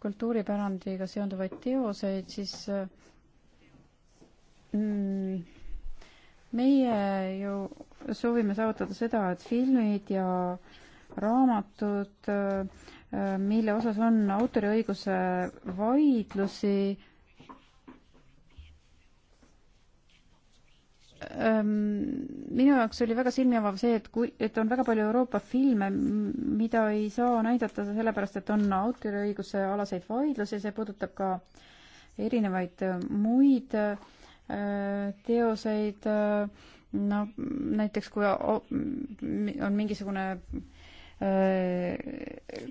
kultuuripärandiga seonduvaid teoseid, siis äh, mm, meie ju soovime saavutada seda, et filmid ja raamatud äh, mille osas on autoriõiguse vaidlusi ähm, minu jaoks oli väga silmiavav see, et kui, et on väga palju Euroopa filme, mida ei saa näidata sellepärast, et on autoriõiguse alaseid vaidlusi, see puudutab ka erinevaid äh, muid äh, teoseid, äh, no näiteks kui on mingisugune Äh,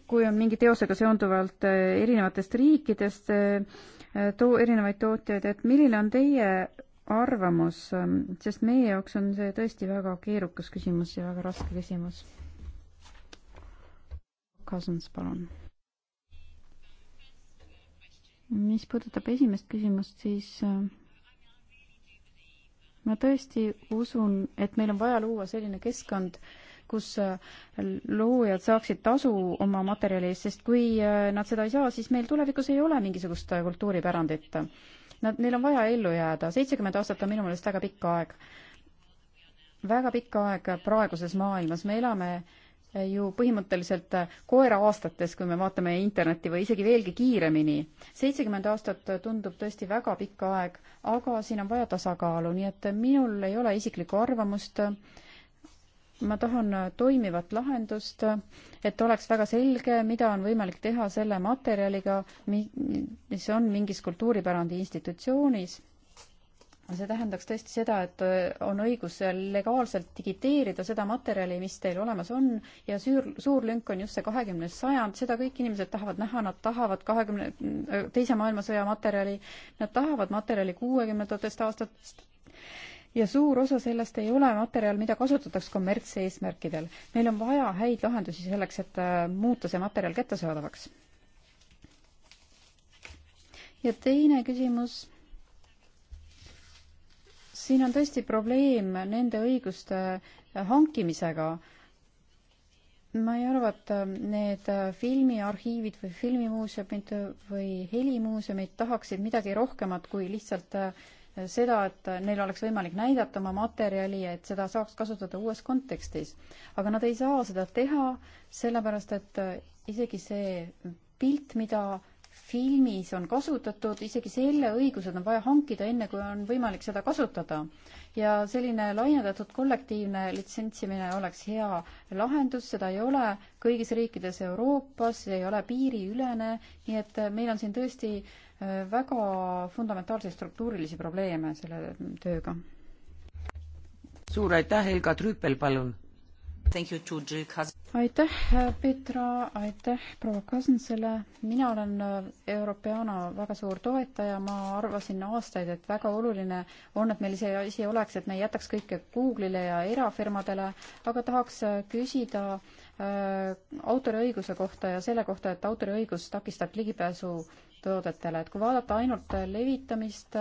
kui on mingi teosega seonduvalt äh, erinevatest riikidest äh, too erinevaid tootjaid, et milline on teie arvamus, sest meie jaoks on see tõesti väga keerukas küsimus ja väga raske küsimus. Cousins, palun. mis puudutab esimest küsimust, siis ma tõesti usun, et meil on vaja luua selline keskkond, kus äh, loojad saaksid tasu oma materjali eest, sest kui äh, nad seda ei saa, siis meil tulevikus ei ole mingisugust äh, kultuuripärandit. Nad, neil on vaja ellu jääda, seitsekümmend aastat on minu meelest väga pikk aeg. väga pikk aeg praeguses maailmas, me elame ju põhimõtteliselt koera aastates, kui me vaatame internetti või isegi veelgi kiiremini. seitsekümmend aastat tundub tõesti väga pikk aeg, aga siin on vaja tasakaalu, nii et minul ei ole isiklikku arvamust äh, ma tahan äh, toimivat lahendust, et oleks väga selge, mida on võimalik teha selle materjaliga, mis on mingis kultuuripärandi institutsioonis. see tähendaks tõesti seda, et äh, on õigus legaalselt digiteerida seda materjali, mis teil olemas on ja suur, suur lünk on just see kahekümnes sajand, seda kõik inimesed tahavad näha, nad tahavad kahekümne, äh, teise maailmasõja materjali, nad tahavad materjali kuuekümnendatest aastatest ja suur osa sellest ei ole materjal, mida kasutatakse kommertseesmärkidel. meil on vaja häid lahendusi selleks, et äh, muuta see materjal kättesaadavaks. ja teine küsimus. siin on tõesti probleem nende õiguste äh, hankimisega ma ei arva, et äh, need filmiarhiivid või filmimuuseumid või helimuuseumid tahaksid midagi rohkemat kui lihtsalt seda, et neil oleks võimalik näidata oma materjali ja et seda saaks kasutada uues kontekstis. aga nad ei saa seda teha, sellepärast et äh, isegi see pilt, mida filmis on kasutatud, isegi selle õigused on vaja hankida, enne kui on võimalik seda kasutada. ja selline laiendatud kollektiivne litsentsimine oleks hea lahendus, seda ei ole kõigis riikides Euroopas, ei ole piiriülene, nii et äh, meil on siin tõesti äh, väga fundamentaalseid struktuurilisi probleeme selle tööga. suur aitäh, Helga Trüüpel, palun! aitäh, Petra, aitäh proua Kasinsele. mina olen äh, Europeana väga suur toetaja, ma arvasin aastaid, et väga oluline on, et meil see asi oleks, et me ei jätaks kõike Google'ile ja erafirmadele, aga tahaks äh, küsida äh, autoriõiguse kohta ja selle kohta, et autoriõigus takistab ligipääsu äh, toodetele, et kui vaadata ainult levitamist,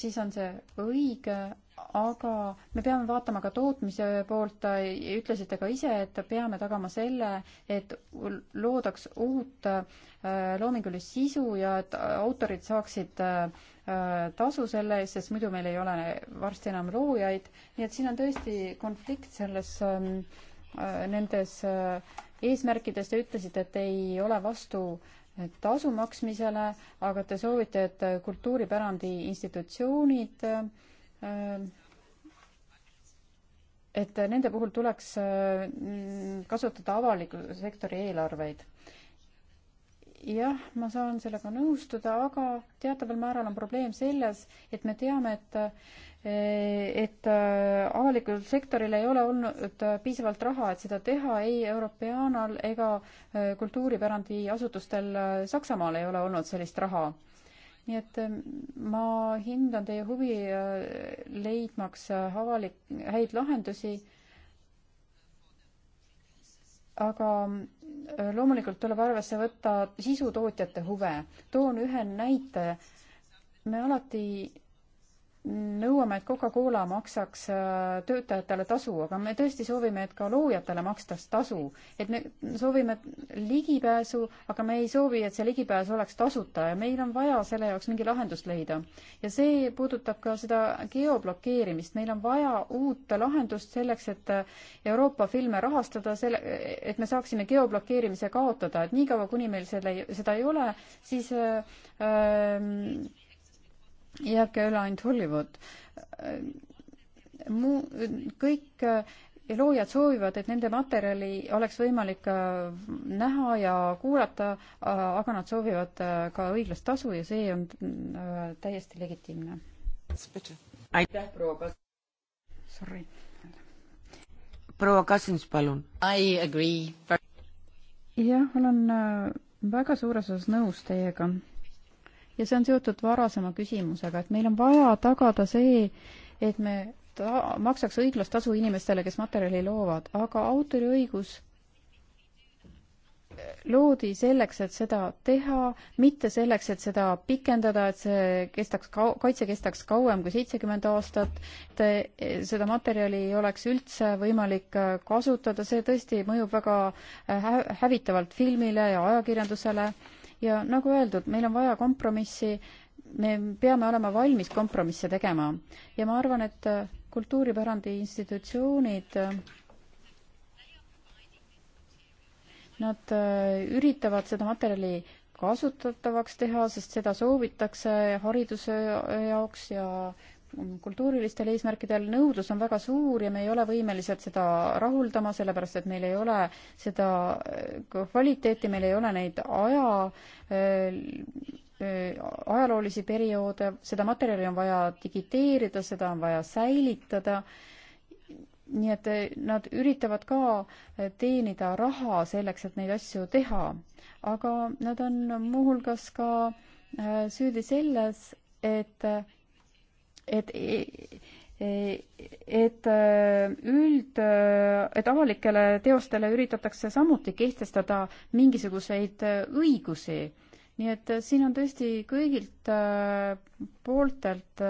siis on see õige, aga me peame vaatama ka tootmise poolt, ütlesite ka ise, et peame tagama selle, et loodaks uut äh, loomingulist sisu ja et autorid saaksid äh, tasu selle eest, sest muidu meil ei ole varsti enam loojaid, nii et siin on tõesti konflikt selles, ähm, äh, nendes eesmärkides, te ütlesite, et ei ole vastu äh, tasu maksmisele, aga te soovite, et kultuuripärandi institutsioonid, et nende puhul tuleks mm, kasutada avaliku sektori eelarveid. jah, ma saan sellega nõustuda, aga teataval määral on probleem selles, et me teame, et et äh, avalikul sektoril ei ole olnud äh, piisavalt raha, et seda teha ei Europeanal ega äh, kultuuripärandi asutustel Saksamaal ei ole olnud sellist raha. nii et ma hindan teie huvi leidmaks avalik, häid lahendusi, aga loomulikult tuleb arvesse võtta sisutootjate huve. toon ühe näite. me alati nõuame, et Coca-Cola maksaks äh, töötajatele tasu, aga me tõesti soovime, et ka loojatele makstaks tasu. et me soovime ligipääsu, aga me ei soovi, et see ligipääs oleks tasuta ja meil on vaja selle jaoks mingi lahendust leida. ja see puudutab ka seda geoblokeerimist, meil on vaja uut lahendust selleks, et äh, Euroopa filme rahastada, selle, et me saaksime geoblokeerimise kaotada, et niikaua, kuni meil selle, seda ei ole, siis äh, ähm, jääbki üle ainult Hollywood. Mu, kõik äh, loojad soovivad, et nende materjali oleks võimalik äh, näha ja kuulata, äh, aga nad soovivad ka õiglast tasu ja see on täiesti legitiimne. aitäh, proua Kas-. Sorry. proua Kasins, palun. I agree. jah, olen väga suures osas nõus teiega ja see on seotud varasema küsimusega, et meil on vaja tagada see, et me ta-, maksaks õiglast tasu inimestele, kes materjali loovad, aga autoriõigus loodi selleks, et seda teha, mitte selleks, et seda pikendada, et see kestaks kau-, kaitse kestaks kauem kui seitsekümmend aastat, et seda materjali ei oleks üldse võimalik äh, kasutada, see tõesti mõjub väga äh, hä-, hävitavalt filmile ja ajakirjandusele ja nagu öeldud, meil on vaja kompromissi, me peame olema valmis kompromisse tegema ja ma arvan, et äh, kultuuripärandi institutsioonid äh, Nad äh, üritavad seda materjali kasutatavaks teha, sest seda soovitakse hariduse jaoks ja kultuurilistel eesmärkidel, nõudlus on väga suur ja me ei ole võimelised seda rahuldama, sellepärast et meil ei ole seda äh, kvaliteeti, meil ei ole neid aja äh, äh, ajaloolisi perioode, seda materjali on vaja digiteerida, seda on vaja säilitada nii et nad üritavad ka teenida raha selleks, et neid asju teha. aga nad on muuhulgas ka süüdi selles, et et e, e, et e, üld, et avalikele teostele üritatakse samuti kehtestada mingisuguseid õigusi. nii et siin on tõesti kõigilt pooltelt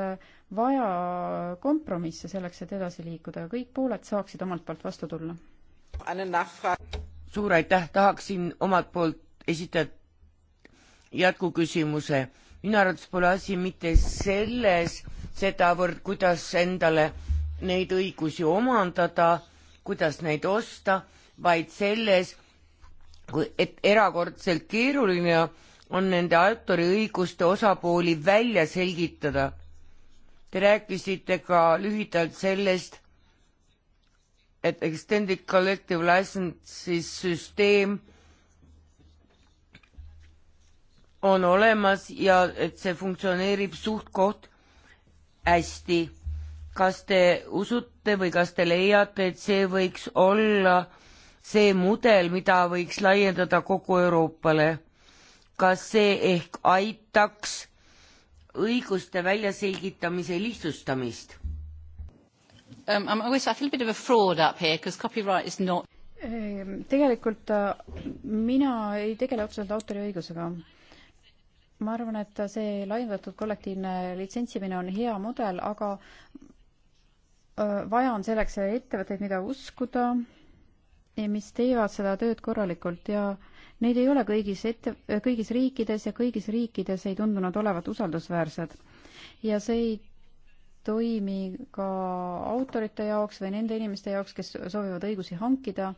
vaja kompromisse selleks, et edasi liikuda ja kõik pooled saaksid omalt poolt vastu tulla. suur aitäh, tahaksin omalt poolt esitada jätkuküsimuse. minu arvates pole asi mitte selles, sedavõrd, kuidas endale neid õigusi omandada, kuidas neid osta, vaid selles, et erakordselt keeruline on nende autoriõiguste osapooli välja selgitada. Te rääkisite ka lühidalt sellest, et Extended Collective Licenses süsteem on olemas ja et see funktsioneerib suht-koht hästi. kas te usute või kas te leiate, et see võiks olla see mudel, mida võiks laiendada kogu Euroopale? kas see ehk aitaks õiguste väljaselgitamise lihtsustamist? Um, I'm always, I feel a bit of a fraud up here because copyright is not ehm, tegelikult äh, mina ei tegele otseselt autoriõigusega ma arvan, et see laiendatud kollektiivne litsentsimine on hea mudel, aga vaja on selleks ettevõtteid, mida uskuda ja mis teevad seda tööd korralikult ja neid ei ole kõigis ette, kõigis riikides ja kõigis riikides ei tundu nad olevat usaldusväärsed. ja see ei toimi ka autorite jaoks või nende inimeste jaoks, kes soovivad õigusi hankida,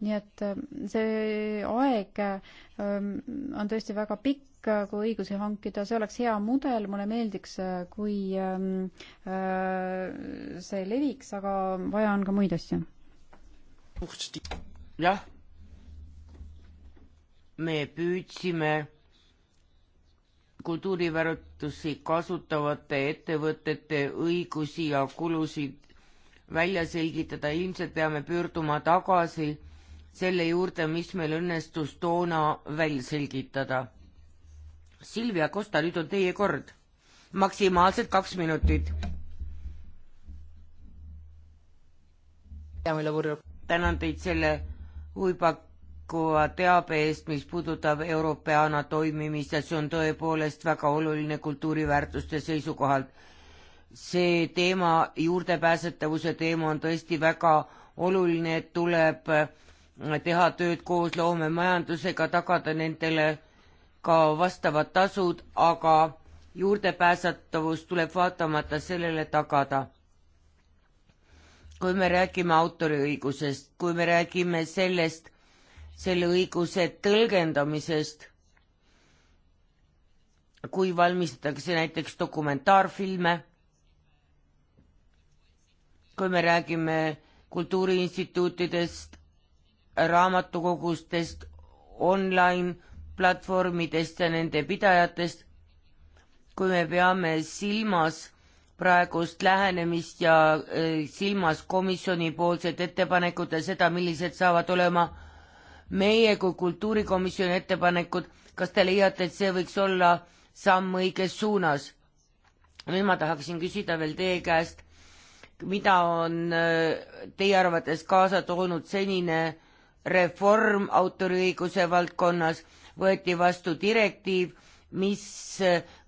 nii et see aeg on tõesti väga pikk kui õigusi hankida, see oleks hea mudel, mulle meeldiks, kui ähm, äh, see leviks, aga vaja on ka muid asju. jah. me püüdsime kultuuriväärtusi kasutavate ettevõtete õigusi ja kulusid välja selgitada, ilmselt peame pöörduma tagasi selle juurde, mis meil õnnestus toona välja selgitada Silvia Kosta, nüüd on teie kord. maksimaalselt kaks minutit. tänan teid selle huvipakkuva teabe eest, mis puudutab Europeana toimimist ja see on tõepoolest väga oluline kultuuriväärtuste seisukohalt. see teema, juurdepääsetavuse teema on tõesti väga oluline, et tuleb teha tööd koos loomemajandusega, tagada nendele ka vastavad tasud, aga juurdepääsetavus tuleb vaatamata sellele tagada. kui me räägime autoriõigusest, kui me räägime sellest, selle õiguse tõlgendamisest, kui valmistatakse näiteks dokumentaarfilme, kui me räägime kultuuriinstituutidest, raamatukogustest, online platvormidest ja nende pidajatest, kui me peame silmas praegust lähenemist ja eh, silmas komisjoni poolset ettepanekut ja seda, millised saavad olema meie kui kultuurikomisjoni ettepanekud, kas te leiate, et see võiks olla samm õiges suunas? nüüd ma tahaksin küsida veel teie käest, mida on eh, teie arvates kaasa toonud senine reform autoriõiguse valdkonnas võeti vastu direktiiv, mis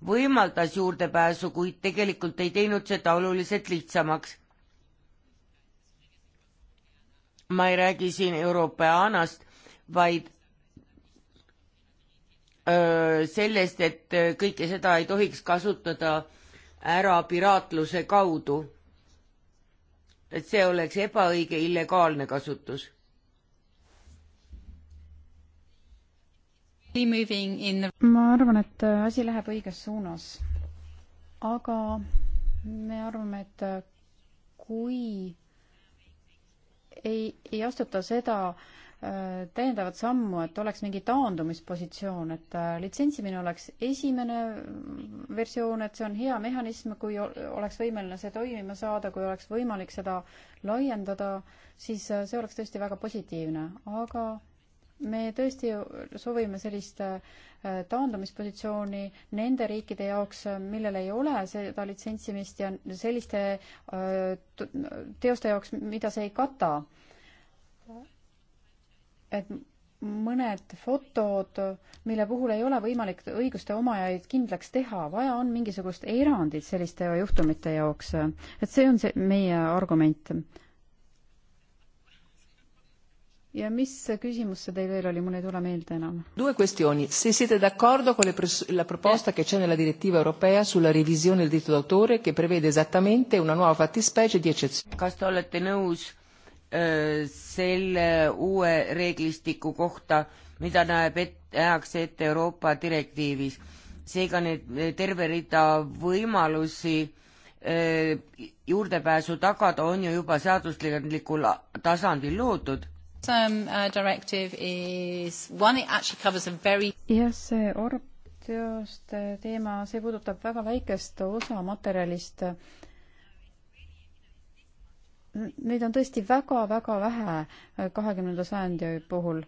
võimaldas juurdepääsu, kuid tegelikult ei teinud seda oluliselt lihtsamaks. ma ei räägi siin Europeanast, vaid öö, sellest, et kõike seda ei tohiks kasutada ära piraatluse kaudu. et see oleks ebaõige illegaalne kasutus ma arvan, et asi läheb õiges suunas. aga me arvame, et kui ei, ei astuta seda äh, täiendavat sammu, et oleks mingi taandumispositsioon, et äh, litsentsimine oleks esimene versioon, et see on hea mehhanism, kui oleks võimeline see toimima saada, kui oleks võimalik seda laiendada, siis äh, see oleks tõesti väga positiivne, aga me tõesti soovime sellist äh, taandumispositsiooni nende riikide jaoks, äh, millel ei ole seda litsentsimist ja selliste äh, teoste jaoks, mida see ei kata. et mõned fotod, mille puhul ei ole võimalik õiguste omajaid kindlaks teha, vaja on mingisugust erandit selliste juhtumite jaoks. et see on see meie argument ja mis küsimus see teil veel oli, mul ei tule meelde enam. Due questioni, se siete d'accordo con le pres- la proposta che c'è nella direttiva europea sulla revisione del diritto d'autore che prevede esattamente una nuova fattispecie di eccezione. kas te olete nõus öö, selle uue reeglistiku kohta, mida näeb et-, nähakse ette Euroopa direktiivis? seega need terve rida võimalusi öö, juurdepääsu tagada on ju juba seaduslikul tasandil loodud Uh, jah, see orgteoste teema, see puudutab väga väikest osa materjalist. Neid on tõesti väga-väga vähe äh, kahekümnenda sajandi puhul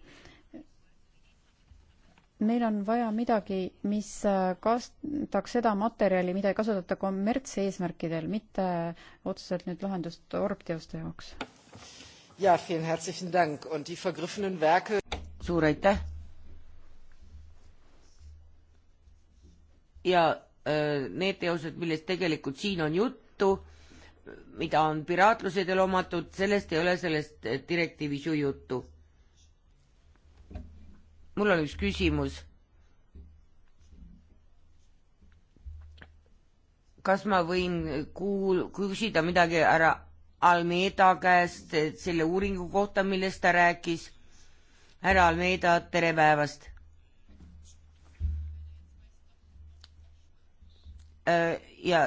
meil on vaja midagi, mis äh, kastaks seda materjali, mida ei kasutata kommertseesmärkidel, mitte otseselt nüüd lahendust orgteoste jaoks suur aitäh. ja äh, need teosed, millest tegelikult siin on juttu, mida on piraatlusedel omatud, sellest ei ole selles äh, direktiivis ju juttu. mul on üks küsimus. kas ma võin kuul-, küsida midagi ära Almeida käest selle uuringu kohta, millest ta rääkis. härra Almeida, tere päevast! Äh, ja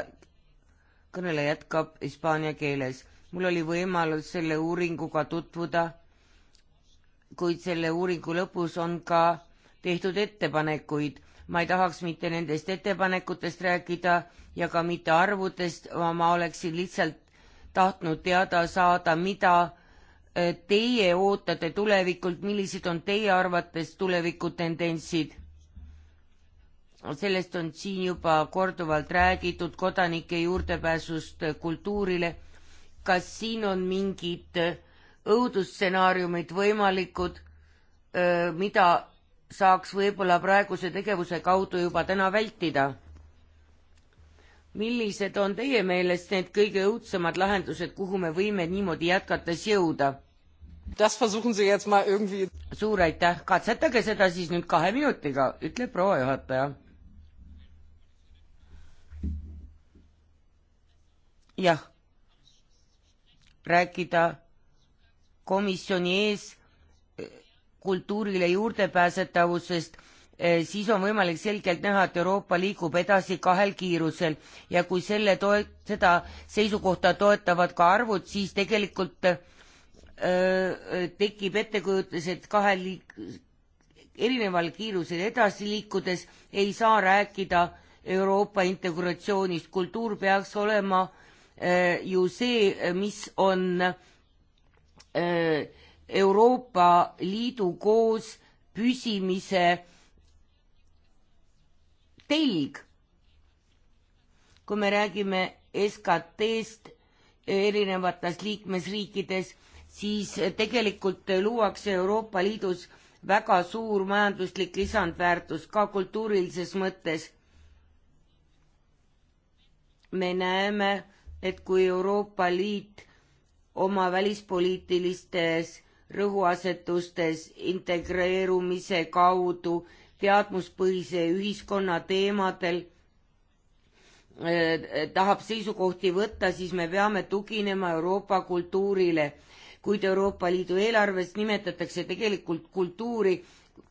kõneleja jätkab hispaania keeles. mul oli võimalus selle uuringuga tutvuda, kuid selle uuringu lõpus on ka tehtud ettepanekuid. ma ei tahaks mitte nendest ettepanekutest rääkida ja ka mitte arvudest, ma oleksin lihtsalt tahtnud teada saada, mida eh, teie ootate tulevikult, millised on teie arvates tuleviku tendentsid? sellest on siin juba korduvalt räägitud, kodanike juurdepääsust eh, kultuurile. kas siin on mingid eh, õudusstsenaariumid võimalikud, mida saaks võib-olla praeguse tegevuse kaudu juba täna vältida? millised on teie meelest need kõige õudsemad lahendused, kuhu me võime niimoodi jätkates jõuda? Irgendwie... suur aitäh, katsetage seda siis nüüd kahe minutiga, ütleb proua juhataja. jah, rääkida komisjoni ees kultuurile juurdepääsetavusest Eh, siis on võimalik selgelt näha, et Euroopa liigub edasi kahel kiirusel ja kui selle toe-, seda seisukohta toetavad ka arvud, siis tegelikult öö, eh, tekib ettekujutus, et kahel liik-, erineval kiirusel edasi liikudes ei saa rääkida Euroopa integratsioonist, kultuur peaks olema öö, eh, ju see, mis on öö, Euroopa Liidu koos püsimise öö, telg. kui me räägime SKT-st erinevates liikmesriikides, siis tegelikult luuakse Euroopa Liidus väga suur majanduslik lisandväärtus ka kultuurilises mõttes. me näeme, et kui Euroopa Liit oma välispoliitilistes rõhuasetustes integreerumise kaudu teadmuspõhise ühiskonna teemadel eh, tahab seisukohti võtta, siis me peame tuginema Euroopa kultuurile, kuid Euroopa Liidu eelarves nimetatakse tegelikult kultuuri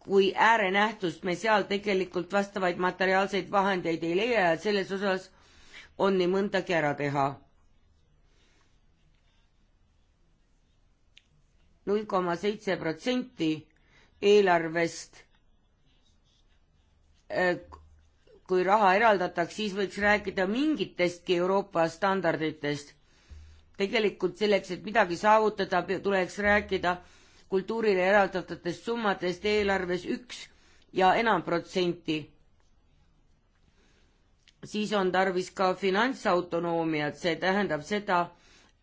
kui äärenähtust, me seal tegelikult vastavaid materiaalseid vahendeid ei leia ja selles osas on nii mõndagi ära teha null koma seitse protsenti eelarvest Äh, kui raha eraldatakse, siis võiks rääkida mingitestki Euroopa standarditest. tegelikult selleks, et midagi saavutada, tuleks rääkida kultuurile eraldatavatest summadest eelarves üks ja enam protsenti. siis on tarvis ka finantsautonoomiat, see tähendab seda,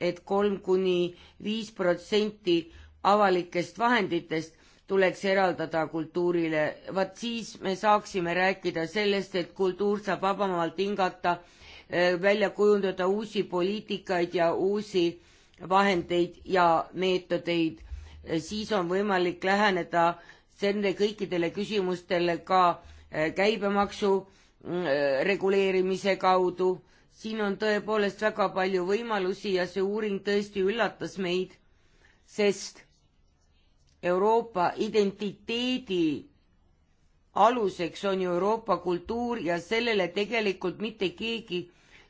et kolm kuni viis protsenti avalikest vahenditest tuleks eraldada kultuurile, vaat siis me saaksime rääkida sellest, et kultuur saab vabamalt hingata, eh, välja kujundada uusi poliitikaid ja uusi vahendeid ja meetodeid, eh, siis on võimalik läheneda nende kõikidele küsimustele ka eh, käibemaksu mm, reguleerimise kaudu, siin on tõepoolest väga palju võimalusi ja see uuring tõesti üllatas meid, sest Euroopa identiteedi aluseks on ju Euroopa kultuur ja sellele tegelikult mitte keegi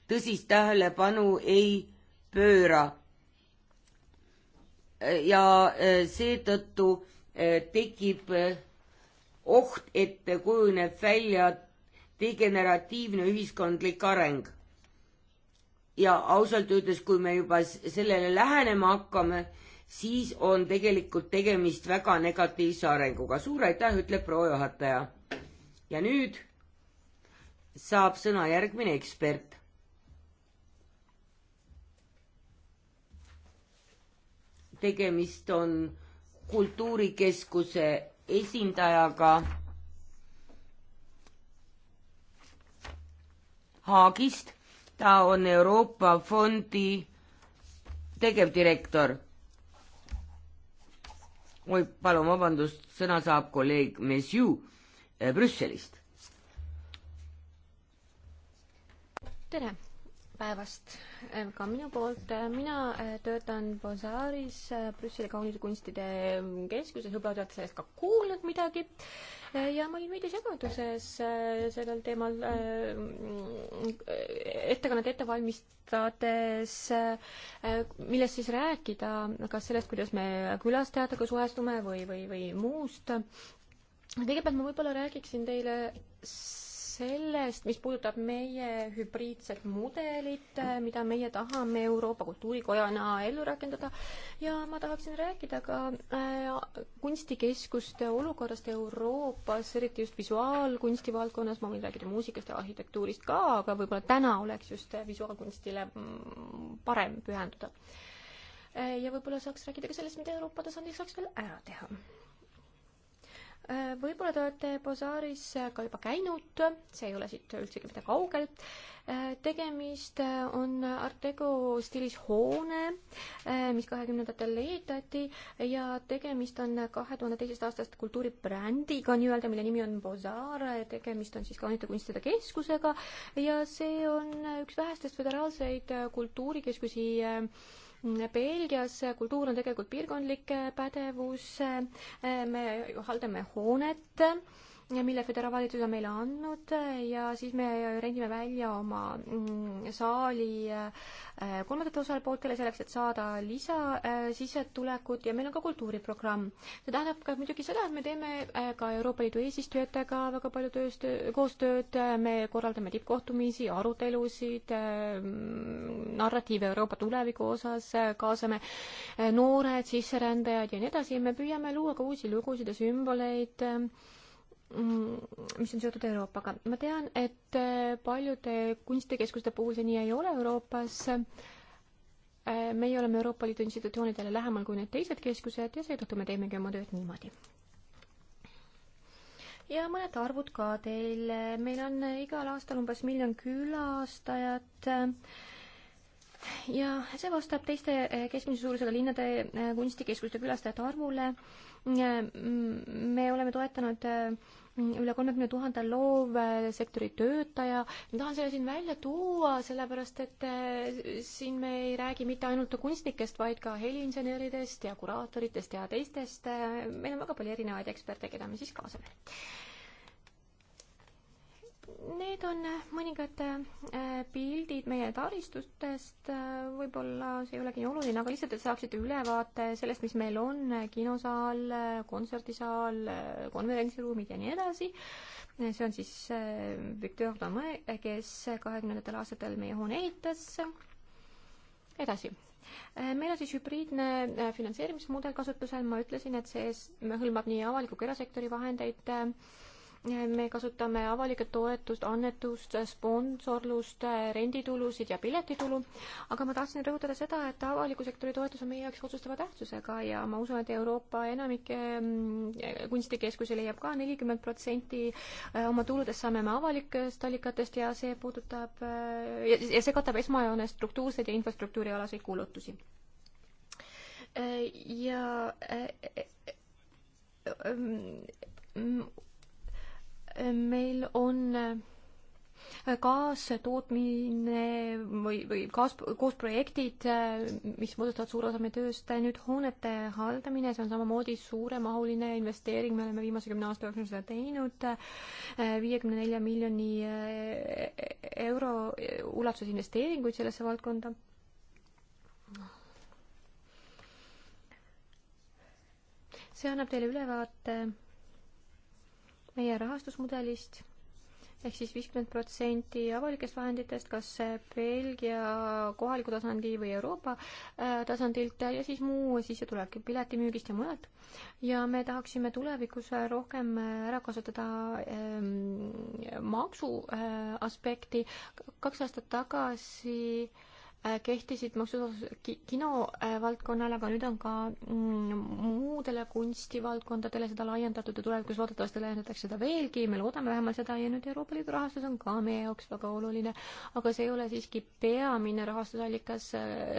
tõsist tähelepanu ei pööra. ja e, seetõttu e, tekib e, oht, et kujuneb välja degeneratiivne ühiskondlik areng. ja ausalt öeldes, kui me juba sellele lähenema hakkame, siis on tegelikult tegemist väga negatiivse arenguga. suur aitäh, ütleb proua juhataja. ja nüüd saab sõna järgmine ekspert. tegemist on kultuurikeskuse esindajaga Haagist. ta on Euroopa Fondi tegevdirektor oi, palun vabandust, sõna saab kolleeg Messiu eh, Brüsselist. tere päevast Äh, ka minu poolt. Äh, mina äh, töötan Bazaaris, Brüsseli kaunite kunstide keskuses, võib-olla te olete sellest ka kuulnud midagi. ja ma olin veidi segaduses sellel teemal ettekannet ette valmistades, millest siis rääkida, kas sellest, kuidas me külastajatega suhestume või, või, või muust. kõigepealt ma võib-olla räägiksin teile sellest, mis puudutab meie hübriidset mudelit, äh, mida meie tahame Euroopa kultuurikojana ellu rakendada ja ma tahaksin rääkida ka äh, kunstikeskuste olukorrast Euroopas, eriti just visuaalkunsti valdkonnas, ma võin rääkida muusikast ja arhitektuurist ka, aga võib-olla täna oleks just äh, visuaalkunstile mm, parem pühenduda. ja võib-olla saaks rääkida ka sellest, mida Euroopa tasandil saaks veel ära teha Äh, võib-olla te olete Bazaaris äh, ka juba käinud, see ei ole siit üldsegi mitte kaugel. Äh, tegemist on Art Deco stiilis hoone, mis kahekümnendatel ehitati ja tegemist on kahe tuhande teisest aastast kultuuribrändiga nii-öelda, mille nimi on Bazaar. tegemist on siis kaunite kunstide keskusega ja see on üks vähestest föderaalseid kultuurikeskusi äh, Belgias kultuur on tegelikult piirkondlik pädevus, me haldame hoonet mille föderaalvalitsus on meile andnud eh, ja siis me rendime välja oma mm, saali eh, kolmandatele osapooltele selleks, et saada lisasissetulekut eh, ja meil on ka kultuuriprogramm. see tähendab ka muidugi seda, et me teeme ka Euroopa Liidu eesistujatega väga palju tööst, koostööd, me korraldame tippkohtumisi, arutelusid, narratiive Euroopa tuleviku osas, kaasame noored, sisserändajad ja nii edasi, me püüame luua ka uusi lugusid ja sümboleid Mm, mis on seotud Euroopaga. ma tean, et äh, paljude kunstikeskuste puhul see nii ei ole Euroopas. Äh, meie oleme Euroopa Liidu institutsioonidele lähemal kui need teised keskused ja seetõttu me teemegi oma tööd niimoodi. ja mõned arvud ka teile. meil on äh, igal aastal umbes miljon külastajat ja see vastab teiste keskmise suurusega linnade kunstikeskuste külastajate arvule. me oleme toetanud üle kolmekümne tuhande loovsektori äh, töötaja. ma tahan selle siin välja tuua, sellepärast et äh, siin me ei räägi mitte ainult kunstnikest, vaid ka heliinseneridest ja kuraatoritest ja teistest. Äh, meil on väga palju erinevaid eksperte, keda me siis kaasame Need on mõningad äh, pildid meie taristutest, äh, võib-olla see ei olegi oluline, aga lihtsalt, et saaksite ülevaate sellest, mis meil on, äh, kinosaal, kontserdisaal, konverentsiruumid ja nii edasi. see on siis Victor Damõe, kes kahekümnendatel aastatel meie hoone ehitas. edasi meil on siis hübriidne finantseerimismudel kasutusel, ma ütlesin, et see hõlmab nii avaliku kui erasektori vahendeid äh, me kasutame avalikke toetust, annetust, sponsorlust, renditulusid ja piletitulu, aga ma tahtsin rõhutada seda, et avaliku sektori toetus on meie jaoks otsustava tähtsusega ja ma usun, et Euroopa enamike mm, kunstikeskusi leiab ka nelikümmend protsenti äh, oma tuludest saame me avalikest allikatest ja see puudutab äh, ja, ja see katab esmajoones struktuurseid ja infrastruktuurialaseid kulutusi. Äh, ja mm, meil on äh, kaastootmine või, või kaas, koos projektid, äh, mis moodustavad suure osa meie tööst, nüüd hoonete haldamine, see on samamoodi suuremahuline investeering, me oleme viimase kümne aasta jooksul seda teinud, äh, viiekümne nelja miljoni euro ulatuses investeeringuid sellesse valdkonda. see annab teile ülevaate meie rahastusmudelist ehk siis viiskümmend protsenti avalikest vahenditest, kas Belgia kohaliku tasandi või Euroopa äh, tasandilt ja siis muu sissetulek piletimüügist ja mujalt. ja me tahaksime tulevikus rohkem ära kasutada ähm, maksu äh, aspekti. kaks aastat tagasi äh, Äh, kehtisid maksusoodustused kino äh, valdkonnale, aga nüüd on ka mm, muudele kunstivaldkondadele seda laiendatud ja tulevikus loodetavasti laiendatakse seda veelgi, me loodame vähemalt seda ja nüüd Euroopa Liidu rahastus on ka meie jaoks väga oluline, aga see ei ole siiski peamine rahastusallikas,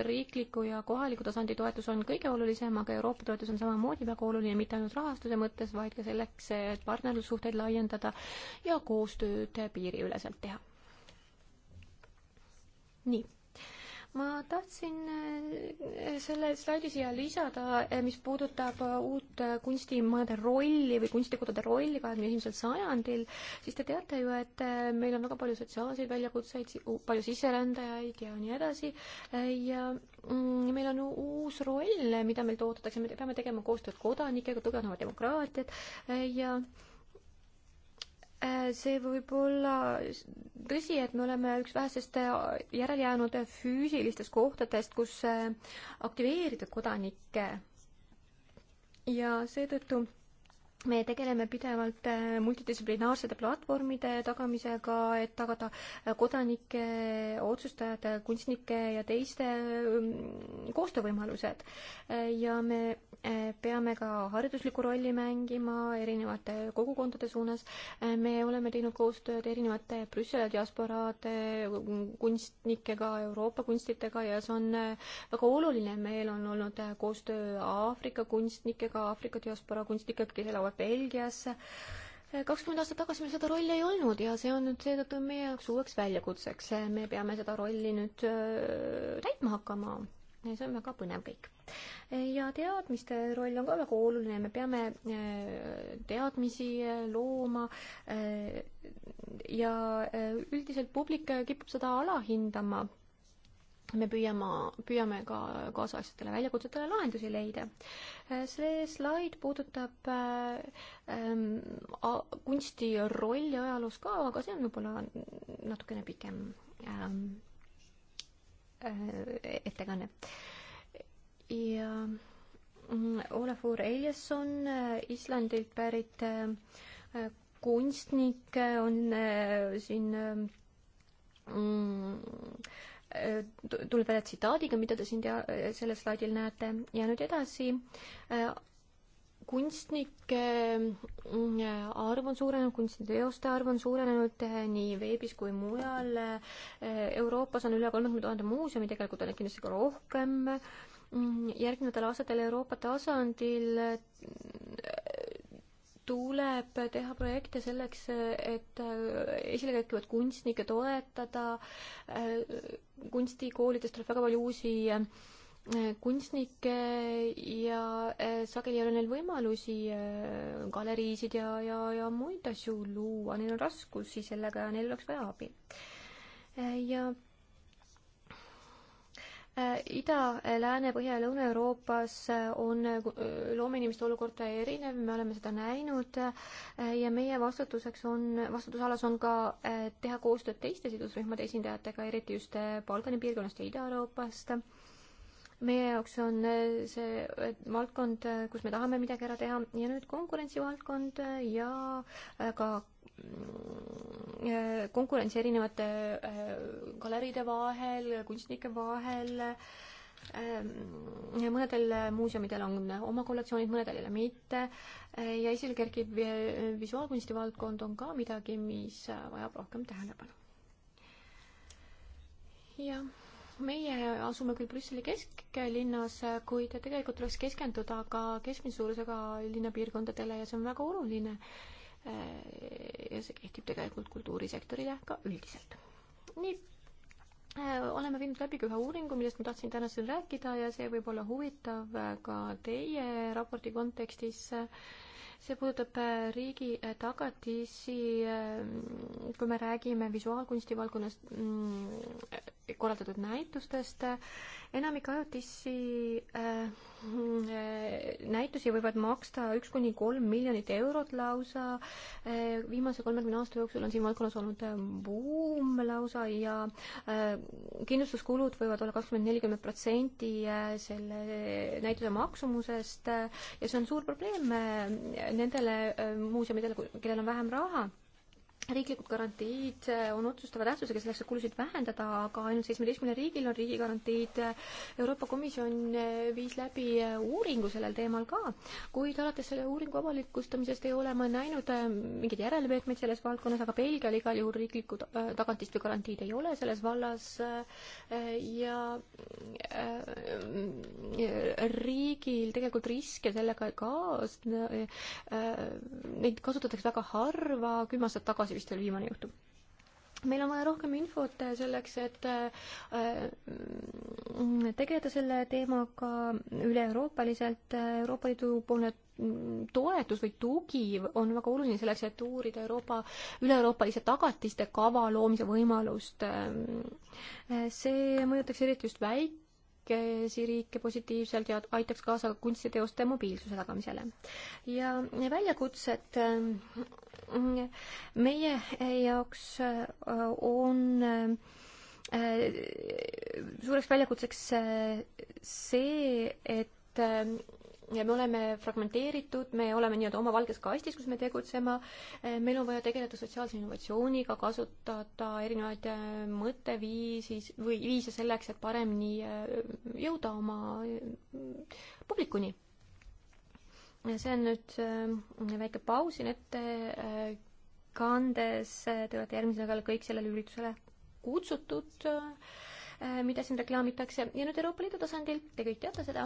riikliku ja kohaliku tasandi toetus on kõige olulisem, aga Euroopa toetus on samamoodi väga oluline, mitte ainult rahastuse mõttes, vaid ka selleks, et partnerlussuhteid laiendada ja koostööd piiriüleselt teha. nii ma tahtsin äh, selle slaidi siia lisada, äh, mis puudutab äh, uut kunstimajade rolli või kunstikodade rolli kahekümne esimesel sajandil, siis te teate ju, et meil on väga palju sotsiaalseid väljakutseid, palju sisserändajaid ja nii edasi ja mm, meil on uus roll, mida meilt oodatakse, me peame tegema koostööd kodanikega, tugevdama demokraatiat ja äh, Äh, see võib olla tõsi, et me oleme üks vähestest äh, järelejäänud äh, füüsilistest kohtadest, kus aktiveerida kodanikke. ja seetõttu me tegeleme pidevalt multidistsiplinaarsete platvormide tagamisega, et tagada kodanike, otsustajate, kunstnike ja teiste ähm, koostöövõimalused. ja me peame ka hariduslikku rolli mängima erinevate kogukondade suunas. me oleme teinud koostööd erinevate Brüsseli diasporaade kunstnikega, Euroopa kunstitega ja see on äh, väga oluline. meil on olnud äh, koostöö Aafrika kunstnikega, Aafrika diasporaa kunstnikega, kes elavad Belgias äh, kakskümmend aastat tagasi meil seda rolli ei olnud ja see on nüüd seetõttu meie jaoks uueks väljakutseks. me peame seda rolli nüüd täitma hakkama see on väga põnev kõik. ja teadmiste roll on ka väga oluline, me peame äh, teadmisi äh, looma äh, ja üldiselt publik kipub seda alahindama me püüame, püüame ka kaasaegsetele väljakutsetele lahendusi leida. see slaid puudutab ähm, kunsti rolli ajaloos ka, aga see on võib-olla natukene pikem ähm, Äh, ettekanne. ja mm, Olafur Eliasson, äh, Islandilt pärit äh, kunstnik on siin ähm, mm, tuleb välja tsitaadiga, mida te siin tea-, sellel slaidil näete ja nüüd edasi kunstnike äh, arv on suurenenud, kunstiteoste arv on suurenenud äh, nii veebis kui mujal. Äh, Euroopas on üle kolmekümne tuhande muuseumi, tegelikult on neid kindlasti ka rohkem. Mm, järgnevatel aastatel Euroopa tasandil tuleb teha projekte selleks, et esile kerkivat kunstnikke toetada. kunstikoolidest tuleb väga palju uusi kunstnikke ja äh, sageli ei ole neil võimalusi äh, galeriisid ja, ja, ja muid asju luua, neil on raskusi sellega ja neil oleks vaja abi. Äh, ja Ida, Lääne, Põhja ja Lõuna-Euroopas on loomeinimeste olukord erinev, me oleme seda näinud ja meie vastutuseks on, vastutusalas on ka teha koostööd teiste sidusrühmade esindajatega, eriti just Balkani piirkonnast ja Ida-Euroopast meie jaoks on äh, see äh, valdkond, äh, kus me tahame midagi ära teha ja nüüd konkurentsivaldkond ja ka mm, konkurents erinevate galeriide vahel, kunstnike vahel, ähm, mõnedel muuseumidel on oma kollektsioonid, mõnedel jälle mitte ja esile kerkiv visuaalkunsti valdkond on ka midagi, mis vajab rohkem tähelepanu. jah meie asume küll Brüsseli kesklinnas, kuid tegelikult tuleks keskenduda ka keskmise suurusega linnapiirkondadele ja see on väga oluline. ja see kehtib tegelikult kultuurisektorile ka üldiselt. nii, oleme viinud läbi ka ühe uuringu, millest ma tahtsin täna siin rääkida ja see võib olla huvitav ka teie raporti kontekstis äh, see puudutab äh, riigi äh, tagatisi, äh, kui me räägime visuaalkunsti valdkonnast mm, korraldatud näitustest, enamik ajutisi äh, Mm, äh, näitusi võivad maksta üks kuni kolm miljonit eurot lausa. Äh, viimase kolmekümne aasta jooksul on siin valdkonnas olnud äh, buum lausa ja kindlustuskulud võivad olla kakskümmend, nelikümmend protsenti selle näituse maksumusest ja see on suur probleem nendele muuseumidele, kellel on vähem raha riiklikud garantiid eh, on otsustava tähtsusega selleks, et kulusid vähendada, aga ainult seitsmeteistkümnel riigil on riigigarantiid. Euroopa Komisjon eh, viis läbi eh, uuringu sellel teemal ka, kuid alates selle uuringu avalikustamisest ei ole ma näinud mingeid järelemeetmeid selles valdkonnas, aga Belgial igal juhul riiklikku tagatist või garantiid ei ole selles vallas ja riigil tegelikult riske sellega ei kaasne, neid kasutatakse väga harva, kümme aastat tagasi tagasi vist oli viimane juhtum meil on vaja rohkem infot selleks, et äh, tegeleda selle teemaga üle-euroopaliselt. Euroopa Liidu poolne toetus või tugi on väga oluline selleks, et uurida Euroopa, üle-euroopalise tagatiste kava loomise võimalust. Äh, see mõjutaks eriti just väik-, väikesi riike positiivselt ja aitaks kaasa kunstiteoste mobiilsuse tagamisele. ja väljakutsed ähm, meie jaoks äh, on äh, suureks väljakutseks äh, see, et ähm, me oleme fragmenteeritud, me oleme nii-öelda oma valges kastis, kus me tegutsema, äh, meil on vaja tegeleda sotsiaalse innovatsiooniga, kasutada erinevaid äh, mõtteviisi või viise selleks, et paremini äh, jõuda oma publikuni. see on nüüd väike paus siin ettekandes, te olete järgmisel nädalal kõik sellele üritusele kutsutud äh, Äh, mida siin reklaamitakse. ja nüüd Euroopa Liidu tasandil, te kõik teate seda,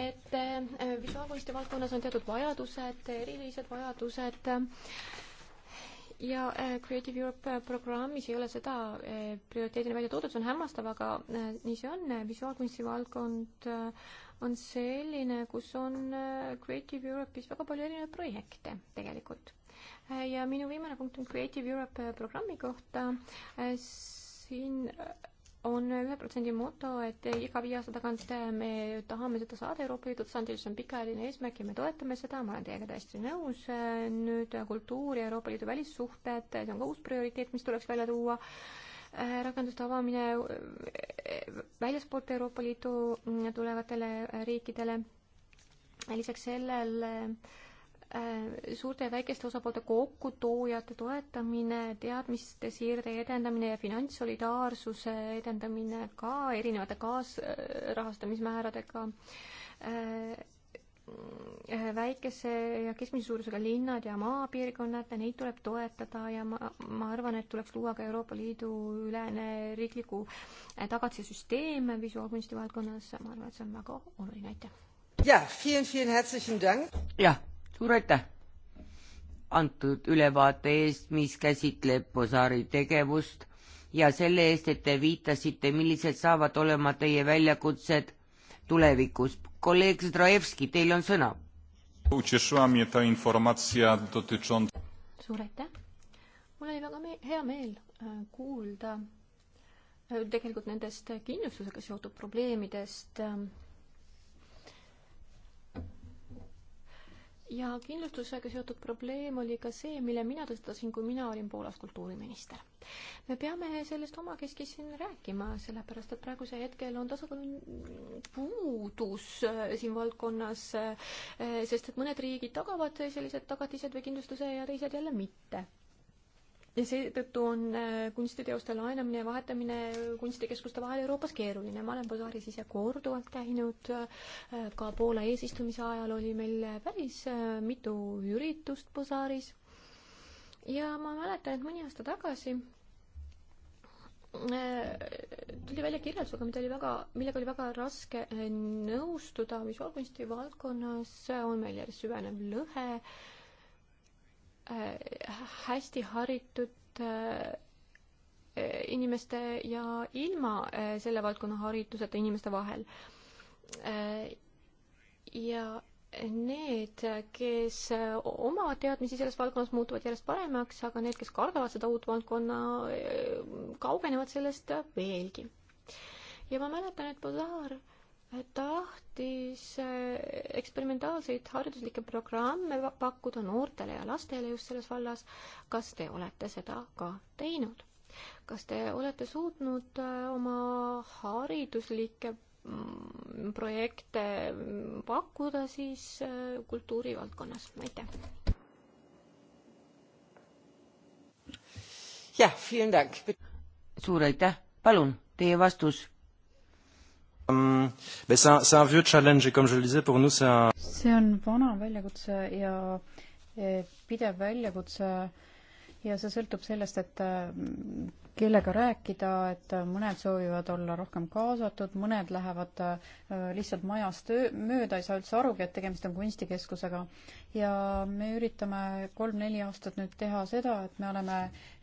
et äh, visuaalkunsti valdkonnas on teatud vajadused, erilised vajadused ja äh, Creative Europe programmis ei ole seda prioriteedina välja toodud, see on hämmastav, aga nii see on, visuaalkunsti valdkond on selline, kus on Creative Europe'is väga palju erinevaid projekte tegelikult. ja minu viimane punkt on Creative Europe programmi kohta. siin on ühe protsendi moto, et iga viie aasta tagant me tahame seda saada Euroopa Liidu tasandil, see on pikaajaline eesmärk ja me toetame seda, ma olen teiega täiesti nõus. nüüd kultuur ja Euroopa Liidu välissuhted, see on ka uus prioriteet, mis tuleks välja tuua. rakenduste avamine väljaspoolt Euroopa Liitu tulevatele riikidele. lisaks sellele äh, Äh, suurte ja väikeste osapoolte kokkutoojate toetamine, teadmiste siirde edendamine ja finantssolidaarsuse edendamine ka erinevate kaasrahastamismääradega, äh, äh, väikese ja keskmise suurusega linnad ja maapiirkonnad, neid tuleb toetada ja ma, ma arvan, et tuleks luua ka Euroopa Liidu ülene riikliku tagatisesüsteem visuaalkunsti valdkonnas, ma arvan, et see on väga oluline, aitäh! jah, vielen, vielen herzlichen Dank! jah suur aitäh antud ülevaate eest, mis käsitleb Bozari tegevust ja selle eest, et te viitasite, millised saavad olema teie väljakutsed tulevikus. kolleeg Zdrajevski, teil on sõna. suur aitäh. mul oli väga me hea meel äh, kuulda äh, tegelikult nendest kindlustusega seotud probleemidest ähm, ja kindlustusega seotud probleem oli ka see, mille mina tõstatasin, kui mina olin Poolas kultuuriminister. me peame sellest omakeskis siin rääkima, sellepärast et praegusel hetkel on tasakaalu puudus äh, siin valdkonnas, äh, sest et mõned riigid tagavad sellised tagatised või kindlustuse ja teised jälle mitte ja seetõttu on äh, kunstiteoste laenamine ja vahetamine kunstikeskuste vahel Euroopas keeruline. ma olen Bazaris ise korduvalt käinud, äh, ka Poola eesistumise ajal oli meil äh, päris mitu üritust Bazaris. ja ma mäletan, et mõni aasta tagasi tuli välja kirjeldusega, mida oli väga, millega oli väga raske nõustuda visuaalkunsti valdkonnas, on meil järjest süvenev lõhe Äh, hästi haritud äh, äh, inimeste ja ilma selle valdkonna hariduseta inimeste vahel. ja need, kes omavad teadmisi selles valdkonnas, muutuvad järjest paremaks, aga need, kes kardavad seda uut valdkonna, kaugenevad sellest veelgi. ja ma mäletan, et Bazaar äh, tahtis äh, eksperimentaalseid hariduslikke programme pakkuda noortele ja lastele just selles vallas. kas te olete seda ka teinud? kas te olete suutnud äh, oma hariduslikke mm, projekte mm, pakkuda siis äh, kultuurivaldkonnas, aitäh! jah, suur aitäh, palun, teie vastus see on vana väljakutse ja eh, pidev väljakutse ja see sõltub sellest, et eh, kellega rääkida, et mõned soovivad olla rohkem kaasatud, mõned lähevad äh, lihtsalt majast mööda, ei saa üldse arugi, et tegemist on kunstikeskusega. ja me üritame kolm-neli aastat nüüd teha seda, et me oleme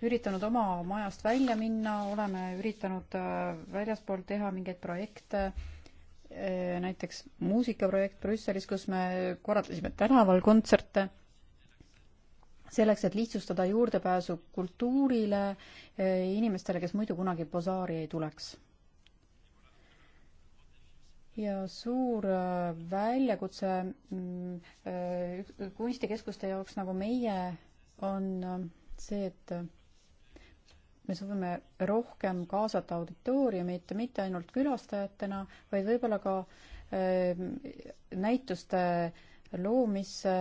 üritanud oma majast välja minna, oleme üritanud äh, väljaspool teha mingeid projekte äh, näiteks muusikaprojekt Brüsselis, kus me korraldasime tänaval kontserte selleks, et lihtsustada juurdepääsu kultuurile eh, inimestele, kes muidu kunagi Bozaari ei tuleks. ja suur eh, väljakutse mm, eh, kunstikeskuste jaoks nagu meie on see, et me soovime rohkem kaasata auditooriumit, mitte ainult külastajatena, vaid võib-olla ka näituste äh, loomisse,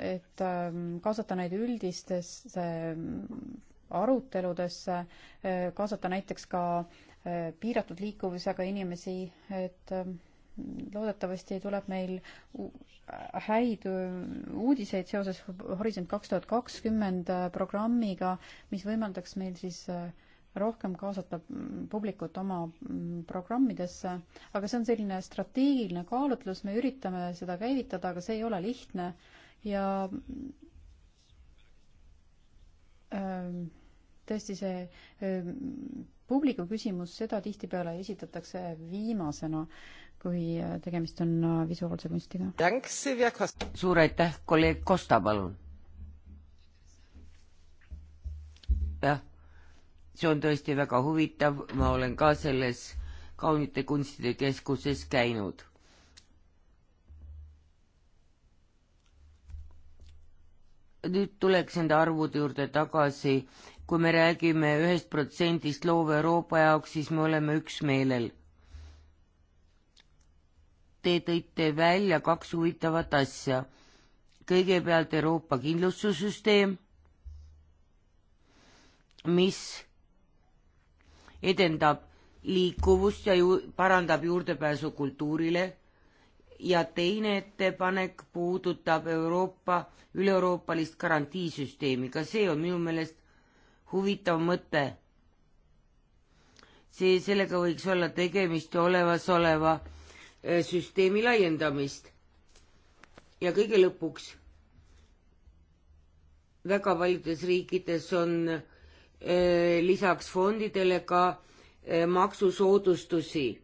et ähm, kaasata neid üldistesse ähm, aruteludesse, äh, kaasata näiteks ka äh, piiratud liikuvusega inimesi, et ähm, loodetavasti tuleb meil häid äh, uudiseid seoses Horisont kaks tuhat kakskümmend programmiga, mis võimaldaks meil siis äh, rohkem kaasata publikut oma programmidesse, aga see on selline strateegiline kaalutlus, me üritame seda käivitada, aga see ei ole lihtne ja ähm, tõesti see ähm, publiku küsimus, seda tihtipeale esitatakse viimasena, kui äh, tegemist on äh, visuaalse kunstiga. suur aitäh, kolleeg Kosta, palun. jah see on tõesti väga huvitav, ma olen ka selles kaunite kunstide keskuses käinud. nüüd tuleks nende arvude juurde tagasi. kui me räägime ühest protsendist loova Euroopa jaoks, siis me oleme üksmeelel. Te tõite välja kaks huvitavat asja. kõigepealt Euroopa kindlustussüsteem, mis edendab liikuvust ja ju parandab juurdepääsu kultuurile ja teine ettepanek puudutab Euroopa, üle-euroopalist garantiisüsteemi, ka see on minu meelest huvitav mõte. see, sellega võiks olla tegemist olemasoleva äh, süsteemi laiendamist. ja kõige lõpuks, väga paljudes riikides on äh, Eh, lisaks fondidele ka eh, maksusoodustusi.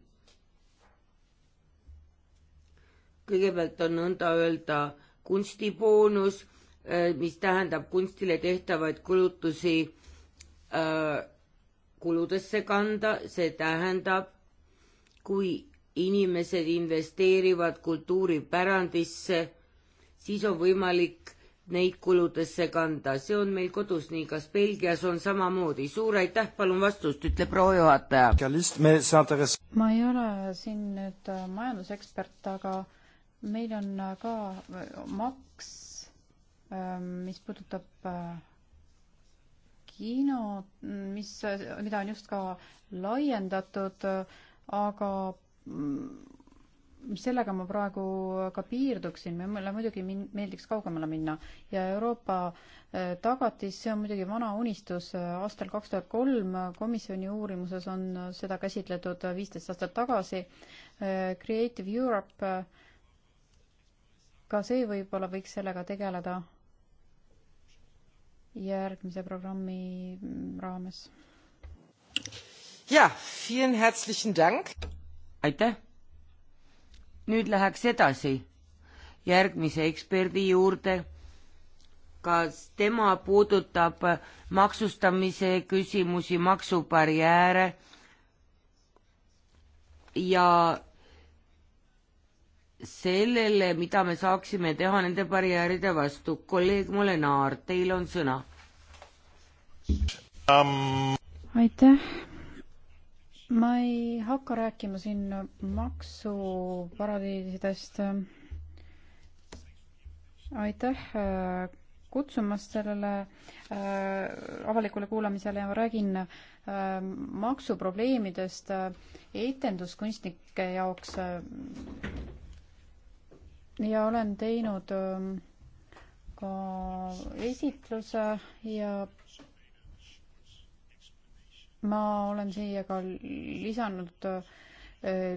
kõigepealt on nõnda öelda kunstiboonus, eh, mis tähendab kunstile tehtavaid kulutusi kuludesse kanda, see tähendab, kui inimesed investeerivad kultuuripärandisse, siis on võimalik neid kuludesse kanda, see on meil kodus nii, kas Belgias on samamoodi? suur aitäh, palun vastust, ütleb proua juhataja. ma ei ole siin nüüd äh, majandusekspert, aga meil on äh, ka äh, maks, mis puudutab kino, mis, mida on just ka laiendatud, aga mm, sellega ma praegu ka piirduksin, mulle muidugi meeldiks kaugemale minna ja Euroopa äh, tagatis, see on muidugi vana unistus, äh, aastal kaks tuhat kolm komisjoni uurimuses on äh, seda käsitletud viisteist aastat tagasi, Creative Europe, ka see võib-olla võiks sellega tegeleda järgmise programmi mm, raames. jah, aitäh nüüd läheks edasi järgmise eksperdi juurde. kas tema puudutab maksustamise küsimusi, maksubarjääre ja sellele, mida me saaksime teha nende barjääride vastu. kolleeg Molenaar, teil on sõna um.... aitäh ma ei hakka rääkima siin maksuparadiisidest. aitäh äh, kutsumast sellele äh, avalikule kuulamisele ja ma räägin äh, maksuprobleemidest äh, etenduskunstnike jaoks äh,. ja olen teinud äh, ka esitluse ja ma olen siia ka lisanud äh,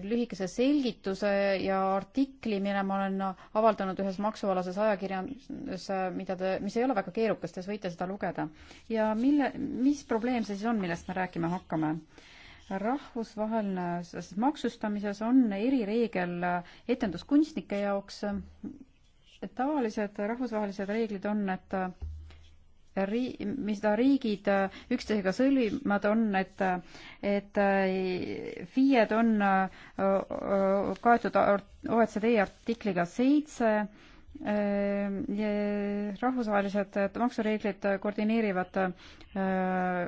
lühikese selgituse ja artikli, mille ma olen avaldanud ühes maksualases ajakirjanduses, mida te, mis ei ole väga keerukas, te võite seda lugeda. ja mille, mis probleem see siis on, millest me rääkima hakkame? rahvusvaheline maksustamises on erireegel etenduskunstnike jaoks. tavalised rahvusvahelised reeglid on, et ri-, mida riigid äh, üksteisega sõlmivad, on, et, et äh, FIE-d on äh, kaetud OECD artikliga seitse Äh, rahvusvahelised äh, maksureeglid koordineerivad äh,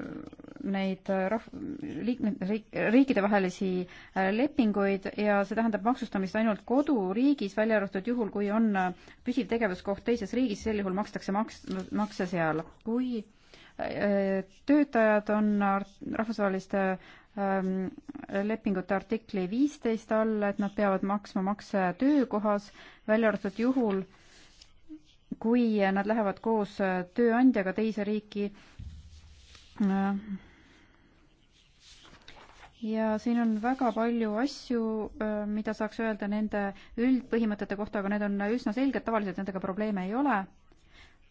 neid rahv-, liik-, riik-, riikidevahelisi lepinguid ja see tähendab maksustamist ainult koduriigis, välja arvatud juhul, kui on püsiv tegevuskoht teises riigis, sel juhul makstakse maks-, makse seal. kui töötajad on rahvusvaheliste ähm, lepingute artikli viisteist all, et nad peavad maksma makse töökohas, välja arvatud juhul, kui nad lähevad koos äh, tööandjaga teise riiki. Äh, ja siin on väga palju asju, äh, mida saaks öelda nende üldpõhimõtete kohta, aga need on üsna selged, tavaliselt nendega probleeme ei ole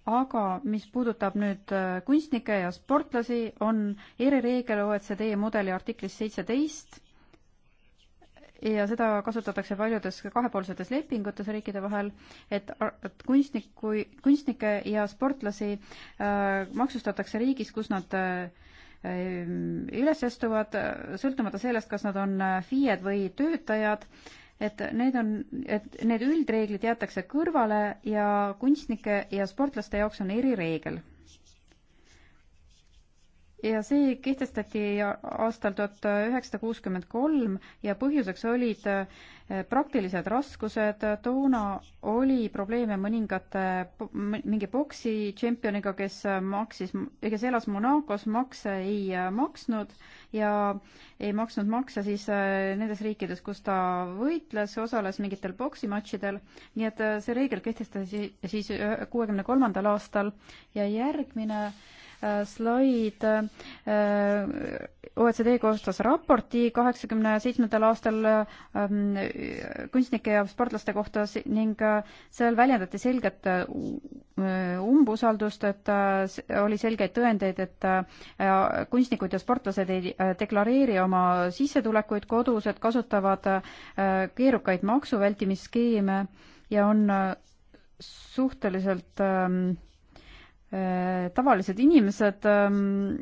aga mis puudutab nüüd äh, kunstnikke ja sportlasi, on erireegel OECD mudeli artiklis seitseteist ja seda kasutatakse paljudes kahepoolsetes lepingutes riikide vahel, et kunstnik, kui kunstnikke ja sportlasi äh, maksustatakse riigis, kus nad äh, äh üles astuvad, sõltumata sellest, kas nad on äh, FIE-d või töötajad et need on, et need üldreeglid jäetakse kõrvale ja kunstnike ja sportlaste jaoks on erireegel. ja see kehtestati aastal tuhat üheksasada kuuskümmend kolm ja põhjuseks olid praktilised raskused, toona oli probleeme mõningate, mingi boksi tšempioniga, kes maksis, kes elas Monacos, makse ei äh, maksnud ja ei maksnud makse siis äh, nendes riikides, kus ta võitles, osales mingitel poksimatšidel, nii et äh, see reegel kehtestati siis kuuekümne kolmandal aastal ja järgmine slaid. OECD koostas raporti kaheksakümne seitsmendal aastal kunstnike ja sportlaste kohta ning äh, seal väljendati selget äh, umbusaldust, et äh, oli selgeid tõendeid, et kunstnikud ja sportlased ei deklareeri oma sissetulekuid kodus, et kasutavad keerukaid maksuvältimisskeeme ja on suhteliselt ähm, tavalised inimesed ähm,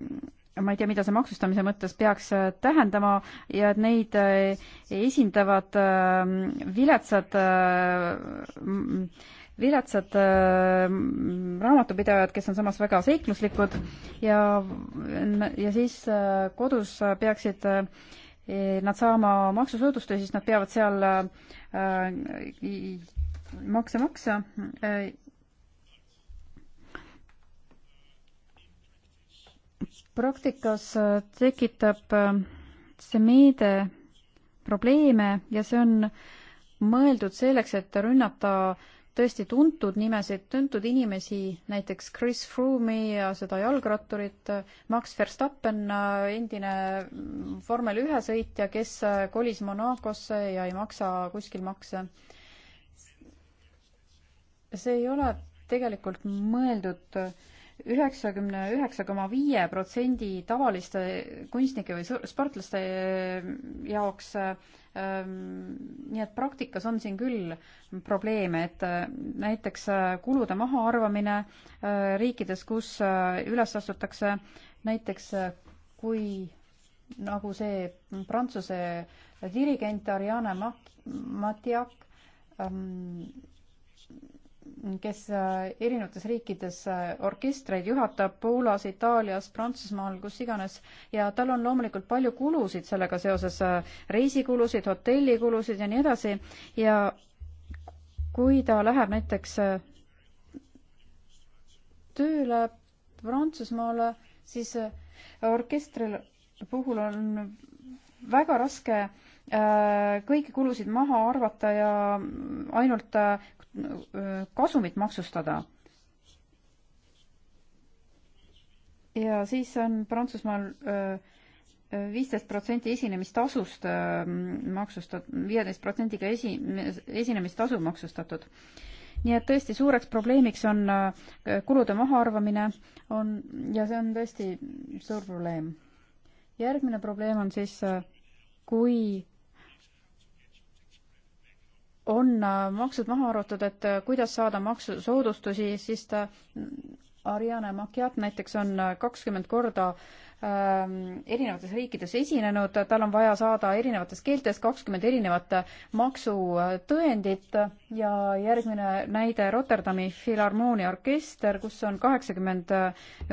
ma ei tea, mida see maksustamise mõttes peaks äh, tähendama ja et neid äh, esindavad viletsad ähm, viletsad äh, äh raamatupidajad, kes on samas väga seikluslikud ja, ja siis äh, kodus peaksid äh, nad saama maksusoodustusi, siis nad peavad seal äh, makse maksa äh, praktikas äh, tekitab äh, see meede probleeme ja see on mõeldud selleks, et rünnata tõesti tuntud nimesid, tuntud inimesi, näiteks Chris Froome'i ja seda jalgratturit, Max Verstappen, äh, endine mm, vormel ühe sõitja, kes kolis Monacosse ja ei maksa kuskil makse. see ei ole tegelikult mõeldud äh, üheksakümne üheksa koma viie protsendi tavaliste kunstnike või sportlaste eh, jaoks eh, ehm, nii et praktikas on siin küll probleeme, et eh, näiteks kulude mahaarvamine riikides, kus üles astutakse, näiteks kui nagu see Prantsuse dirigent Ariane Matiak ehm, kes äh, erinevates riikides äh, orkestreid juhatab, Poolas, Itaalias, Prantsusmaal, kus iganes, ja tal on loomulikult palju kulusid sellega seoses, äh, reisikulusid, hotellikulusid ja nii edasi, ja kui ta läheb näiteks tööle Prantsusmaale, siis orkestril puhul on väga raske kõiki kulusid maha arvata ja ainult kasumit maksustada. ja siis on Prantsusmaal äh, viisteist protsenti esinemistasust äh, maksustatud, viieteist protsendiga esi, esinemistasu maksustatud. nii et tõesti suureks probleemiks on äh, kulude mahaarvamine, on, ja see on tõesti suur probleem. järgmine probleem on siis, kui on äh, maksud maha arvatud, et äh, kuidas saada maksusoodustusi, siis ta Ariane Macchiat näiteks on äh, kakskümmend korda äh, Ähm, erinevates riikides esinenud, tal on vaja saada erinevates keeltes kakskümmend erinevat maksutõendit ja järgmine näide Rotterdami Filharmoonia orkester, kus on kaheksakümmend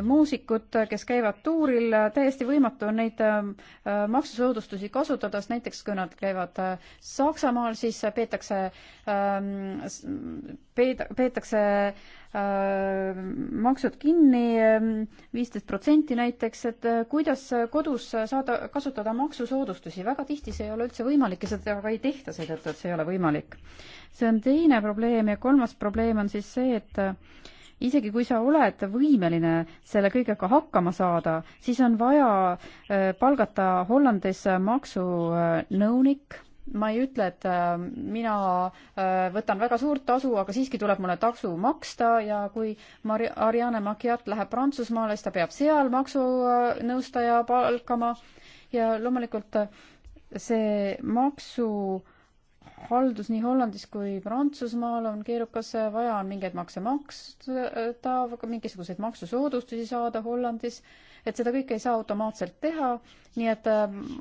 muusikut, kes käivad tuuril, täiesti võimatu on neid ähm, maksusoodustusi kasutada, sest näiteks kui nad käivad äh, Saksamaal, siis peetakse, ähm, peetakse Äh, maksud kinni, ähm, viisteist protsenti näiteks, et äh, kuidas kodus saada kasutada maksusoodustusi, väga tihti see ei ole üldse võimalik ja seda ka ei tehta seetõttu, et see ei ole võimalik. see on teine probleem ja kolmas probleem on siis see, et äh, isegi kui sa oled võimeline selle kõigega hakkama saada, siis on vaja palgata Hollandis maksunõunik ma ei ütle, et äh, mina äh, võtan väga suurt tasu, aga siiski tuleb mulle taksu maksta ja kui Mari-, Ariane Macchiat läheb Prantsusmaale, siis ta peab seal maksunõustaja palkama ja loomulikult äh, see maksuhaldus nii Hollandis kui Prantsusmaal on keerukas, vaja on mingeid makse maksta, mingisuguseid maksusoodustusi saada Hollandis et seda kõike ei saa automaatselt teha, nii et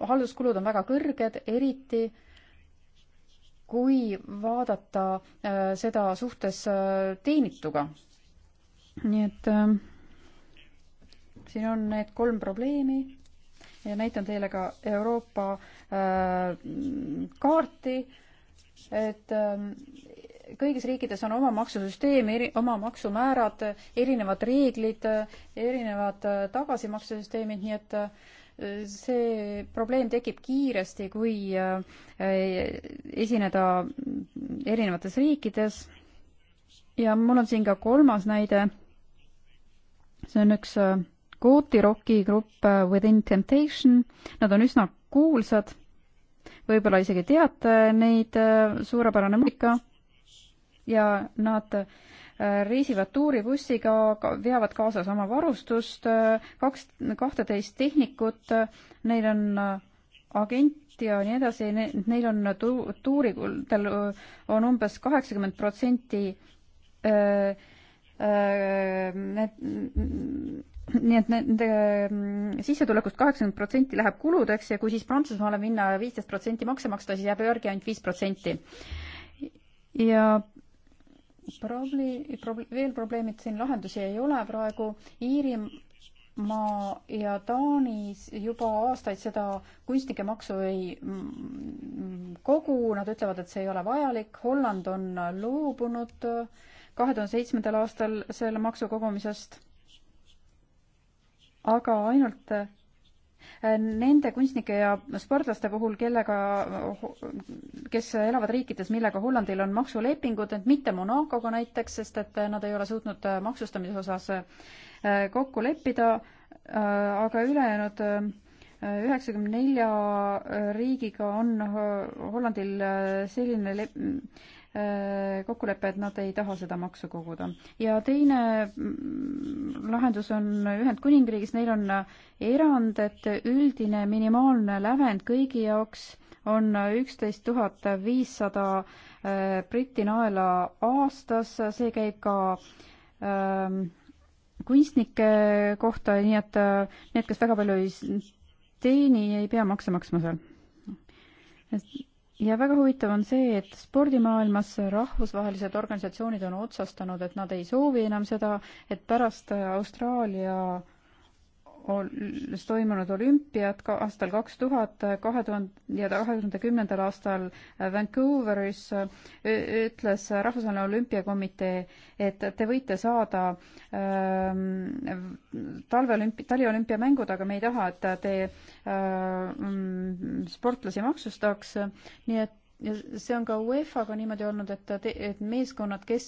halduskulud on väga kõrged, eriti äh, kui vaadata äh, seda suhtes äh, teenituga. nii et äh, siin on need kolm probleemi ja näitan teile ka Euroopa kaarti, et kõigis riikides on oma maksusüsteem, eri, oma maksumäärad, erinevad reeglid, erinevad tagasimaksesüsteemid, nii et äh, see probleem tekib kiiresti, kui äh, esineda erinevates riikides. ja mul on siin ka kolmas näide. see on üks äh, gooti rokigrupp äh, Within Temptation, nad on üsna kuulsad, võib-olla isegi teate neid, suurepärane muusika ja nad reisivad tuuribussiga, veavad kaasas oma varustust, kaks, kahteteist tehnikut, neil on agent ja nii edasi, neil on tu-, tuuridel on umbes kaheksakümmend protsenti äh, äh, need, nii et nende mm, sissetulekust kaheksakümmend protsenti läheb kuludeks ja kui siis Prantsusmaale minna ja viisteist protsenti makse maksta, siis jääb järgi ainult viis protsenti. ja probleem, proble-, veel probleemid, siin lahendusi ei ole praegu, Iirimaa ja Taanis juba aastaid seda kunstnike maksu ei kogu, nad ütlevad, et see ei ole vajalik, Holland on loobunud kahe tuhande seitsmendal aastal selle maksu kogumisest, aga ainult nende kunstnike ja sportlaste puhul, kellega, kes elavad riikides, millega Hollandil on maksulepingud, et mitte Monacoga näiteks, sest et nad ei ole suutnud maksustamise osas äh, kokku leppida, äh, aga ülejäänud äh, üheksakümne nelja riigiga on Hollandil selline lep-, Äh, kokkulepe, et nad ei taha seda maksu koguda. ja teine mm, lahendus on Ühendkuningriigis, neil on erand, et üldine minimaalne lävend kõigi jaoks on üksteist tuhat viissada äh, Briti naela aastas, see käib ka ähm, kunstnike kohta, nii et äh, need, kes väga palju ei teeni, ei pea makse maksma seal ja väga huvitav on see, et spordimaailmas rahvusvahelised organisatsioonid on otsustanud, et nad ei soovi enam seda, et pärast Austraalia toimunud olümpiad ka aastal kaks tuhat, kahe tuhande ja kahekümne kümnendal aastal Vancouveris e, ütles Rahvusvaheline Olümpiakomitee, et te võite saada ähm, talveolümpi-, taliolümpiamängud, aga me ei taha, et te ähm, sportlasi maksustaks, nii et ja see on ka UEFA-ga niimoodi olnud, et te-, et meeskonnad, kes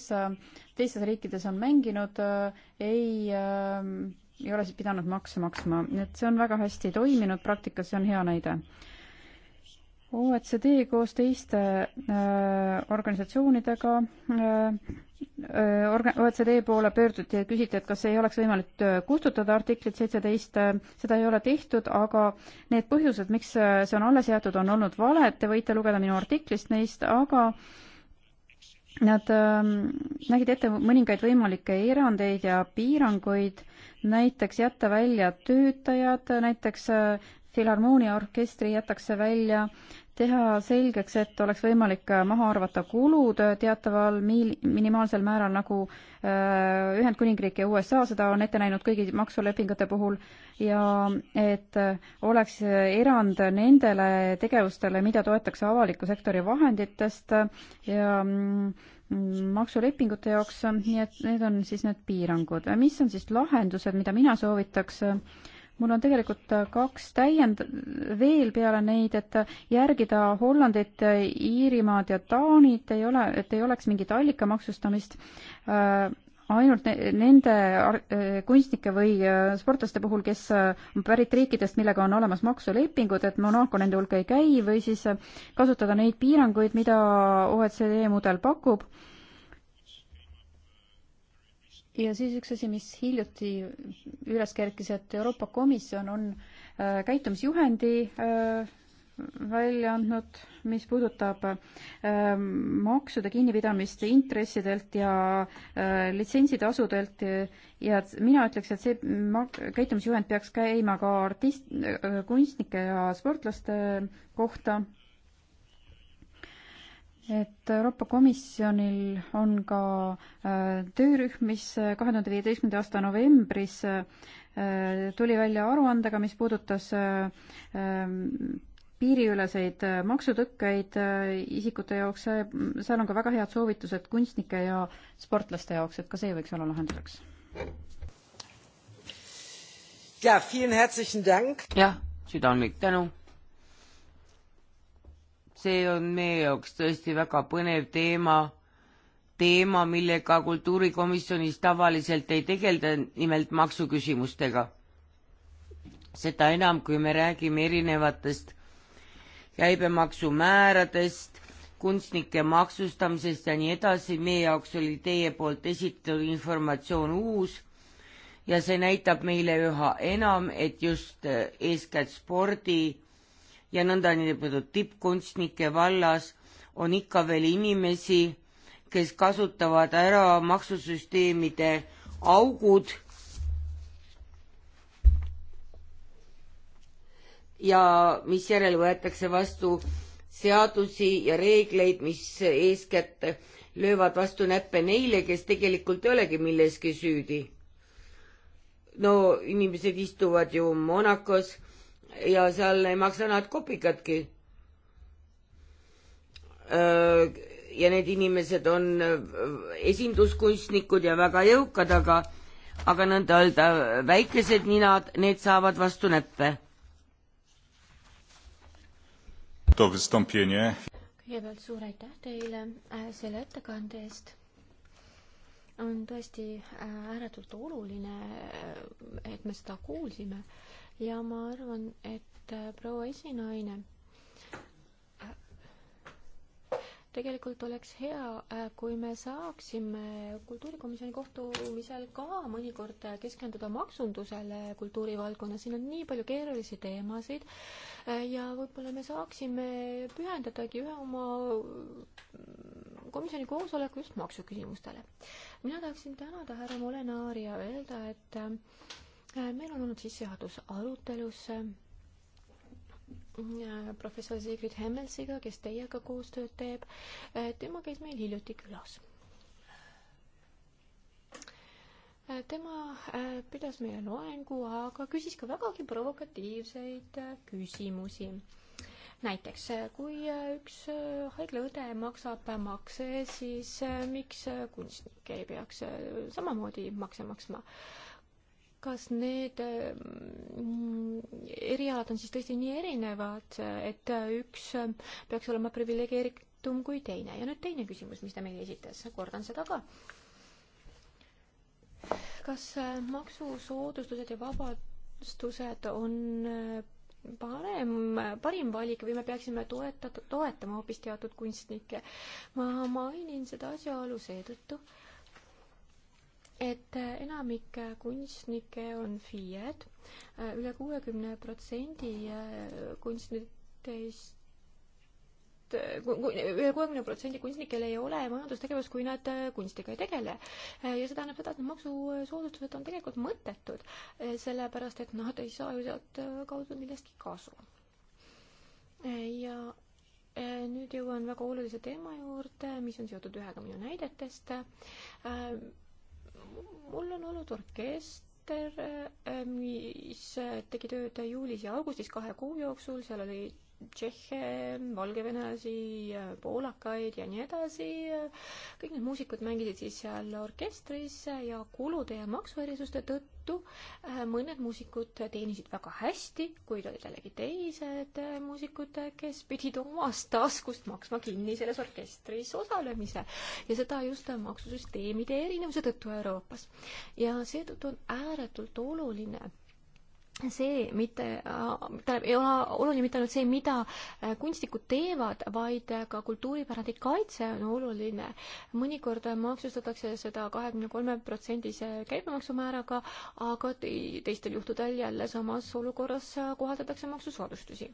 teistes riikides on mänginud, ei äh, ei ole siis pidanud makse maksma, et see on väga hästi toiminud praktikas, see on hea näide. OECD koos teiste äh, organisatsioonidega äh, äh orga-, OECD poole pöörduti ja küsiti, et kas ei oleks võimalik äh, kustutada artiklit seitseteist, äh, seda ei ole tehtud, aga need põhjused, miks see on alles jäetud, on olnud valed, te võite lugeda minu artiklist neist, aga äh, Nad ähm, nägid ette mõningaid võimalikke erandeid ja piiranguid, näiteks jätta välja töötajad, näiteks äh, filharmoonia orkestri jätakse välja, teha selgeks, et oleks võimalik maha arvata kulud äh, teataval miil-, minimaalsel määral, nagu äh, Ühendkuningriik ja USA seda on ette näinud kõigi maksulepingute puhul, ja et äh, oleks erand nendele tegevustele, mida toetakse avaliku sektori vahenditest äh, ja mm, maksulepingute jaoks, nii et need on siis need piirangud. mis on siis lahendused, mida mina soovitaks äh, mul on tegelikult äh, kaks täiend-, veel peale neid, et äh, järgida Hollandit, äh, Iirimaad ja Taanit ei ole, et ei oleks mingit allika maksustamist äh,, ainult ne nende kunstnike või sportlaste puhul, kes on pärit riikidest, millega on olemas maksulepingud, et Monaco nende hulka ei käi, või siis kasutada neid piiranguid, mida OECD mudel pakub äh, ja siis üks asi, mis hiljuti üles kerkis, et Euroopa Komisjon on äh, käitumisjuhendi äh, välja andnud, mis puudutab ähm, maksude kinnipidamist intressidelt ja äh, litsentsitasudelt ja mina ütleks, et see mak-, käitumisjuhend peaks käima ka artist-, kunstnike ja sportlaste kohta et Euroopa Komisjonil on ka äh, töörühm, mis äh, kahe tuhande viieteistkümnenda aasta novembris äh, tuli välja aruandega, mis puudutas ähm, piiriüleseid maksutõkkeid isikute jaoks, see, seal on ka väga head soovitused kunstnike ja sportlaste jaoks, et ka see võiks olla lahenduseks. jah, südamlik tänu see on meie jaoks tõesti väga põnev teema, teema, millega kultuurikomisjonis tavaliselt ei tegelda, nimelt maksuküsimustega. seda enam, kui me räägime erinevatest käibemaksumääradest, kunstnike maksustamisest ja nii edasi, meie jaoks oli teie poolt esitatud informatsioon uus ja see näitab meile üha enam, et just eh, eeskätt spordi ja nõndanimetatud tippkunstnike vallas on ikka veel inimesi, kes kasutavad ära maksusüsteemide augud ja misjärel võetakse vastu seadusi ja reegleid, mis eeskätt löövad vastu näppe neile, kes tegelikult ei olegi milleski süüdi. no inimesed istuvad ju Monacos ja seal ei maksa nad kopikatki. ja need inimesed on esinduskunstnikud ja väga jõukad, aga, aga nõnda öelda väikesed ninad, need saavad vastu näppe. kõigepealt suur aitäh teile äh, selle ettekande eest on tõesti äh, ääretult oluline, äh, et me seda kuulsime ja ma arvan, et äh, proua esinaine, äh, tegelikult oleks hea, äh, kui me saaksime kultuurikomisjoni kohtumisel ka mõnikord keskenduda maksundusele kultuurivaldkonnas, siin on nii palju keerulisi teemasid ja võib-olla me saaksime pühendadagi ühe oma mm, komisjoni koosoleku just maksuküsimustele. mina tahaksin tänada härra Molenaari ja öelda, et Äh, meil on olnud sissejuhatus arutelusse äh, professor Sigrid Hemmelsiga, kes teiega koostööd teeb. Äh, tema käis meil hiljuti külas. tema pidas meile loengu, aga küsis ka vägagi provokatiivseid küsimusi. näiteks, kui üks haiglaõde maksab makse, siis miks kunstnik ei peaks samamoodi makse maksma? kas need mm, erialad on siis tõesti nii erinevad, et üks peaks olema priviligeeritum kui teine ja nüüd teine küsimus, mis ta meile esitas, kordan seda ka. kas äh, maksusoodustused ja vabastused on äh, parem, parim valik või me peaksime toetada, toetama hoopis teatud kunstnikke? ma mainin seda asjaolu seetõttu, et enamik kunstnikke on FIE-d üle, üle kuuekümne protsendi äh, kunstnitest äh, üle kuuekümne protsendi kunstnikel ei ole majandustegevust, kui nad äh, kunstiga ei tegele. ja see tähendab seda, et need maksusoodustused on tegelikult mõttetud, sellepärast et nad ei saa ju sealt kaudu millestki kasu. ja nüüd jõuan väga olulise teema juurde, mis on seotud ühega minu näidetest mul on olnud orkester, eh, mis tegi tööd juulis ja augustis kahe kuu jooksul, seal olid Tšehhe, valgevenelasi, poolakaid ja nii edasi. kõik need muusikud mängisid siis seal orkestris ja kulude ja maksuerisuste tõttu äh, mõned muusikud teenisid väga hästi, kuid olid jällegi teised äh, muusikud, kes pidid omast taskust maksma kinni selles orkestris osalemise ja seda just maksusüsteemide erinevuse tõttu Euroopas. ja seetõttu on ääretult oluline see mitte, tähendab, ei ole oluline mitte ainult see, mida äh, kunstnikud teevad, vaid äh, ka kultuuripärandi kaitse on oluline. mõnikord maksustatakse seda kahekümne kolme protsendise käibemaksumääraga, aga teistel juhtudel jälle samas olukorras äh, kohaldatakse maksusoodustusi.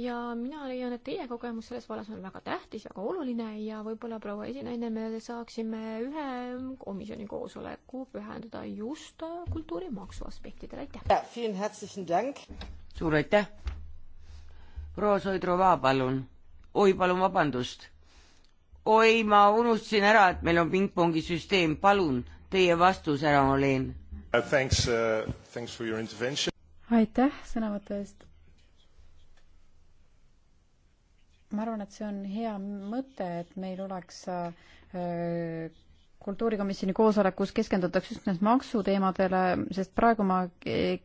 ja mina leian, et teie kogemus selles vallas on väga tähtis, väga oluline ja võib-olla proua esinaine, me saaksime ühe komisjoni koosoleku pühendada just kultuurimaksu aspektidele, aitäh! Kollegin, herzlichen Dank. suur aitäh. proua Soidrova, palun. oi, palun vabandust. oi, ma unustasin ära, et meil on pingpongi süsteem, palun teie vastus ära, Olen uh,. Thanks uh,, thanks for your intervention. aitäh sõnavõtu eest. ma arvan, et see on hea mõte, et meil oleks uh, kultuurikomisjoni koosolekus keskendutakse üksnes maksuteemadele, sest praegu ma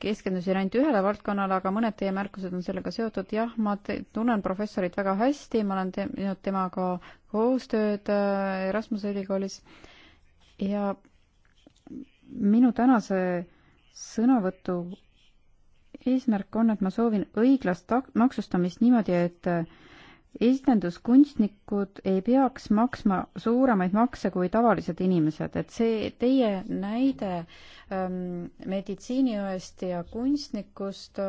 keskendusin ainult ühele valdkonnale, aga mõned teie märkused on sellega seotud. jah, ma tunnen professorit väga hästi, ma olen teinud temaga koostööd äh, Erasmuse ülikoolis ja minu tänase sõnavõtu eesmärk on, et ma soovin õiglast maksustamist niimoodi, et esinduskunstnikud ei peaks maksma suuremaid makse kui tavalised inimesed, et see teie näide ähm, meditsiiniõest ja kunstnikust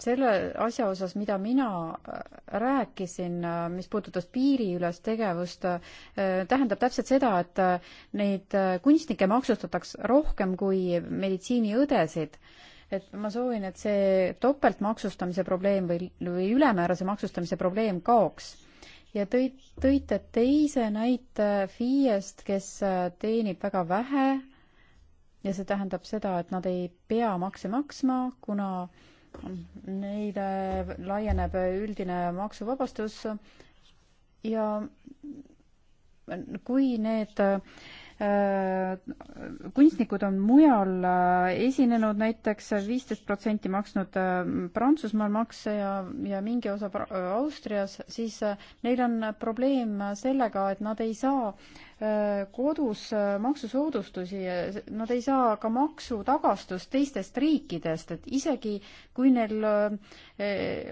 selle asja osas, mida mina äh, rääkisin, äh, mis puudutas piiriülest tegevust, äh, tähendab täpselt seda, et neid kunstnikke maksustataks rohkem kui meditsiiniõdesid et ma soovin, et see topeltmaksustamise probleem või, või ülemäärase maksustamise probleem kaoks. ja tõi, tõite teise näite FIE-st, kes äh, teenib väga vähe ja see tähendab seda, et nad ei pea makse maksma, kuna neile laieneb üldine maksuvabastus ja kui need äh, Äh, kunstnikud on mujal äh, esinenud näiteks, viisteist protsenti maksnud äh, Prantsusmaal makse ja, ja mingi osa Austrias, siis neil on probleem sellega, et nad ei saa äh, Äh, kodus äh, maksusoodustusi, äh, nad ei saa ka maksutagastust teistest riikidest, et isegi kui neil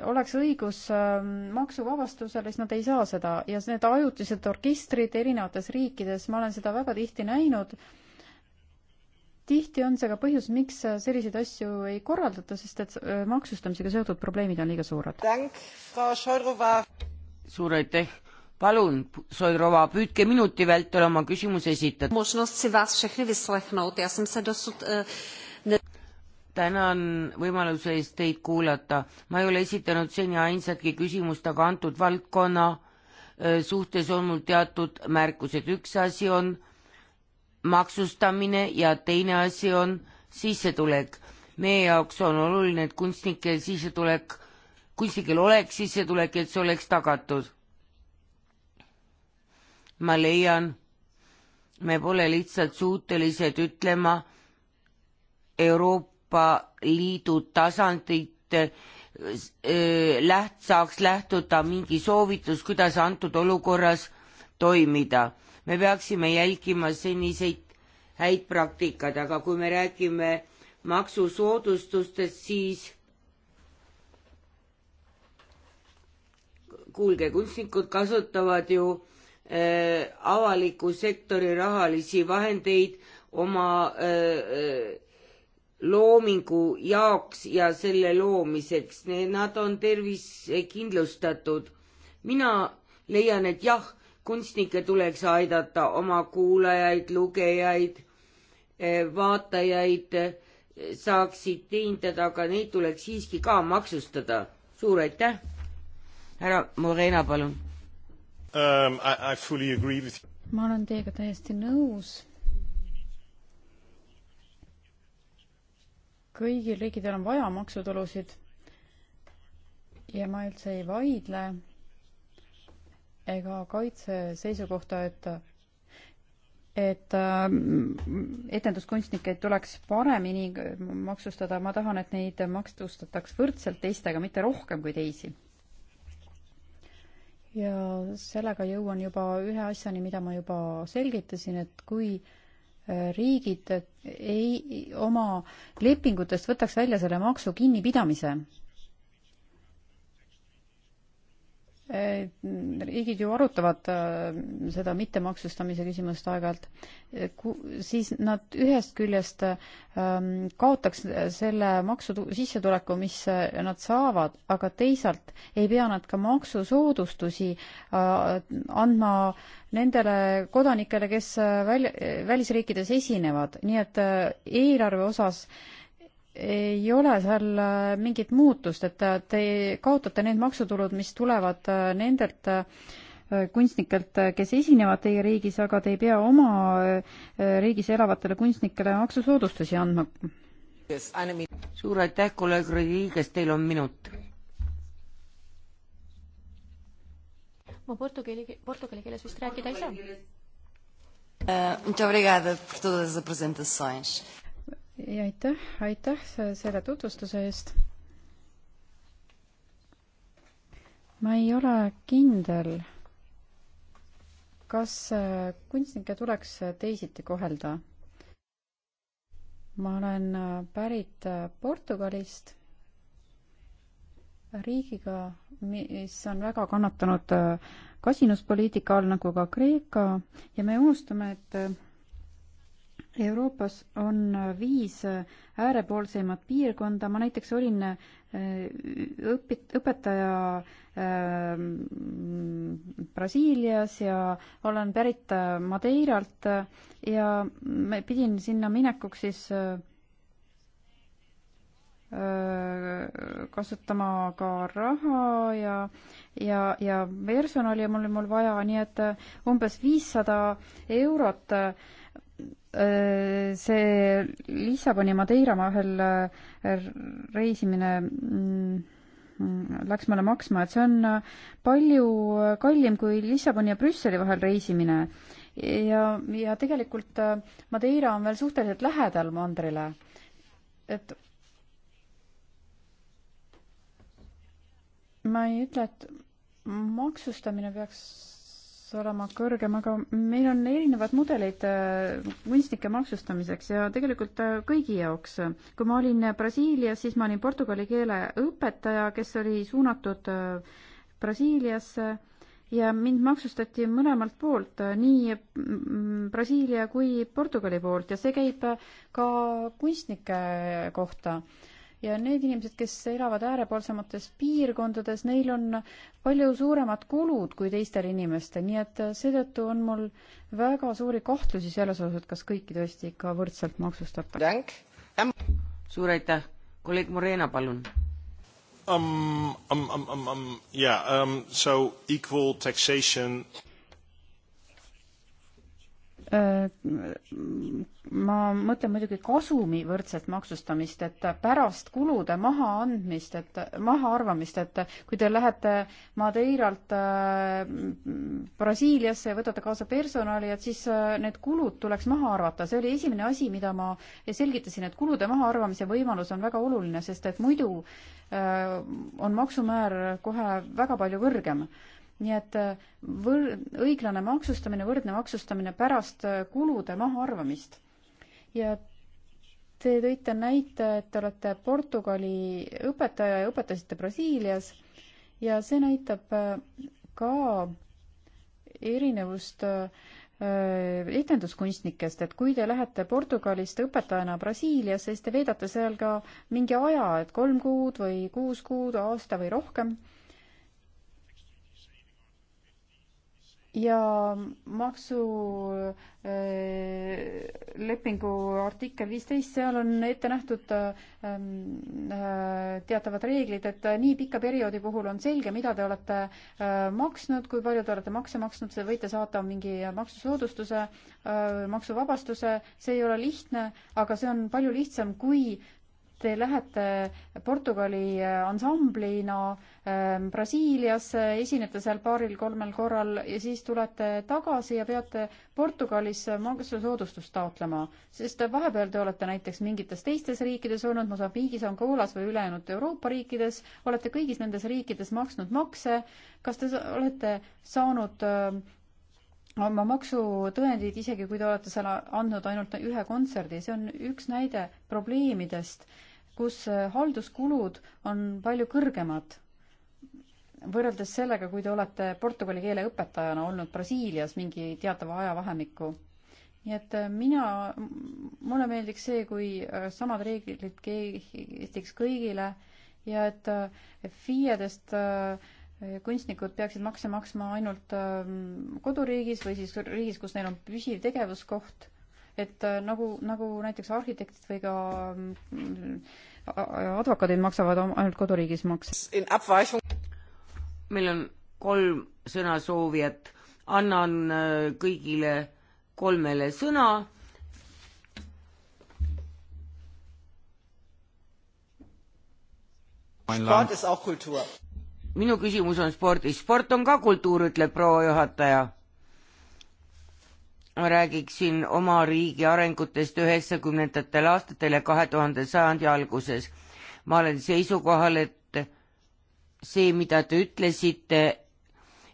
oleks õigus maksuvabastusele, siis nad ei saa seda ja need ajutised orkestrid erinevates riikides, ma olen seda väga tihti näinud, tihti on see ka põhjus, miks selliseid asju ei korraldata, sest et maksustamisega seotud probleemid on liiga suured. suur aitäh palun, Soirova, püüdke minuti vältel oma küsimuse esitada. Eh, tänan võimaluse eest teid kuulata. ma ei ole esitanud seni ainsatki küsimust, aga antud valdkonna eh, suhtes on mul teatud märkused. üks asi on maksustamine ja teine asi on sissetulek. meie jaoks on oluline, et kunstnike sissetulek, kunstnikel oleks sissetulek, et see oleks tagatud ma leian, me pole lihtsalt suutelised ütlema Euroopa Liidu tasandit äh, läht-, saaks lähtuda mingi soovitus, kuidas antud olukorras toimida. me peaksime jälgima seniseid häid praktikaid, aga kui me räägime maksusoodustustest, siis kuulge, kunstnikud kasutavad ju Äh, avaliku sektori rahalisi vahendeid oma äh, äh, loomingu jaoks ja selle loomiseks, nad on tervisekindlustatud. mina leian, et jah, kunstnikke tuleks aidata, oma kuulajaid, lugejaid, vaatajaid saaksid teenindada, aga neid tuleks siiski ka maksustada. suur aitäh! härra Morena, palun um,? I, I fully agree with you. ma olen teiega täiesti nõus. kõigil riikidel on vaja maksutulusid ja ma üldse ei vaidle ega kaitse seisukohta, et et ähm, etenduskunstnikke tuleks paremini maksustada, ma tahan, et neid maksustataks võrdselt teistega, mitte rohkem kui teisi ja sellega jõuan juba ühe asjani, mida ma juba selgitasin, et kui äh, riigid ei, oma lepingutest võtaks välja selle maksu kinnipidamise, riigid ju arutavad äh, seda mittemaksustamise küsimust aeg-ajalt, siis nad ühest küljest ähm, kaotaks selle maksu sissetuleku, mis äh, nad saavad, aga teisalt ei pea nad ka maksusoodustusi äh, andma nendele kodanikele, kes välja, välisriikides esinevad, nii et eelarve osas ei ole seal äh, mingit muutust, et äh, te kaotate need maksutulud, mis tulevad äh, nendelt kunstnikelt, kes esinevad teie riigis, aga te ei pea oma riigis elavatele kunstnikele maksusoodustusi andma. suur aitäh, kolleeg Rodriguez, teil on minut. ma portugali, portugali keeles vist rääkida ei saa. Eh, muito obrigada por todas as apresentações ja aitäh, aitäh selle tutvustuse eest. ma ei ole kindel, kas äh, kunstnikke tuleks äh, teisiti kohelda. ma olen äh, pärit Portugalist, riigiga, mis on väga kannatanud kasinuspoliitika all, nagu ka Kreeka ja me unustame, et Euroopas on viis äärepoolseimat piirkonda, ma näiteks olin äh, õpit-, õpetaja ähm, Brasiilias ja olen pärit äh, Madeiralt ja ma pidin sinna minekuks siis äh, kasutama ka raha ja, ja, ja personali mul oli mul vaja, nii et umbes viissada eurot äh, Äh, see Lissaboni ja Madeira vahel äh, reisimine mm, läks mulle maksma, et see on äh, palju kallim kui Lissaboni ja Brüsseli vahel reisimine. ja, ja tegelikult Madeira on veel suhteliselt lähedal mandrile. et ma ei ütle, et maksustamine peaks olema kõrgem, aga meil on erinevad mudelid kunstnike äh, maksustamiseks ja tegelikult äh, kõigi jaoks. kui ma olin Brasiilias, siis ma olin portugali keele õpetaja, kes oli suunatud äh, Brasiiliasse ja mind maksustati mõlemalt poolt, nii Brasiilia kui Portugali poolt ja see käib ka kunstnike kohta ja need inimesed, kes elavad äärepoolsemates piirkondades, neil on palju suuremad kulud kui teistel inimestel, nii et seetõttu on mul väga suuri kahtlusi selles osas, et kas kõiki tõesti ikka võrdselt maksustatakse. suur aitäh, kolleeg Morena, palun. Um, um, um, um, um, yeah, um, so equal taxation Äh, ma mõtlen muidugi kasumi võrdset maksustamist, et pärast kulude mahaandmist, et mahaarvamist, et kui te lähete Madeiralt äh, Brasiiliasse ja võtate kaasa personali, et siis äh, need kulud tuleks maha arvata. see oli esimene asi, mida ma selgitasin, et kulude mahaarvamise võimalus on väga oluline, sest et muidu on maksumäär kohe väga palju kõrgem nii et äh, võr-, õiglane maksustamine, võrdne maksustamine pärast äh, kulude mahaarvamist. ja te tõite näite, et te olete Portugali õpetaja ja õpetasite Brasiilias ja see näitab äh, ka erinevust etenduskunstnikest, et kui te lähete Portugalist õpetajana Brasiiliasse, siis te veedate seal ka mingi aja, et kolm kuud või kuus kuud, aasta või rohkem. ja maksulepingu artikkel viisteist, seal on ette nähtud ähm, äh, teatavad reeglid, et nii pika perioodi puhul on selge, mida te olete äh, maksnud, kui palju te olete makse maksnud, te võite saata mingi maksusoodustuse, äh, maksuvabastuse, see ei ole lihtne, aga see on palju lihtsam, kui te lähete Portugali ansamblina ähm, Brasiiliasse, esinete seal paaril-kolmel korral ja siis tulete tagasi ja peate Portugalis maksusoodustust taotlema, sest vahepeal te olete näiteks mingites teistes riikides olnud, Mosambiigis, Angolas või ülejäänud Euroopa riikides, olete kõigis nendes riikides maksnud makse, kas te olete saanud ähm, oma maksutõendid, isegi kui te olete seal andnud ainult ühe kontserdi, see on üks näide probleemidest kus äh, halduskulud on palju kõrgemad võrreldes sellega, kui te olete portugali keele õpetajana olnud Brasiilias mingi teatava ajavahemikku. nii et äh, mina, mulle meeldiks see, kui äh, samad reeglid kehtiks kõigile ja et FIE-dest kunstnikud peaksid makse maksma ainult ähm, koduriigis või siis riigis, kus neil on püsiv tegevuskoht et nagu, nagu näiteks arhitektid või ka mm, advokaadid maksavad ainult koduriigis makse. meil on kolm sõnasoovijat, annan äh, kõigile kolmele sõna sport ist auch kultur. minu küsimus on spordis. sport on ka kultuur, ütleb proua juhataja ma räägiksin oma riigi arengutest üheksakümnendatel aastatel ja kahe tuhande sajandi alguses. ma olen seisukohal, et see, mida te ütlesite,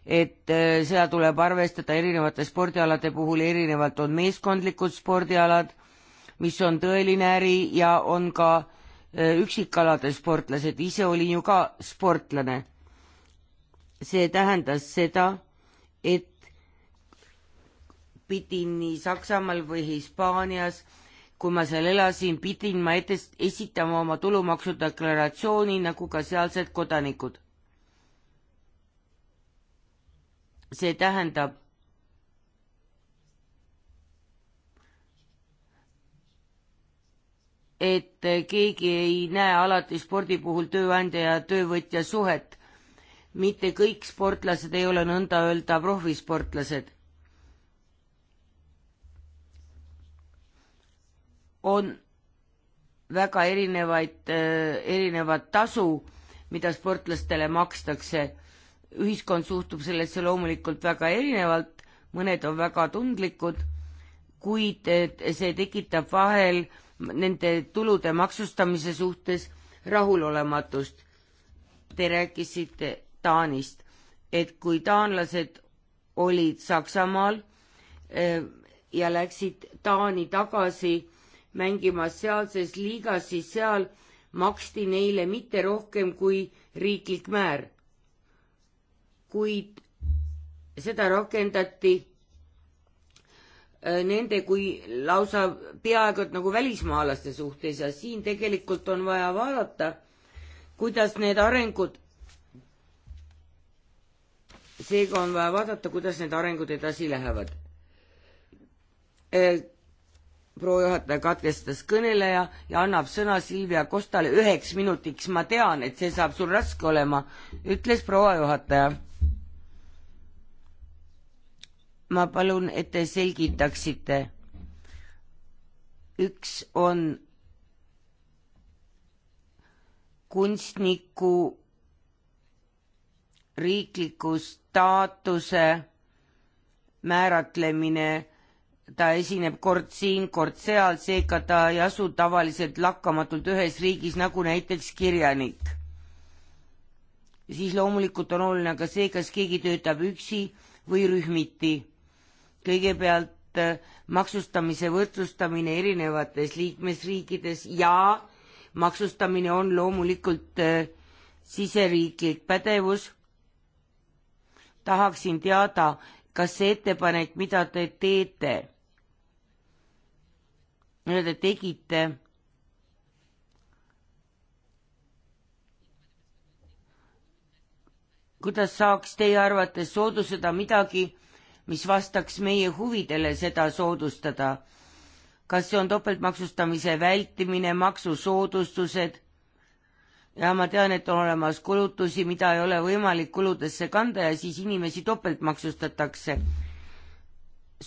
et äh, seda tuleb arvestada erinevate spordialade puhul erinevalt, on meeskondlikud spordialad, mis on tõeline äri ja on ka äh, üksikalade sportlased, ise olin ju ka sportlane. see tähendas seda, et pidin nii Saksamaal või Hispaanias, kui ma seal elasin, pidin ma etes-, esitama oma tulumaksudeklaratsiooni nagu ka sealsed kodanikud. see tähendab, et keegi ei näe alati spordi puhul tööandja ja töövõtja suhet. mitte kõik sportlased ei ole nõnda öelda profisportlased on väga erinevaid, äh, erinevat tasu, mida sportlastele makstakse. ühiskond suhtub sellesse loomulikult väga erinevalt, mõned on väga tundlikud, kuid see tekitab vahel nende tulude maksustamise suhtes rahulolematust. Te rääkisite Taanist, et kui taanlased olid Saksamaal äh, ja läksid Taani tagasi mängima sealses liigas, siis seal maksti neile mitte rohkem kui riiklik määr. kuid seda rakendati äh, nende kui lausa peaaegu et nagu välismaalaste suhtes ja siin tegelikult on vaja vaadata, kuidas need arengud, seega on vaja vaadata, kuidas need arengud edasi lähevad äh, proua juhataja katkestas kõneleja ja annab sõna Silvia Kostale üheks minutiks. ma tean, et see saab sul raske olema, ütles proua juhataja. ma palun, et te selgitaksite. üks on kunstniku riikliku staatuse määratlemine ta esineb kord siin, kord seal, seega ta ei asu tavaliselt lakkamatult ühes riigis, nagu näiteks kirjanik. siis loomulikult on oluline ka see, kas keegi töötab üksi või rühmiti. kõigepealt äh, maksustamise võrdsustamine erinevates liikmesriikides ja maksustamine on loomulikult äh, siseriiklik pädevus. tahaksin teada, kas see ettepanek, mida te teete mida te tegite kuidas saaks teie arvates soodustada midagi, mis vastaks meie huvidele seda soodustada? kas see on topeltmaksustamise vältimine, maksusoodustused? ja ma tean, et on olemas kulutusi, mida ei ole võimalik kuludesse kanda ja siis inimesi topeltmaksustatakse.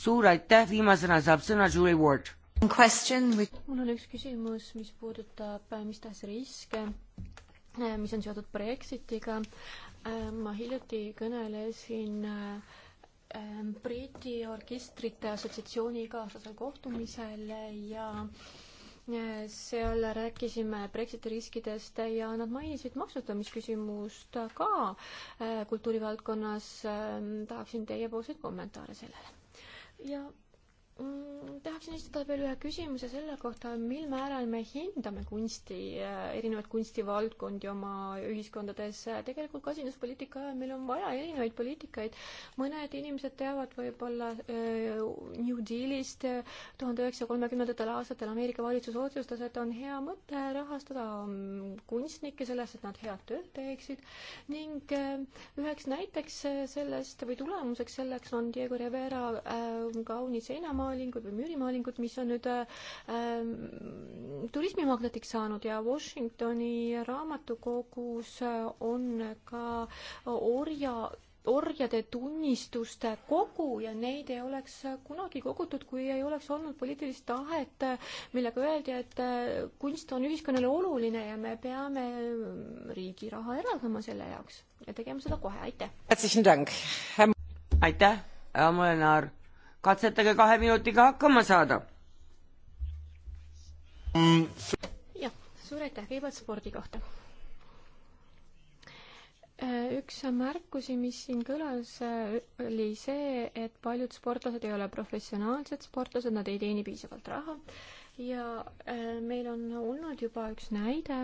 suur aitäh, viimasena saab sõna Julie Ward mul on üks küsimus, mis puudutab äh, mis tahes riske, äh, mis on seotud Brexitiga. Äh, ma hiljuti kõnelesin Briti orkestrite assotsiatsiooni iga-aastasel kohtumisel ja seal rääkisime Brexiti riskidest ja nad mainisid maksustamisküsimust ka kultuurivaldkonnas. tahaksin teiepoolseid kommentaare sellele. ja Mm, tahaksin esitada veel ühe küsimuse selle kohta, mil määral me hindame kunsti, äh, erinevaid kunstivaldkondi oma ühiskondades. Äh, tegelikult kasinuspoliitika ajal meil on vaja erinevaid poliitikaid. mõned inimesed teavad võib-olla äh, New Dealist tuhande üheksasaja kolmekümnendatel aastatel Ameerika valitsus otsustas, et on hea mõte rahastada ähm, kunstnikke selles, et nad head tööd teeksid ning üheks näiteks sellest või tulemuseks selleks on Diego Rivera äh, kaunis seinamaa, maalingud või müürimaalingud, mis on nüüd ähm, turismimagnetiks saanud ja Washingtoni raamatukogus äh, on ka orja orjade tunnistuste kogu ja neid ei oleks kunagi kogutud, kui ei oleks olnud poliitilist tahet, millega öeldi, et äh, kunst on ühiskonnale oluline ja me peame ähm, riigi raha eraldama selle jaoks ja tegema seda kohe, aitäh! aitäh, Amelenaar! katsetage kahe minutiga hakkama saada. jah, suur aitäh, kõigepealt spordi kohta. Äh, üks märkusi, mis siin kõlas, äh, oli see, et paljud sportlased ei ole professionaalsed sportlased, nad ei teeni piisavalt raha ja äh, meil on olnud juba üks näide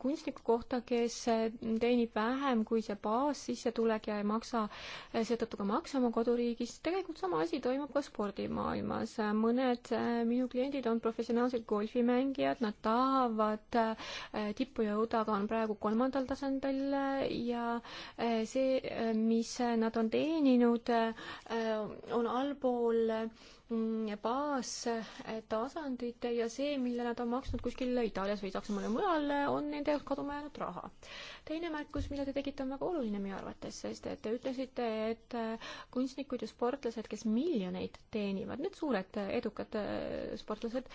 kunstniku kohta, kes teenib vähem kui see baassissetulek ja ei maksa seetõttu ka makse oma koduriigis. tegelikult sama asi toimub ka spordimaailmas. mõned äh, minu kliendid on professionaalsed golfimängijad, nad tahavad äh, tippu jõuda, aga on praegu kolmandal tasandil äh, ja see, mis nad on teeninud, on allpool Mm, baastasandit ja see, mille nad on maksnud kuskil Itaalias või Saksamaal ja mujal, on nende jaoks kaduma jäänud raha teine märkus, mille te tegite, on väga oluline minu arvates, sest et te ütlesite, et äh, kunstnikud ja sportlased, kes miljoneid teenivad, need suured äh, edukad äh, sportlased,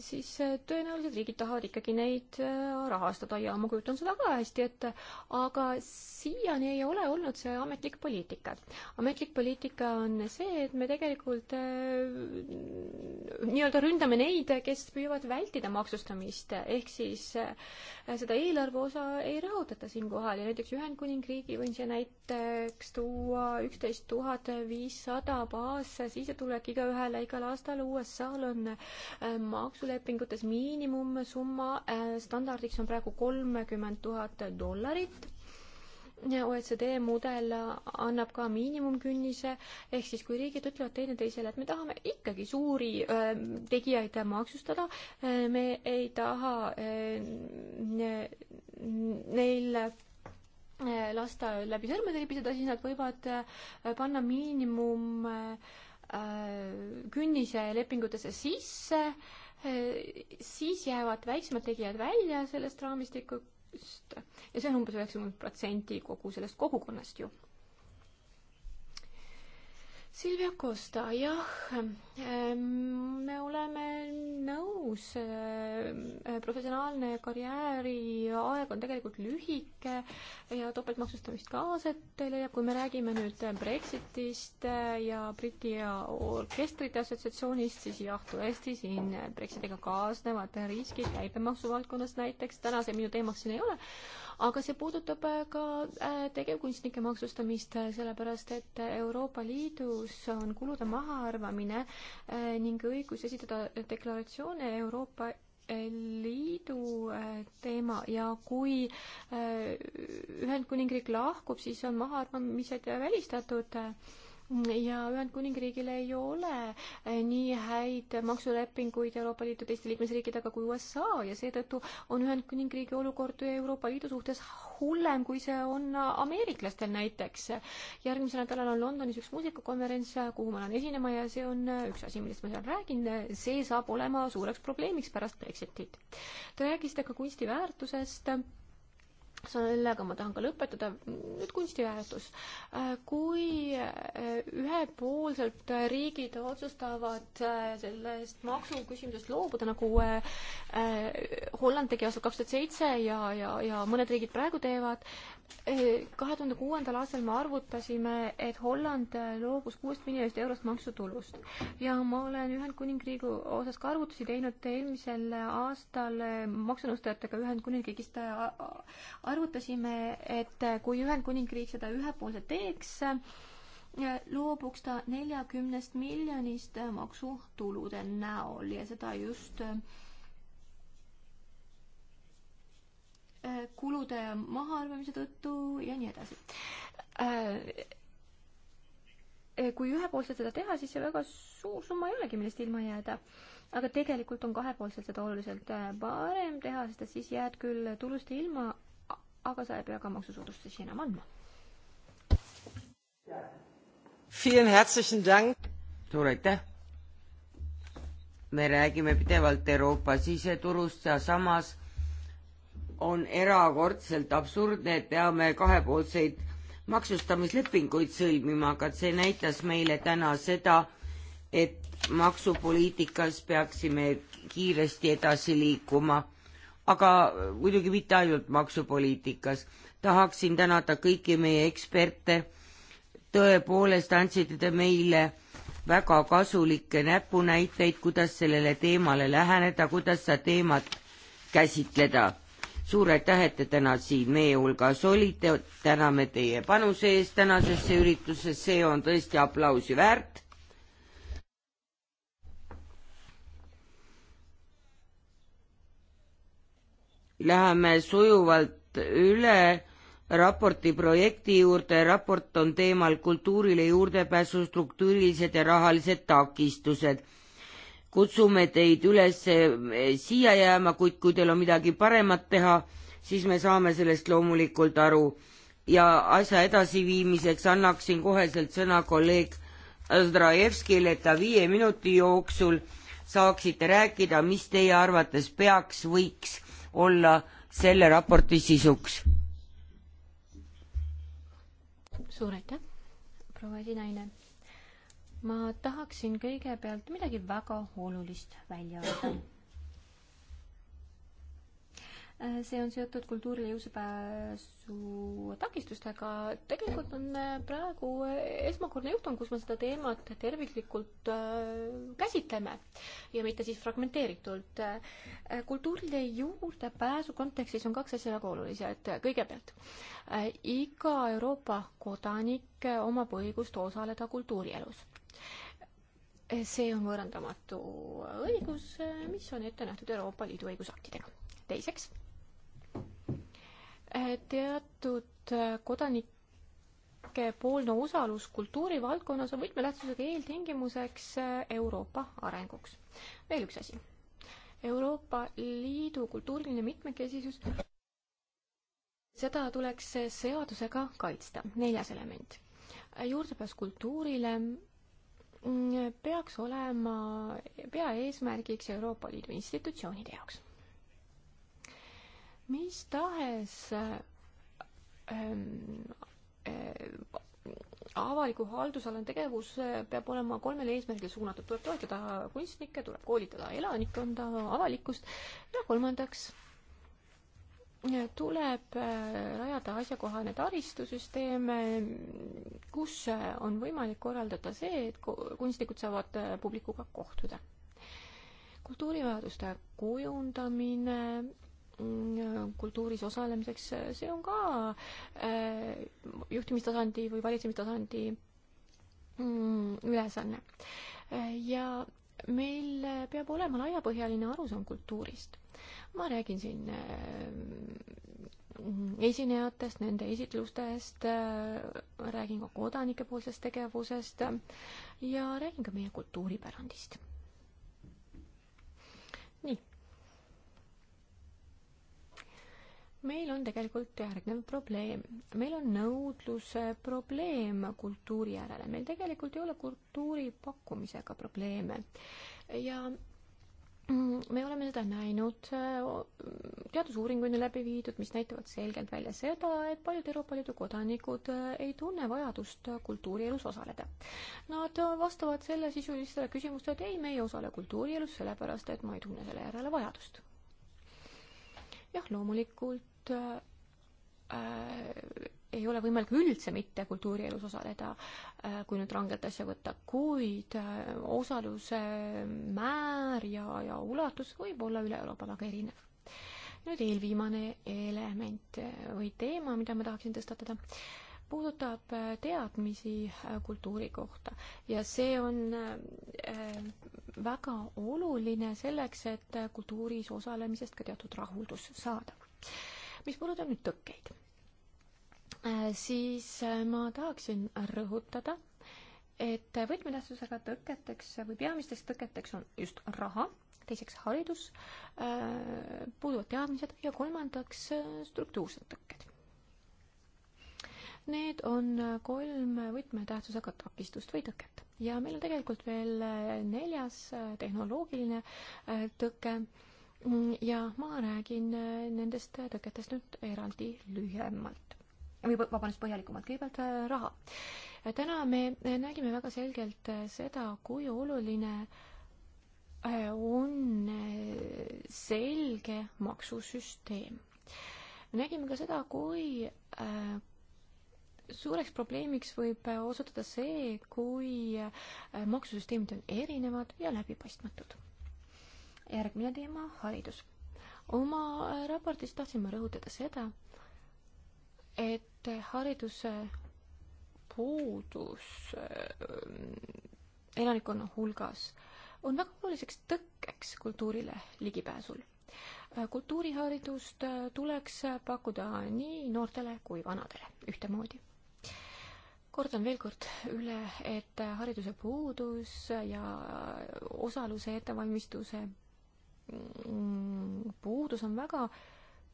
siis tõenäoliselt riigid tahavad ikkagi neid rahastada ja ma kujutan seda ka hästi ette, aga siiani ei ole olnud see ametlik poliitika. ametlik poliitika on see, et me tegelikult nii-öelda ründame neid, kes püüavad vältida maksustamist, ehk siis seda eelarve osa ei rõhutata siinkohal ja näiteks Ühendkuningriigi võin siia näiteks tuua üksteist tuhat viissada baassissetulek igaühele igal aastal. USA-l on äh, maksulepingutes miinimumsumma, äh, standardiks on praegu kolmkümmend tuhat dollarit OECD mudel annab ka miinimumkünnise, ehk siis kui riigid ütlevad teineteisele, et me tahame ikkagi suuri äh, tegijaid maksustada äh,, me ei taha äh, ne, neil lasta läbi sõrmede libiseda, siis nad võivad panna miinimum künnise lepingutesse sisse, siis jäävad väiksemad tegijad välja sellest raamistikust toetust ja see on umbes üheksakümmend protsenti kogu sellest kogukonnast ju Silvia Costa, jah, me oleme nõus, professionaalne karjääriaeg on tegelikult lühike ja topeltmaksustamist ka aset leiab, kui me räägime nüüd Brexitist ja Briti ja orkestrite assotsiatsioonist, siis jah, tõesti, siin Brexitiga kaasnevad riskid käibemaksu valdkonnas näiteks, täna see minu teemaks siin ei ole aga see puudutab äh, ka äh, tegevkunstnike maksustamist, äh, sellepärast et Euroopa Liidus on kulude mahaarvamine ning õigus esitada deklaratsioone Euroopa Liidu teema ja kui Ühendkuningriik lahkub, siis on mahaarvamised välistatud ja Ühendkuningriigil ei ole eh, nii häid maksulepinguid Euroopa Liidu teiste liikmesriikidega kui USA ja seetõttu on Ühendkuningriigi olukord Euroopa Liidu suhtes hullem, kui see on ameeriklastel näiteks. järgmisel nädalal on Londonis üks muusikakonverents, kuhu ma lähen esinema ja see on üks asi, millest ma seal räägin, see saab olema suureks probleemiks pärast Brexitit. Te rääkisite ka kunstiväärtusest sellega ma tahan ka lõpetada, nüüd kunstiväärtus. Äh, kui äh, ühepoolselt riigid otsustavad äh, sellest maksuküsimusest loobuda, nagu Holland tegi aastal kaks tuhat seitse ja, ja, ja mõned riigid praegu teevad, kahe tuhande kuuendal aastal me arvutasime, et Holland loobus kuuest miljonist eurost maksutulust ja ma olen Ühendkuningriigi osas ka arvutusi teinud, eelmisel aastal maksunõustajatega Ühendkuningriigist arvutasime, et kui Ühendkuningriik seda ühepoolselt teeks, loobuks ta neljakümnest miljonist maksutulude näol ja seda just äh, Äh, kulude mahaarvamise tõttu ja nii edasi. Äh, äh, kui ühepoolselt seda teha, siis see väga suur summa ei olegi, millest ilma jääda aga tegelikult on kahepoolselt seda oluliselt parem teha, sest et siis jääd küll tulust ilma, aga sa ei pea ka maksusoodustusi enam andma. suur aitäh! me räägime pidevalt Euroopa siseturust ja samas on erakordselt absurdne, et peame kahepoolseid maksustamislepinguid sõlmima, aga see näitas meile täna seda, et maksupoliitikas peaksime kiiresti edasi liikuma, aga muidugi mitte ainult maksupoliitikas. tahaksin tänada kõiki meie eksperte, tõepoolest andsite te meile väga kasulikke näpunäiteid, kuidas sellele teemale läheneda, kuidas seda teemat käsitleda suur aitäh, et te täna siin meie hulgas olite, täname teie panuse eest tänasesse üritusse, see on tõesti aplausi väärt. Läheme sujuvalt üle raporti projekti juurde, raport on teemal kultuurile juurdepääsu struktuurilised ja rahalised takistused kutsume teid üles eh, siia jääma, kuid kui teil on midagi paremat teha, siis me saame sellest loomulikult aru. ja asja edasiviimiseks annaksin koheselt sõna kolleeg Zdrajevskile, et ta viie minuti jooksul saaksite rääkida, mis teie arvates peaks, võiks olla selle raporti sisuks. suur aitäh, proua esinaine ma tahaksin kõigepealt midagi väga olulist välja öelda. see on seotud kultuurile juusepääsu takistustega. tegelikult on praegu esmakordne juhtum, kus me seda teemat terviklikult äh, käsitleme ja mitte siis fragmenteeritult. kultuurile juurdepääsu kontekstis on kaks asja väga olulised. kõigepealt, äh, iga Euroopa kodanik äh, omab õigust osaleda kultuurielus see on võõrandamatu õigus, mis on ette nähtud Euroopa Liidu õigusaktidega. teiseks, teatud kodanike poolne osalus kultuurivaldkonnas on võtmetähtsusega eeltingimuseks Euroopa arenguks. veel üks asi. Euroopa Liidu kultuuriline mitmekesisus seda tuleks seadusega kaitsta. neljas element. juurdepääs kultuurile peaks olema peaeesmärgiks Euroopa Liidu institutsioonide jaoks. mis tahes ähm, äh, avaliku haldusalane tegevus peab olema kolmele eesmärgile suunatud, tuleb toetada kunstnikke, tuleb koolitada elanikkonda, avalikkust ja kolmandaks tuleb äh, rajada asjakohane taristusüsteem, kus on võimalik korraldada see, et kunstnikud saavad äh, publikuga kohtuda. kultuurivajaduste kujundamine mm, kultuuris osalemiseks, see on ka äh, juhtimistasandi või valitsemistasandi mm, ülesanne. ja meil peab olema laiapõhjaline arusaam kultuurist ma räägin siin äh, esinejatest, nende esitlustest, äh, räägin ka kodanikepoolsest tegevusest äh, ja räägin ka meie kultuuripärandist. nii. meil on tegelikult järgnev probleem. meil on nõudluse probleem kultuuri järele, meil tegelikult ei ole kultuuri pakkumisega probleeme ja Mm, me oleme seda näinud, äh, teadusuuringuid on läbi viidud, mis näitavad selgelt välja seda, et paljud Euroopa Liidu kodanikud äh, ei tunne vajadust kultuurielus osaleda. Nad äh, vastavad sellesisulistele küsimustele, et ei, me ei osale kultuurielus, sellepärast et ma ei tunne selle järele vajadust. jah, loomulikult äh, ei ole võimalik üldse mitte kultuurielus osaleda, äh, kui nüüd rangelt asja võtta, kuid äh, osaluse määr ja, ja ulatus võib olla üle Euroopa väga erinev. nüüd eelviimane element äh, või teema, mida ma tahaksin tõstatada, puudutab teadmisi kultuuri kohta ja see on väga oluline selleks, et kultuuris osalemisest ka teatud rahuldus saada. mis puudutab nüüd tõkkeid Äh, siis äh, ma tahaksin rõhutada, et võtmetähtsusega tõketeks või peamisteks tõketeks on just raha, teiseks haridus, äh, puuduvad teadmised ja kolmandaks struktuursed tõkked. Need on kolm võtmetähtsusega takistust või tõket ja meil on tegelikult veel neljas tehnoloogiline tõke mm, ja ma räägin nendest tõketest nüüd eraldi lühemalt või vabandust, põhjalikumalt, kõigepealt äh, raha. täna me äh, nägime väga selgelt äh, seda, kui oluline on selge maksusüsteem. nägime ka seda, kui suureks probleemiks võib osutuda see, kui maksusüsteemid on erinevad ja läbipaistmatud. järgmine teema, haridus. oma raportis tahtsin ma rõhutada seda, et hariduse puudus äh, elanikkonna hulgas on väga oluliseks tõkkeks kultuurile ligipääsul. Äh, kultuuriharidust äh, tuleks pakkuda nii noortele kui vanadele ühtemoodi. kordan veel kord üle, et hariduse puudus ja osaluse ettevalmistuse mm, puudus on väga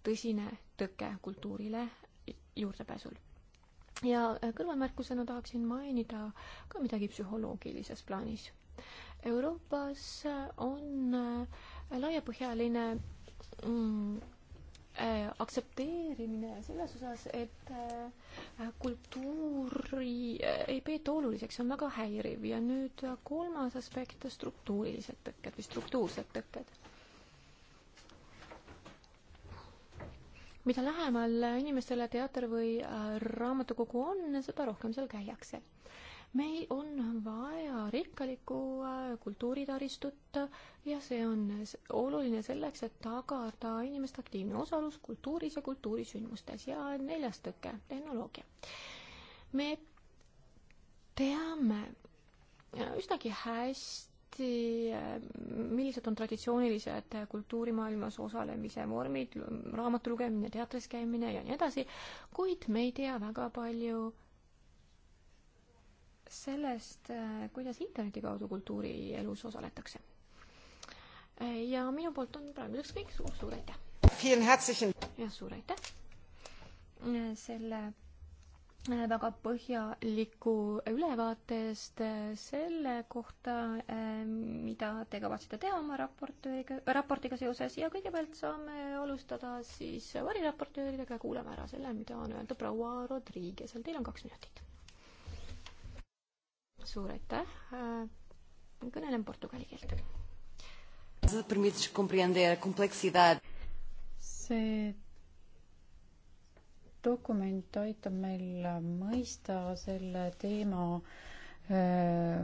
tõsine tõke kultuurile juurdepääsul. ja äh, kõrvalmärkusena tahaksin mainida ka midagi psühholoogilises plaanis. Euroopas on äh, laiapõhjaline mm, äh, aktsepteerimine selles osas, et kultuuri ei peeta oluliseks, see on väga häiriv ja nüüd kolmas aspekt, struktuurilised tõkked või struktuursed tõkked. mida lähemal inimestele teater või äh, raamatukogu on, seda rohkem seal käiakse. meil on vaja rikkalikku äh, kultuuritaristut ja see on oluline selleks, et tagada inimeste aktiivne osalus kultuuris ja kultuurisündmustes ja neljas tõke, tehnoloogia. me teame äh, üsnagi hästi, samuti, eh, millised on traditsioonilised kultuurimaailmas osalemise vormid, raamatu lugemine, teatris käimine ja nii edasi, kuid me ei tea väga palju sellest, eh, kuidas interneti kaudu kultuurielus osaletakse. Eh, ja minu poolt on praeguseks kõik, suur-suur aitäh! jah, suur aitäh selle Äh, väga põhjaliku ülevaate eest äh, selle kohta, äh, mida te kavatsete teha oma raportööriga, raportiga seoses ja kõigepealt saame alustada siis variraportööridega ja kuulame ära selle, mida on öeldud proua Rodriguez'el. Teil on kaks minutit. suur aitäh. kõnelen portugali keelt. see dokument aitab meil mõista selle teema äh,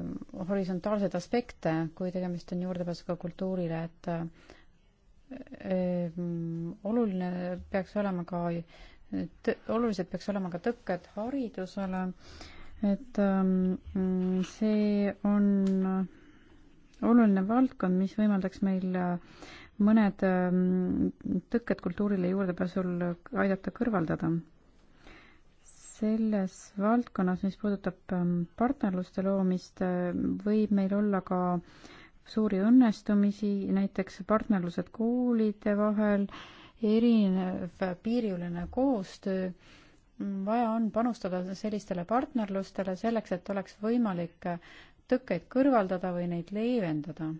horisontaalseid aspekte, kui tegemist on juurdepääsuga kultuurile, et äh, äh oluline peaks olema ka, olulised peaks olema ka tõkked haridusele, et äh, see on oluline valdkond, mis võimaldaks meil äh, mõned ähm, tõkked kultuurile juurdepääsul aidata kõrvaldada. selles valdkonnas, mis puudutab ähm, partnerluste loomist, äh, võib meil olla ka suuri õnnestumisi, näiteks partnerlused koolide vahel, erinev piiriülene koostöö, vaja on panustada sellistele partnerlustele selleks, et oleks võimalik tõkkeid kõrvaldada või neid leevendada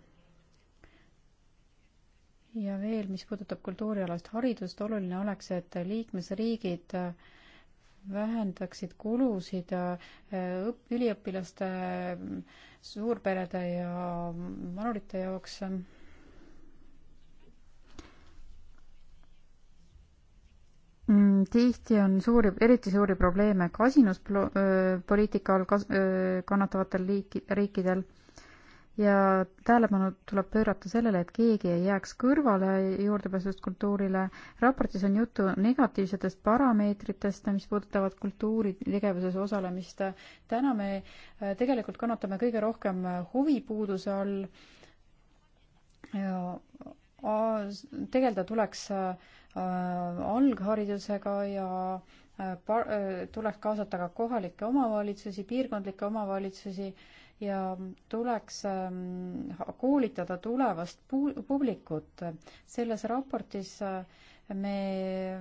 ja veel, mis puudutab kultuurialast haridust, oluline oleks, et liikmesriigid äh, vähendaksid kulusid äh, õpp-, üliõpilaste, suurperede ja vanurite jaoks. Mm, tihti on suuri, eriti suuri probleeme kasinuspoliitika all kas-, äh, kannatavatel liiki-, riikidel ja tähelepanu tuleb pöörata sellele, et keegi ei jääks kõrvale juurdepääsust kultuurile. raportis on juttu negatiivsetest parameetritest, mis puudutavad kultuuritegevuses osalemist. täna me äh, tegelikult kannatame kõige rohkem huvipuuduse all. Äh, tegeleda tuleks äh, algharidusega ja par-, tuleks kaasata ka kohalikke omavalitsusi, piirkondlikke omavalitsusi ja tuleks ähm, koolitada tulevast publikut. selles raportis äh, me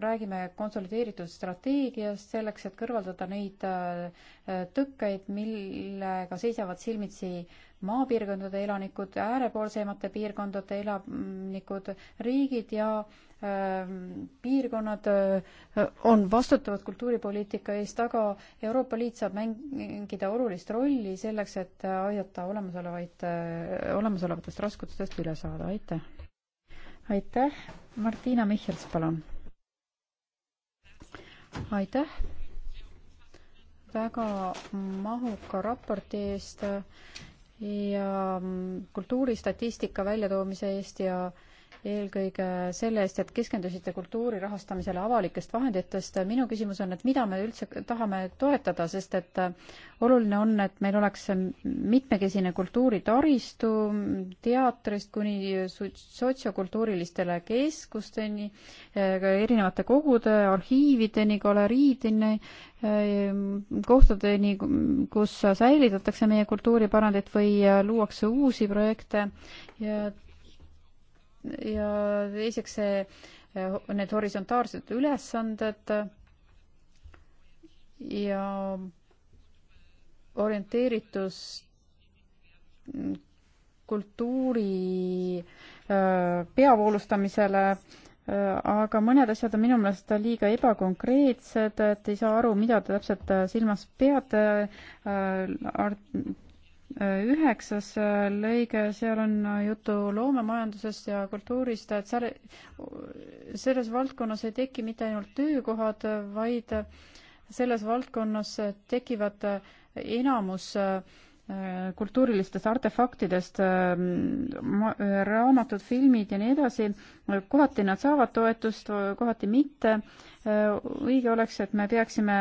räägime konsolideeritud strateegiast selleks, et kõrvaldada neid äh, tõkkeid, millega seisavad silmitsi maapiirkondade elanikud, äärepoolsemate piirkondade elanikud, riigid ja äh, piirkonnad äh, on vastutavad kultuuripoliitika eest, aga Euroopa Liit saab mängida olulist rolli selleks, et aidata olemasolevaid äh,, olemasolevatest raskustest üle saada, aitäh! aitäh! Martina Michels, palun. aitäh väga mahuka raporti eest ja kultuuristatistika väljatoomise eest ja äh, eelkõige selle eest, et keskendusite kultuuri rahastamisele avalikest vahenditest. minu küsimus on, et mida me üldse tahame toetada, sest et oluline on, et meil oleks mitmekesine kultuuritaristu teatrist kuni sotsiokultuurilistele keskusteni, erinevate kogude, arhiivideni, galeriideni, kohtadeni, kus säilitatakse meie kultuuripärandit või luuakse uusi projekte ja ja teiseks see, eh, need horisontaalsed ülesanded ja orienteeritus kultuuri eh, peavoolustamisele, eh, aga mõned asjad on minu meelest liiga ebakonkreetsed, et ei saa aru, mida te täpselt silmas peate üheksas äh, lõige, seal on äh, juttu loomemajandusest ja kultuurist, et seal, selles valdkonnas ei teki mitte ainult töökohad, vaid selles valdkonnas tekivad äh, enamus kultuurilistest artefaktidest, raamatud, filmid ja nii edasi, kohati nad saavad toetust, kohati mitte. õige oleks, et me peaksime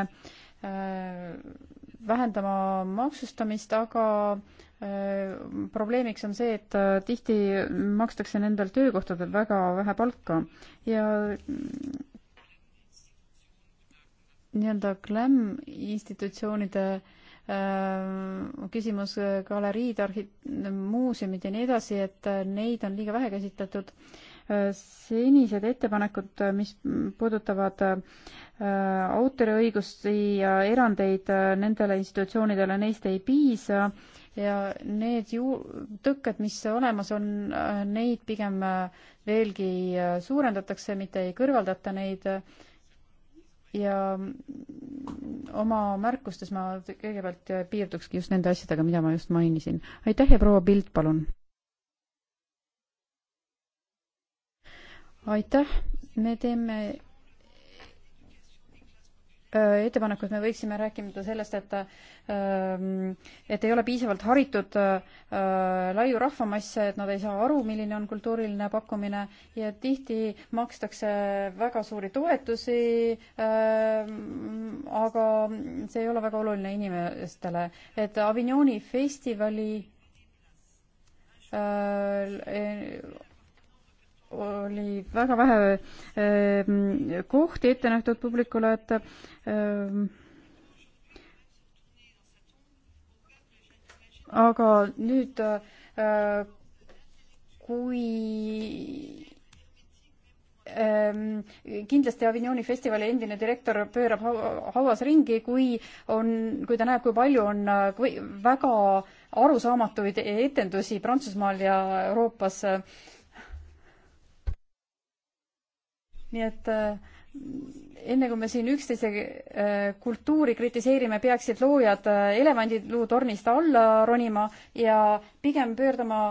vähendama maksustamist, aga äh, probleemiks on see, et äh, tihti makstakse nendel töökohtadel väga vähe palka ja mm, nii-öelda glam e institutsioonide äh, küsimus, galeriid, arhi-, muuseumid ja nii edasi, et neid on liiga vähe käsitletud senised ettepanekud, mis puudutavad äh, autoriõigusi ja erandeid äh, nendele institutsioonidele, neist ei piisa ja need ju-, tõkked, mis olemas on, äh, neid pigem veelgi suurendatakse, mitte ei kõrvaldata neid ja oma märkustes ma kõigepealt piirdukski just nende asjadega, mida ma just mainisin. aitäh ja proua Pilt, palun! aitäh, me teeme äh, ettepaneku, et me võiksime rääkida sellest, et ähm, et ei ole piisavalt haritud äh, laiu rahvamasse, et nad ei saa aru, milline on kultuuriline pakkumine ja tihti makstakse väga suuri toetusi, ähm, aga see ei ole väga oluline inimestele. et Avignoni festivali äh, oli väga vähe ehm, kohti ette nähtud publikule, et ehm, aga nüüd äh, kui ehm, kindlasti Avignoni festivali endine direktor pöörab hauas ringi, kui on, kui ta näeb, kui palju on kui väga arusaamatuid etendusi Prantsusmaal ja Euroopas äh, nii et äh, enne kui me siin üksteise äh, kultuuri kritiseerime, peaksid loojad äh, elevandiluutornist alla ronima ja pigem pöördama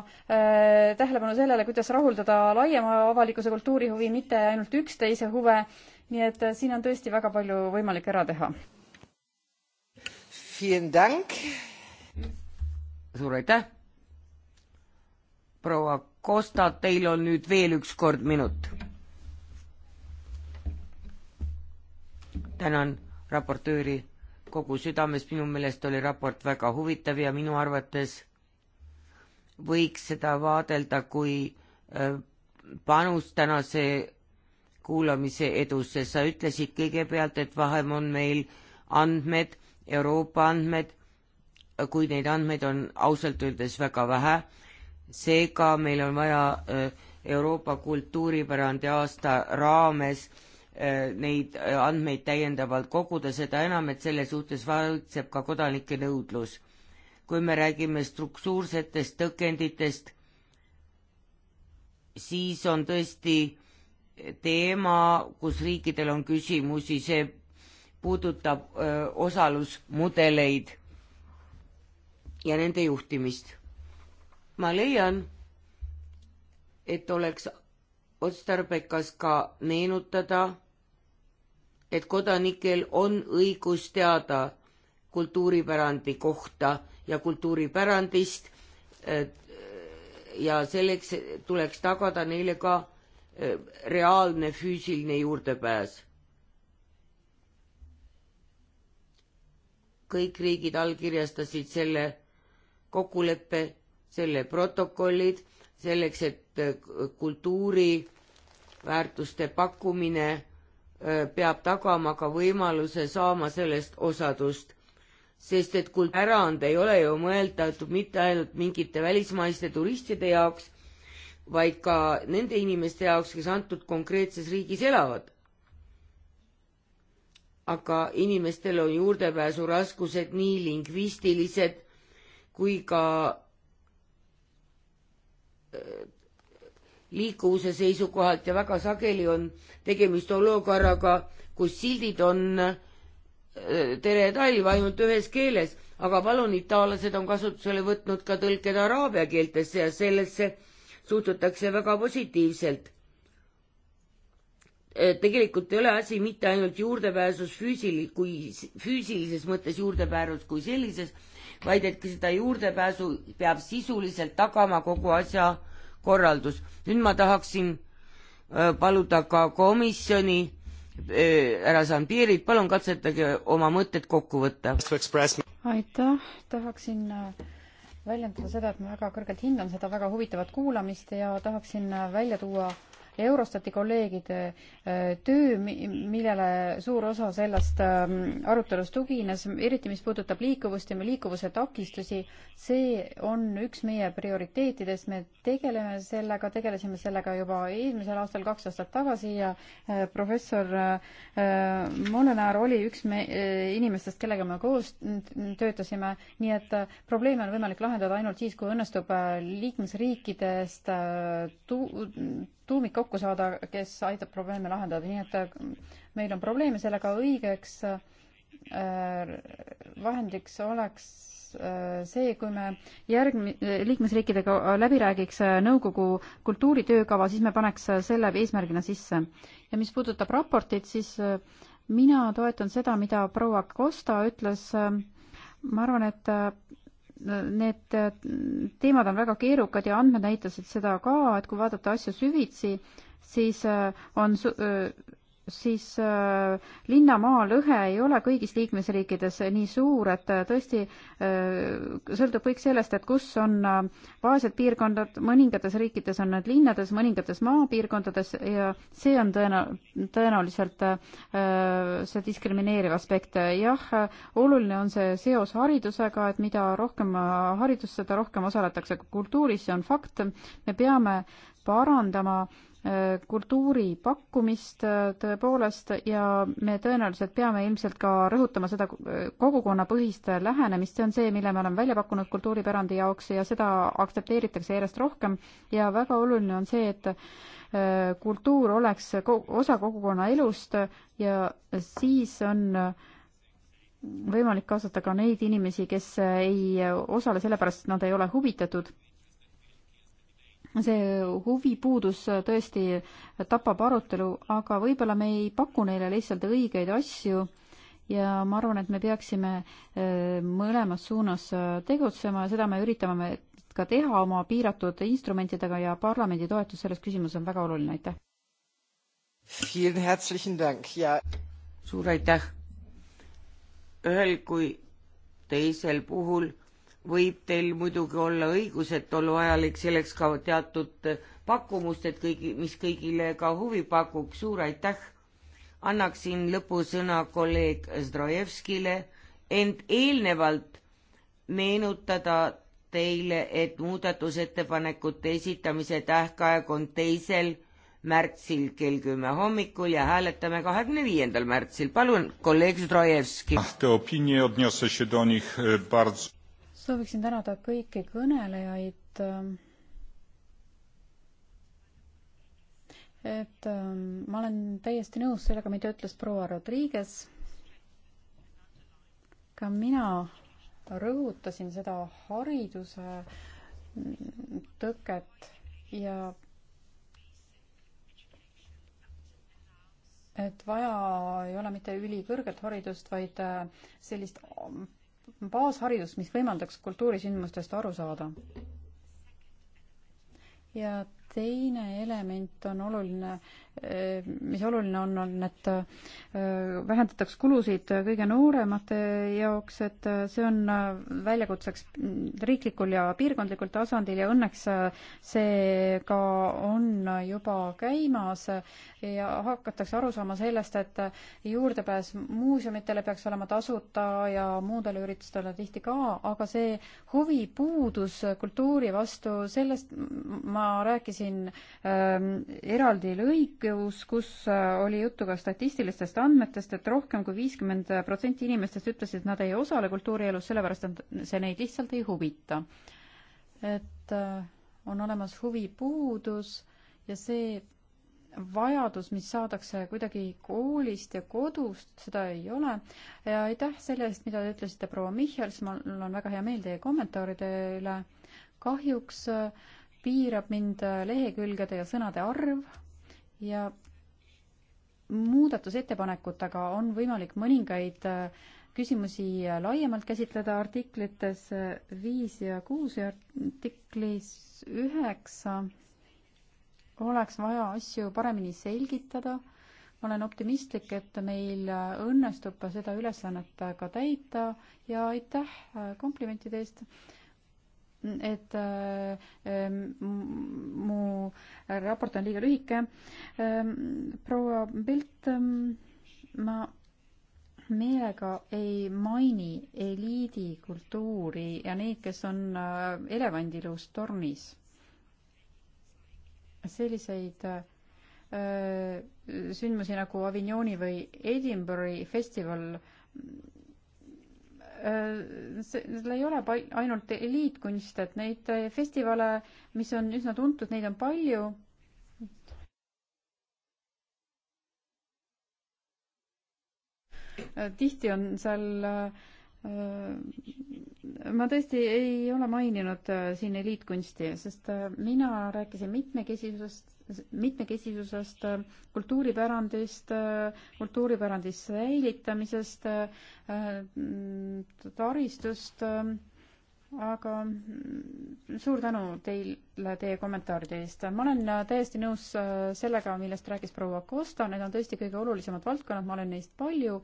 tähelepanu sellele, kuidas rahuldada laiema avalikkuse kultuurihuvi, mitte ainult üksteise huve. nii et siin on tõesti väga palju võimalik ära teha. suur aitäh. proua Kosta, teil on nüüd veel üks kord minut tänan raportööri kogu südamest, minu meelest oli raport väga huvitav ja minu arvates võiks seda vaadelda kui äh, panus tänase kuulamise edusse. sa ütlesid kõigepealt, et vahem on meil andmed, Euroopa andmed, kuid neid andmeid on ausalt öeldes väga vähe. seega meil on vaja äh, Euroopa kultuuripärandi aasta raames äh, Äh, neid äh, andmeid täiendavalt koguda, seda enam, et selle suhtes valitseb ka kodanike nõudlus. kui me räägime struktuursetest tõkenditest, siis on tõesti teema, kus riikidel on küsimusi, see puudutab öö, äh, osalusmudeleid ja nende juhtimist. ma leian, et oleks otstarbekas ka meenutada et kodanikel on õigus teada kultuuripärandi kohta ja kultuuripärandist ja selleks tuleks tagada neile ka e, reaalne füüsiline juurdepääs. kõik riigid allkirjastasid selle kokkuleppe, selle protokollid selleks, et e, kultuuriväärtuste pakkumine peab tagama ka võimaluse saama sellest osadust. sest et kultuuripärand ei ole ju mõeldatud mitte ainult mingite välismaiste turistide jaoks, vaid ka nende inimeste jaoks, kes antud konkreetses riigis elavad. aga inimestel on juurdepääsuraskused nii lingvistilised kui ka liikuvuse seisukohalt ja väga sageli on tegemist olukorraga, kus sildid on äh, tere talv ainult ühes keeles, aga palun, itaallased on kasutusele võtnud ka tõlked araabia keeltesse ja sellesse suhtutakse väga positiivselt. Äh, tegelikult ei ole asi mitte ainult juurdepääsus füüsil-, kui füüsilises mõttes juurdepääsus kui sellises, vaid et ka seda juurdepääsu peab sisuliselt tagama kogu asja äh, korraldus. nüüd ma tahaksin äh, paluda ka komisjoni äh, ära saan piirid, palun katsetage oma mõtted kokku võtta. aitäh, tahaksin äh, väljendada seda, et ma väga kõrgelt hindan seda väga huvitavat kuulamist ja tahaksin välja tuua äh, Eurostati kolleegide äh, töö, millele suur osa sellest ähm, arutelust tugines, eriti mis puudutab liikuvust ja liikuvuse takistusi, see on üks meie prioriteetidest, me tegeleme sellega, tegelesime sellega juba eelmisel aastal, kaks aastat tagasi ja äh, professor äh, Molenaar oli üks me-, inimestest, kellega me koos töötasime, nii et probleeme on võimalik lahendada ainult siis, kui õnnestub liikmesriikidest tu-, tuumik kokku saada, kes aitab probleeme lahendada, nii et äh, meil on probleeme sellega õigeks äh, vahendiks oleks äh, see, kui me järgmi-, liikmesriikidega läbi räägiks nõukogu kultuuritöökava, siis me paneks selle eesmärgina sisse. ja mis puudutab raportit, siis mina toetan seda, mida proua Costa ütles, ma arvan, et need äh, teemad on väga keerukad ja andmed näitasid seda ka, et kui vaadata asju süvitsi, siis äh, on äh, siis äh, linna-maa lõhe ei ole kõigis liikmesriikides nii suur, et äh, tõesti äh, sõltub kõik sellest, et kus on äh, vaesed piirkondad, mõningates riikides on need linnades, mõningates maapiirkondades ja see on tõena-, tõenäoliselt äh, see diskrimineeriv aspekt. jah äh,, oluline on see seos haridusega, et mida rohkem äh, haridust, seda rohkem osaletakse kultuuris, see on fakt, me peame parandama äh, kultuuri pakkumist äh, tõepoolest ja me tõenäoliselt peame ilmselt ka rõhutama seda äh, kogukonnapõhist lähenemist, see on see, mille me oleme välja pakkunud kultuuripärandi jaoks ja seda aktsepteeritakse järjest rohkem ja väga oluline on see, et äh, kultuur oleks osa kogukonna elust ja siis on võimalik kaasata ka neid inimesi, kes ei osale sellepärast, et nad ei ole huvitatud see huvipuudus tõesti tapab arutelu, aga võib-olla me ei paku neile lihtsalt õigeid asju ja ma arvan, et me peaksime äh, mõlemas suunas äh, tegutsema ja seda me üritame ka teha oma piiratud instrumentidega ja parlamendi toetus selles küsimuses on väga oluline, aitäh! suur aitäh! ühel kui teisel puhul võib teil muidugi olla õigus, et tol ajal, eks selleks ka teatud pakkumust, et kõigi, mis kõigile ka huvi pakuks, suur aitäh. annaksin lõpusõna kolleeg Zdrojevskile, ent eelnevalt meenutada teile, et muudatusettepanekute esitamise tähtaeg on teisel märtsil kell kümme hommikul ja hääletame kahekümne viiendal märtsil. palun, kolleeg Zdrojevski. Te opinie odniosę się do nich e, bardzo sooviksin tänada kõiki kõnelejaid, ähm, et ähm, ma olen täiesti nõus sellega, mida ütles proua Rodriguez. ka mina rõhutasin seda hariduse mm, tõket ja et vaja ei ole mitte ülikõrget haridust, vaid äh, sellist baasharidust, mis võimaldaks kultuurisündmustest aru saada. ja teine element on oluline äh, Ehm, mis oluline on, on, et äh, vähendataks kulusid kõige nooremate jaoks, et äh, see on äh, väljakutseks riiklikul ja piirkondlikul tasandil ja õnneks see ka on juba käimas ja hakatakse aru saama sellest, et juurdepääs muuseumitele peaks olema tasuta ja muudele üritustele tihti ka, aga see huvipuudus kultuuri vastu, sellest ma rääkisin ähm, eraldi lõik, lõigus, kus äh, oli juttu ka statistilistest andmetest, et rohkem kui viiskümmend protsenti inimestest ütlesid, et nad ei osale kultuurielus, sellepärast et see neid lihtsalt ei huvita. et äh, on olemas huvipuudus ja see vajadus, mis saadakse kuidagi koolist ja kodust, seda ei ole. ja aitäh selle eest, mida te ütlesite, proua Michals, mul on väga hea meel teie kommentaaride üle. kahjuks äh, piirab mind lehekülgede ja sõnade arv ja muudatusettepanekutega on võimalik mõningaid äh, küsimusi äh, laiemalt käsitleda artiklites äh, viis ja kuus ja artiklis üheksa oleks vaja asju paremini selgitada. ma olen optimistlik, et meil õnnestub seda ülesannet ka täita ja aitäh komplimentide eest et äh, mu raport on liiga lühike. Ähm, proua Pilt, ähm, ma meelega ei maini eliidikultuuri ja neid, kes on äh, elevandiluust tornis. selliseid äh, sündmusi nagu Avignoni või Edinburgh'i festival Äh, seal ei ole ainult eliitkunst, et neid äh, festivale, mis on üsna tuntud, neid on palju. Äh, tihti on seal ma tõesti ei ole maininud siin eliitkunsti, sest mina rääkisin mitmekesisusest, mitmekesisusest, kultuuripärandist, kultuuripärandi säilitamisest, taristust, aga suur tänu teile teie kommentaaride eest. ma olen täiesti nõus sellega, millest rääkis proua Costa, need on tõesti kõige olulisemad valdkonnad, ma olen neist palju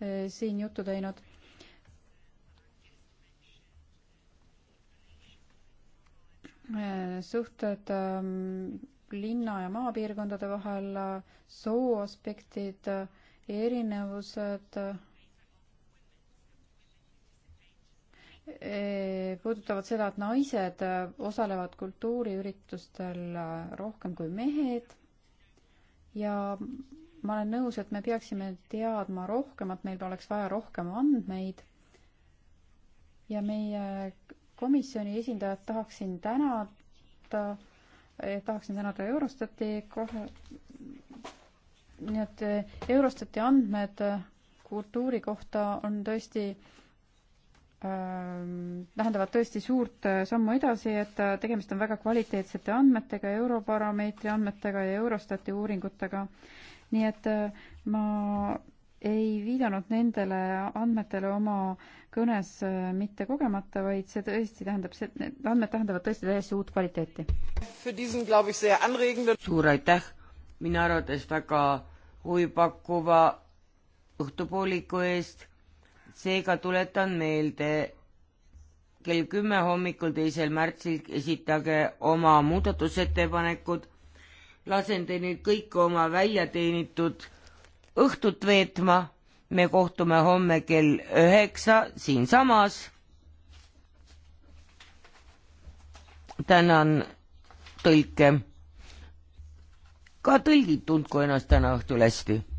eh, siin juttu teinud eh, suhted ähm, linna ja maapiirkondade vahel, soo aspektid, erinevused, eh, puudutavad seda, et naised osalevad kultuuriüritustel rohkem kui mehed ja ma olen nõus, et me peaksime teadma rohkem, et meil oleks vaja rohkem andmeid ja meie komisjoni esindajat tahaksin tänada Eh, tahaksin tänada Eurostati kohe, nii et eh, Eurostati andmed eh, kultuuri kohta on tõesti ähm, tähendavad tõesti suurt sammu edasi, et tegemist on väga kvaliteetsete andmetega, Europarameetri andmetega ja Eurostati uuringutega. nii et ma ei viidanud nendele andmetele oma kõnes äh, mitte kogemata, vaid see tõesti tähendab, need andmed tähendavad tõesti täiesti uut kvaliteeti. suur aitäh, minu arvates väga huvipakkuva õhtupooliku eest, seega tuletan meelde, kell kümme hommikul, teisel märtsil esitage oma muudatusettepanekud, lasen te nüüd kõik oma väljateenitud õhtut veetma. me kohtume homme kell üheksa siinsamas. tänan tõlke. ka tõlgid tundku ennast täna õhtul hästi